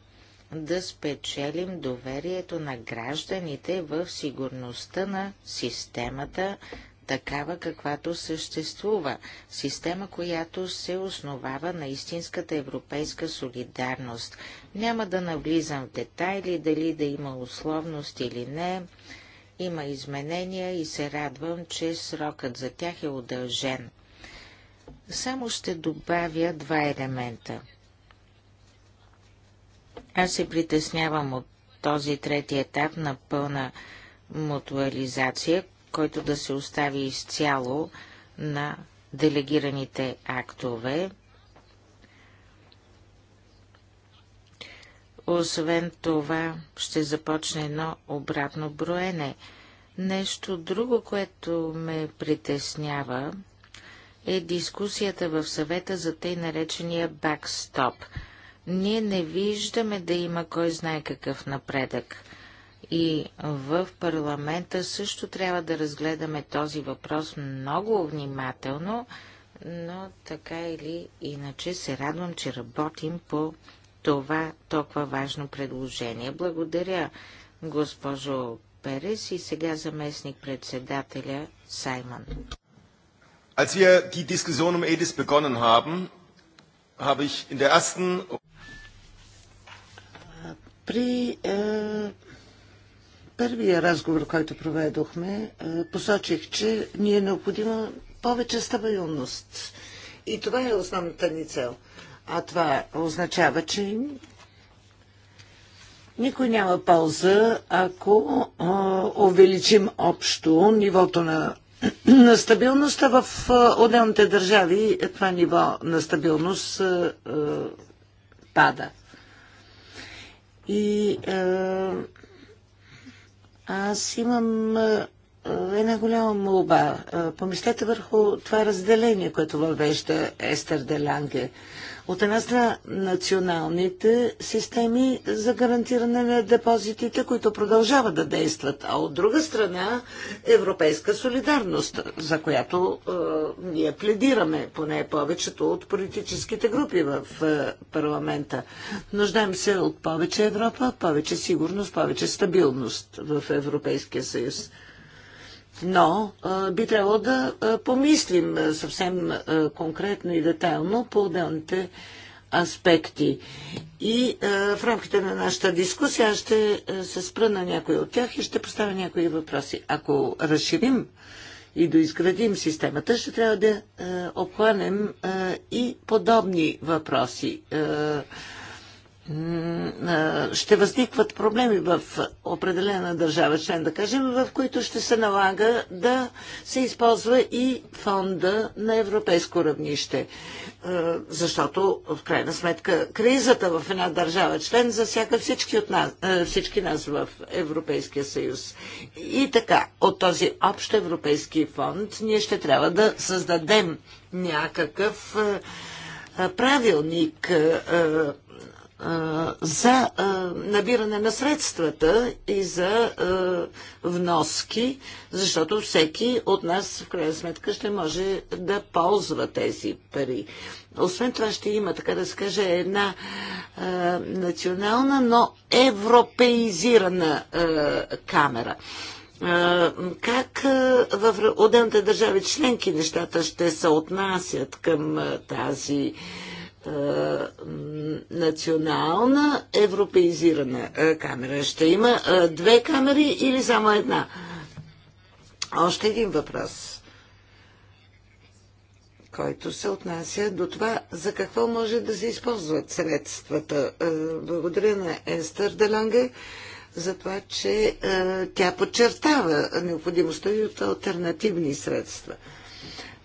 да спечелим доверието на гражданите в сигурността на системата, такава каквато съществува. Система, която се основава на истинската европейска солидарност. Няма да навлизам в детайли, дали да има условност или не. Има изменения и се радвам, че срокът за тях е удължен. Само ще добавя два елемента – аз се притеснявам от този трети етап на пълна мутуализация, който да се остави изцяло на делегираните актове. Освен това, ще започне едно обратно броене. Нещо друго, което ме притеснява, е дискусията в съвета за тъй наречения бакстоп – ние не виждаме да има кой знае какъв напредък. И в парламента също трябва да разгледаме този въпрос много внимателно, но така или иначе се радвам, че работим по това толкова важно предложение. Благодаря, госпожо Перес и сега заместник председателя Саймън. Als wir die Diskussion um EDIS begonnen haben, habe ich in der ersten при е, първия разговор, който проведохме, е, посочих, че ни е необходима повече стабилност. И това е основната ни цел. А това означава, че никой няма полза, ако е, увеличим общо нивото на на стабилността в е, отделните държави това ниво на стабилност е, е, пада. И а, аз имам а, една голяма молба. А, помислете върху това разделение, което въвежда Естер Деланге. Ланге от една страна националните системи за гарантиране на депозитите, които продължават да действат, а от друга страна европейска солидарност, за която е, ние пледираме поне повечето от политическите групи в е, парламента. Нуждаем се от повече Европа, повече сигурност, повече стабилност в Европейския съюз но би трябвало да помислим съвсем конкретно и детайлно по отделните аспекти. И в рамките на нашата дискусия ще се спра на някои от тях и ще поставя някои въпроси. Ако разширим и доизградим системата, ще трябва да обхванем и подобни въпроси ще възникват проблеми в определена държава член, да кажем, в които ще се налага да се използва и фонда на европейско равнище. Защото, в крайна сметка, кризата в една държава член засяга всички, от нас, всички нас в Европейския съюз. И така, от този общ европейски фонд ние ще трябва да създадем някакъв правилник, за набиране на средствата и за вноски, защото всеки от нас в крайна сметка ще може да ползва тези пари. Освен това ще има, така да се каже, една национална, но европеизирана камера как в отделните държави членки нещата ще се отнасят към тази е, национална европеизирана е, камера. Ще има е, две камери или само една? Още един въпрос, който се отнася до това за какво може да се използват средствата. Благодаря на Естер Деланге за това, че тя подчертава необходимостта и от альтернативни средства.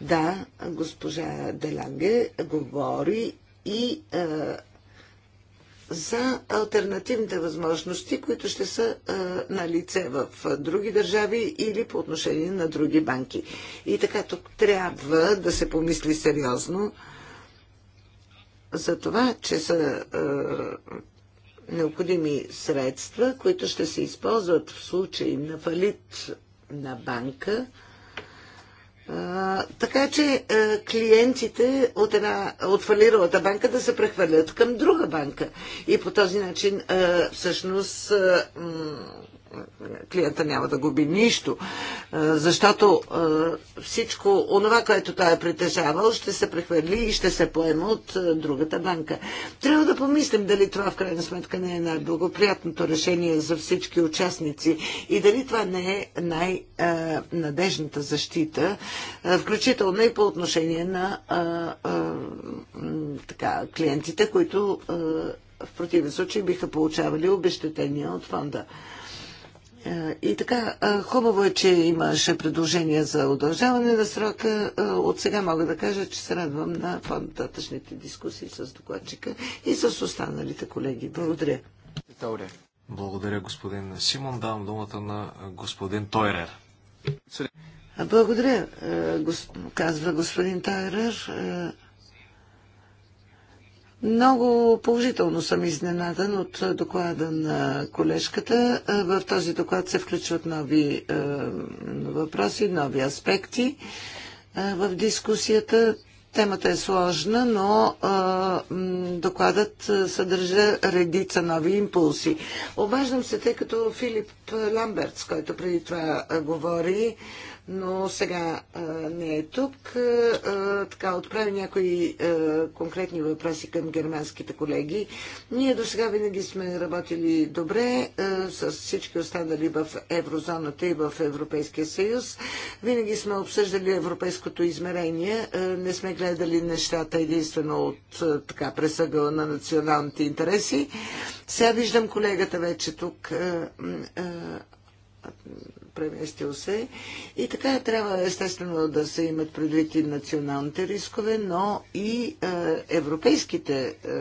Да, госпожа Деланге говори и е, за альтернативните възможности, които ще са а, е, на лице в е, други държави или по отношение на други банки. И така тук трябва да се помисли сериозно за това, че са а, необходими средства, които ще се използват в случай на фалит на банка, така че клиентите от, една, от фалиралата банка да се прехвърлят към друга банка. И по този начин всъщност клиента няма да губи нищо, е, защото е, всичко онова, което той е притежавал, ще се прехвърли и ще се поема от е, другата банка. Трябва да помислим дали това в крайна сметка не е най-благоприятното решение за всички участници и дали това не е най-надежната защита, включително и по отношение на така, клиентите, които в противен случай биха получавали обещетения от фонда. Е, и така, е, хубаво е, че имаше предложение за удължаване на срока. Е, от сега мога да кажа, че се радвам на по-нататъчните дискусии с докладчика и с останалите колеги. Благодаря. Благодаря, господин Симон. Давам думата на господин Тойрер. Благодаря, казва господин Тойрер. Много положително съм изненадан от доклада на колежката. В този доклад се включват нови е, въпроси, нови аспекти е, в дискусията. Темата е сложна, но е, докладът съдържа редица нови импулси. Обаждам се, тъй като Филип Ламбертс, който преди това говори, но сега а, не е тук. А, така, отправя някои а, конкретни въпроси към германските колеги. Ние до сега винаги сме работили добре а, с всички останали в еврозоната и в Европейския съюз. Винаги сме обсъждали европейското измерение. А, не сме гледали нещата единствено от а, така пресъгъла на националните интереси. Сега виждам колегата вече тук. А, а, преместил се. И така е, трябва естествено да се имат предвид и националните рискове, но и е, европейските е,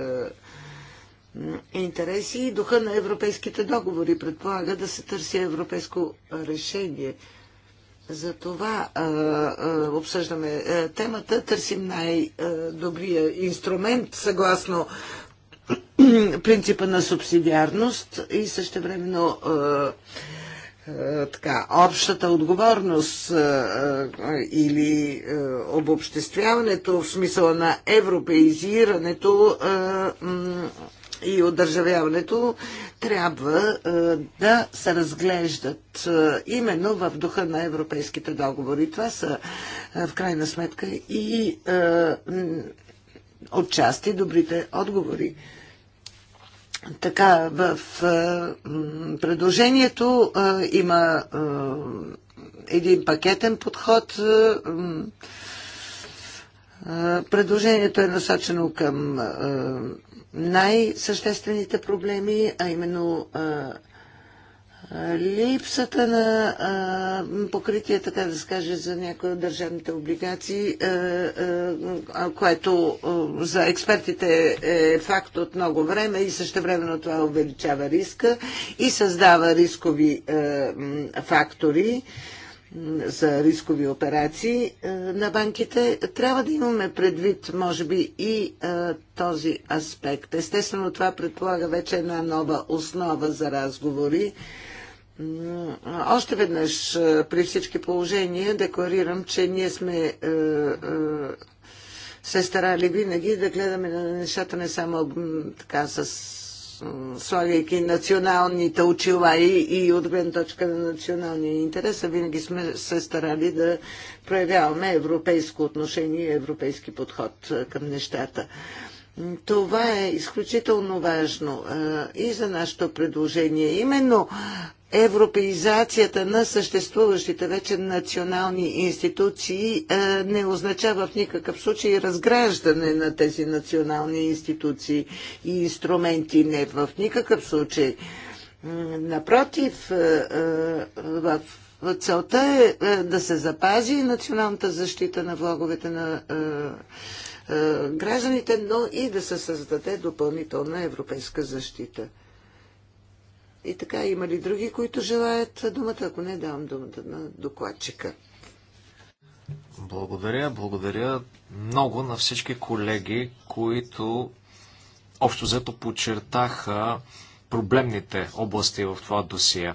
интереси и духа на европейските договори предполага да се търси европейско решение. За това е, е, обсъждаме е, темата, търсим най-добрия инструмент съгласно принципа на субсидиарност и също времено е, е, така, общата отговорност е, е, или обобществяването в смисъла на европеизирането и отдържавяването трябва да се разглеждат именно в духа на европейските договори. Това са в крайна сметка и отчасти добрите отговори така, в предложението има един пакетен подход. Предложението е насочено към най-съществените проблеми, а именно Липсата на а, покритие, така да се каже, за някои от държавните облигации, а, а, което а, за експертите е факт от много време и също времено това увеличава риска и създава рискови а, фактори за рискови операции на банките. Трябва да имаме предвид, може би, и а, този аспект. Естествено, това предполага вече една нова основа за разговори още веднъж при всички положения декларирам, че ние сме се старали винаги да гледаме на нещата не само така с слагайки националните очила и, и от гледна точка на националния интерес, а винаги сме се старали да проявяваме европейско отношение, европейски подход към нещата. Това е изключително важно и за нашето предложение. Именно европеизацията на съществуващите вече национални институции е, не означава в никакъв случай разграждане на тези национални институции и инструменти. Не, в никакъв случай. Напротив, е, е, в целта е да се запази националната защита на влоговете на гражданите, но и да се създаде допълнителна европейска защита. И така, има ли други, които желаят думата? Ако не, давам думата на докладчика. Благодаря, благодаря много на всички колеги, които общо взето подчертаха проблемните области в това досие.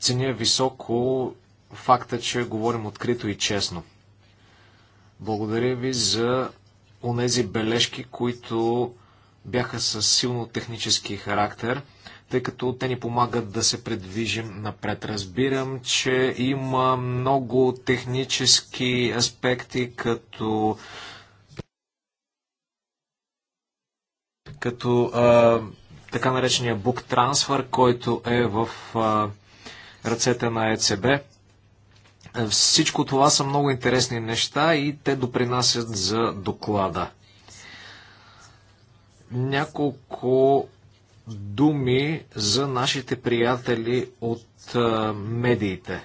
Ценя високо факта, че говорим открито и честно. Благодаря ви за онези бележки, които бяха с силно технически характер тъй като те ни помагат да се предвижим напред. Разбирам, че има много технически аспекти, като като а, така наречения бук трансфер, който е в а, ръцете на ЕЦБ. Всичко това са много интересни неща и те допринасят за доклада. Няколко думи за нашите приятели от медиите.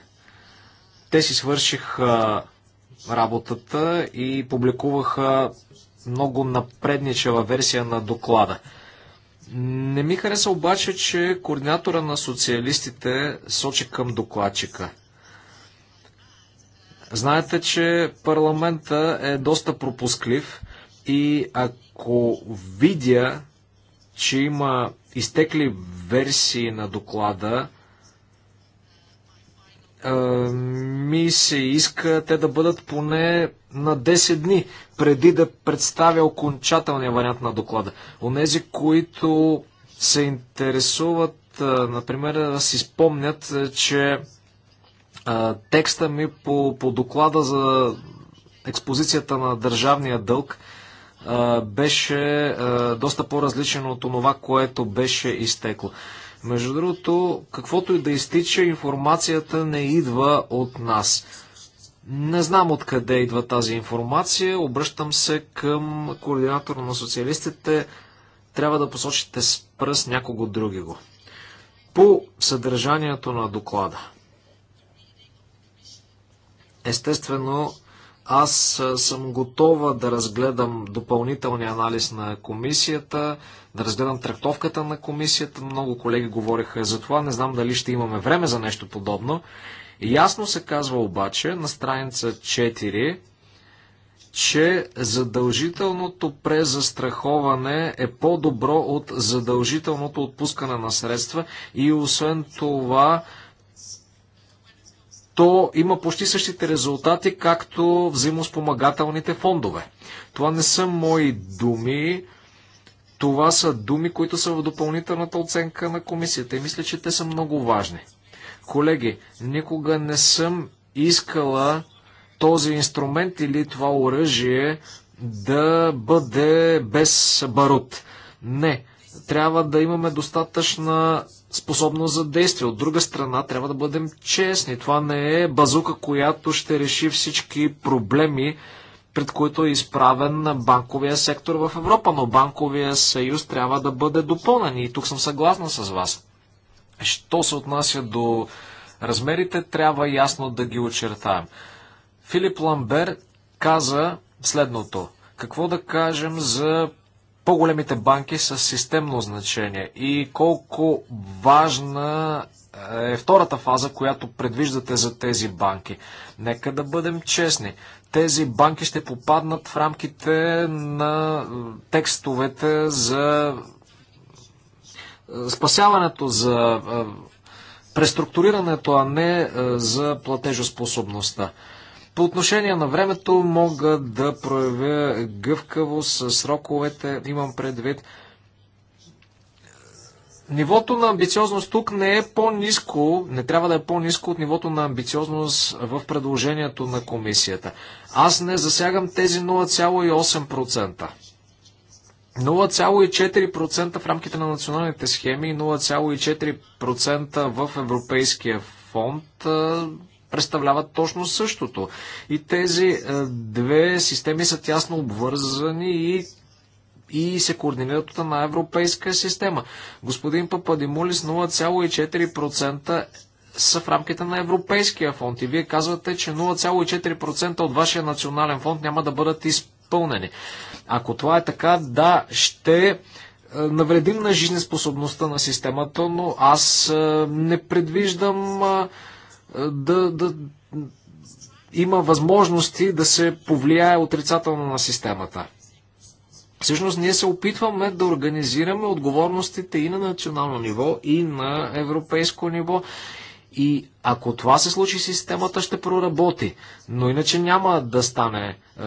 Те си свършиха работата и публикуваха много напредничава версия на доклада. Не ми хареса обаче, че координатора на социалистите сочи към докладчика. Знаете, че парламента е доста пропусклив и ако видя, че има изтекли версии на доклада, ми се иска те да бъдат поне на 10 дни, преди да представя окончателния вариант на доклада. Онези, които се интересуват, например, да си спомнят, че текста ми по, по доклада за експозицията на държавния дълг беше доста по-различен от това, което беше изтекло. Между другото, каквото и да изтича, информацията не идва от нас. Не знам откъде идва тази информация. Обръщам се към координатора на социалистите. Трябва да посочите с пръст някого други го. По съдържанието на доклада. Естествено, аз съм готова да разгледам допълнителния анализ на комисията, да разгледам трактовката на комисията. Много колеги говориха за това. Не знам дали ще имаме време за нещо подобно. Ясно се казва обаче на страница 4, че задължителното презастраховане е по-добро от задължителното отпускане на средства и освен това то има почти същите резултати, както взаимоспомагателните фондове. Това не са мои думи, това са думи, които са в допълнителната оценка на комисията и мисля, че те са много важни. Колеги, никога не съм искала този инструмент или това оръжие да бъде без барут. Не, трябва да имаме достатъчна способност за действие. От друга страна, трябва да бъдем честни. Това не е базука, която ще реши всички проблеми, пред които е изправен банковия сектор в Европа, но банковия съюз трябва да бъде допълнен и тук съм съгласна с вас. Що се отнася до размерите, трябва ясно да ги очертаем. Филип Ламбер каза следното. Какво да кажем за по-големите банки с системно значение и колко важна е, е втората фаза, която предвиждате за тези банки. Нека да бъдем честни. Тези банки ще попаднат в рамките на е, текстовете за е, спасяването, за преструктурирането, а не за платежоспособността. По отношение на времето мога да проявя гъвкаво с сроковете, имам предвид. Нивото на амбициозност тук не е по-низко, не трябва да е по-низко от нивото на амбициозност в предложението на комисията. Аз не засягам тези 0,8%. 0,4% в рамките на националните схеми и 0,4% в Европейския фонд представляват точно същото. И тези е, две системи са тясно обвързани и и се координират от една европейска система. Господин Пападимулис 0,4% са в рамките на Европейския фонд. И вие казвате, че 0,4% от вашия национален фонд няма да бъдат изпълнени. Ако това е така, да, ще е, навредим на жизнеспособността на системата, но аз е, не предвиждам да, да има възможности да се повлияе отрицателно на системата. Всъщност ние се опитваме да организираме отговорностите и на национално ниво, и на европейско ниво. И ако това се случи, системата ще проработи. Но иначе няма да стане е,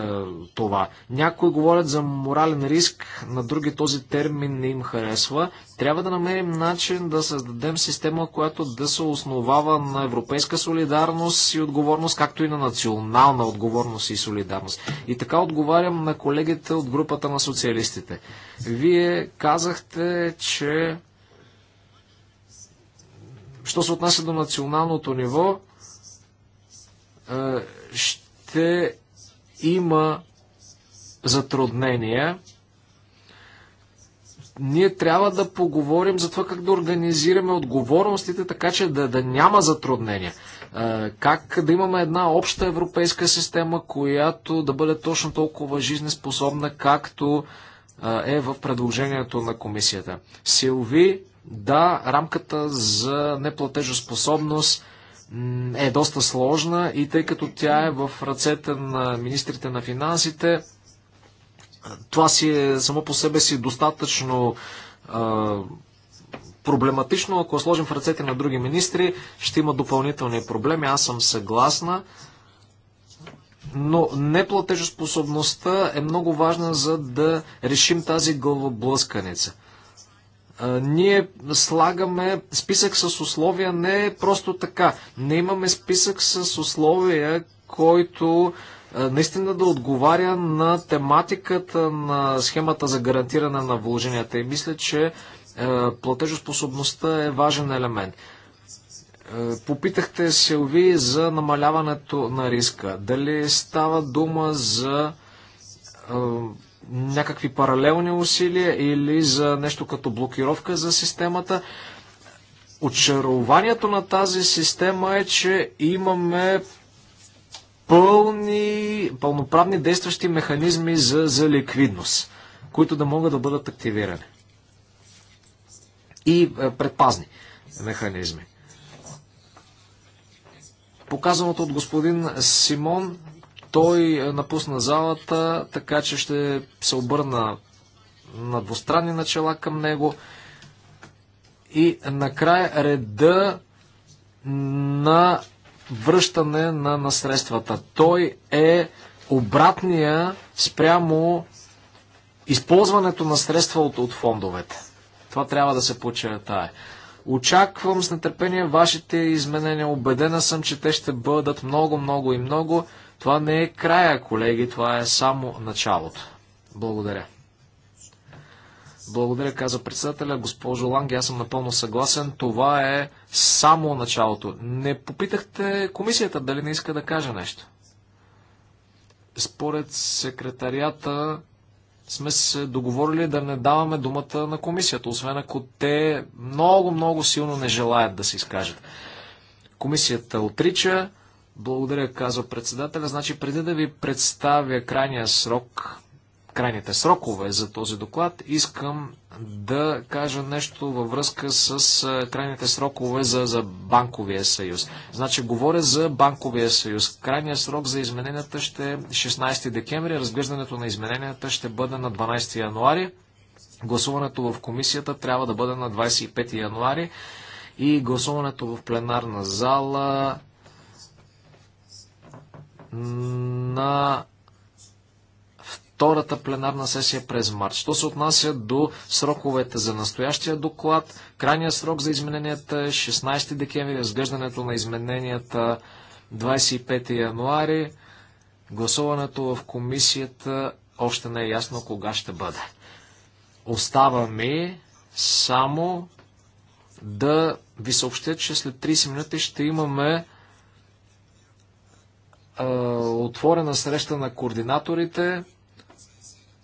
това. Някои говорят за морален риск, на други този термин не им харесва. Трябва да намерим начин да създадем система, която да се основава на европейска солидарност и отговорност, както и на национална отговорност и солидарност. И така отговарям на колегите от групата на социалистите. Вие казахте, че Що се отнася до националното ниво, е, ще има затруднения. Ние трябва да поговорим за това как да организираме отговорностите, така че да, да няма затруднения. Е, как да имаме една обща европейска система, която да бъде точно толкова жизнеспособна, както е в предложението на комисията. Силви да, рамката за неплатежоспособност е доста сложна и тъй като тя е в ръцете на министрите на финансите, това си е само по себе си достатъчно проблематично. Ако сложим в ръцете на други министри, ще има допълнителни проблеми. Аз съм съгласна. Но неплатежоспособността е много важна, за да решим тази главоблъсканица ние слагаме списък с условия не просто така. Не имаме списък с условия, който наистина да отговаря на тематиката на схемата за гарантиране на вложенията. И мисля, че платежоспособността е важен елемент. Попитахте се ви за намаляването на риска. Дали става дума за някакви паралелни усилия или за нещо като блокировка за системата. Очарованието на тази система е, че имаме пълни, пълноправни действащи механизми за, за ликвидност, които да могат да бъдат активирани. И е, предпазни механизми. Показаното от господин Симон той е, напусна залата, така че ще се обърна на двустранни начала към него. И накрая реда на връщане на, насредствата. Той е обратния спрямо използването на средства от, от фондовете. Това трябва да се подчертае. Очаквам с нетърпение вашите изменения. Обедена съм, че те ще бъдат много, много и много. Това не е края, колеги, това е само началото. Благодаря. Благодаря, каза председателя. Госпожо Ланге, аз съм напълно съгласен. Това е само началото. Не попитахте комисията дали не иска да каже нещо. Според секретарията сме се договорили да не даваме думата на комисията, освен ако те много, много силно не желаят да се изкажат. Комисията отрича, благодаря, казва председателя. Значи, преди да ви представя крайния срок, крайните срокове за този доклад, искам да кажа нещо във връзка с крайните срокове за, за банковия съюз. Значи, говоря за банковия съюз. Крайният срок за измененията ще е 16 декември, разглеждането на измененията ще бъде на 12 януари. Гласуването в комисията трябва да бъде на 25 януари и гласуването в пленарна зала на втората пленарна сесия през март. Що се отнася до сроковете за настоящия доклад, крайният срок за измененията е 16 декември, разглеждането на измененията 25 януари, гласуването в комисията още не е ясно кога ще бъде. Остава ми само да ви съобщя, че след 30 минути ще имаме а, отворена среща на координаторите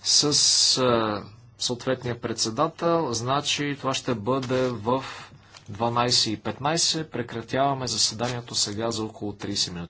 с а, съответния председател. Значи това ще бъде в 12.15. Прекратяваме заседанието сега за около 30 минути.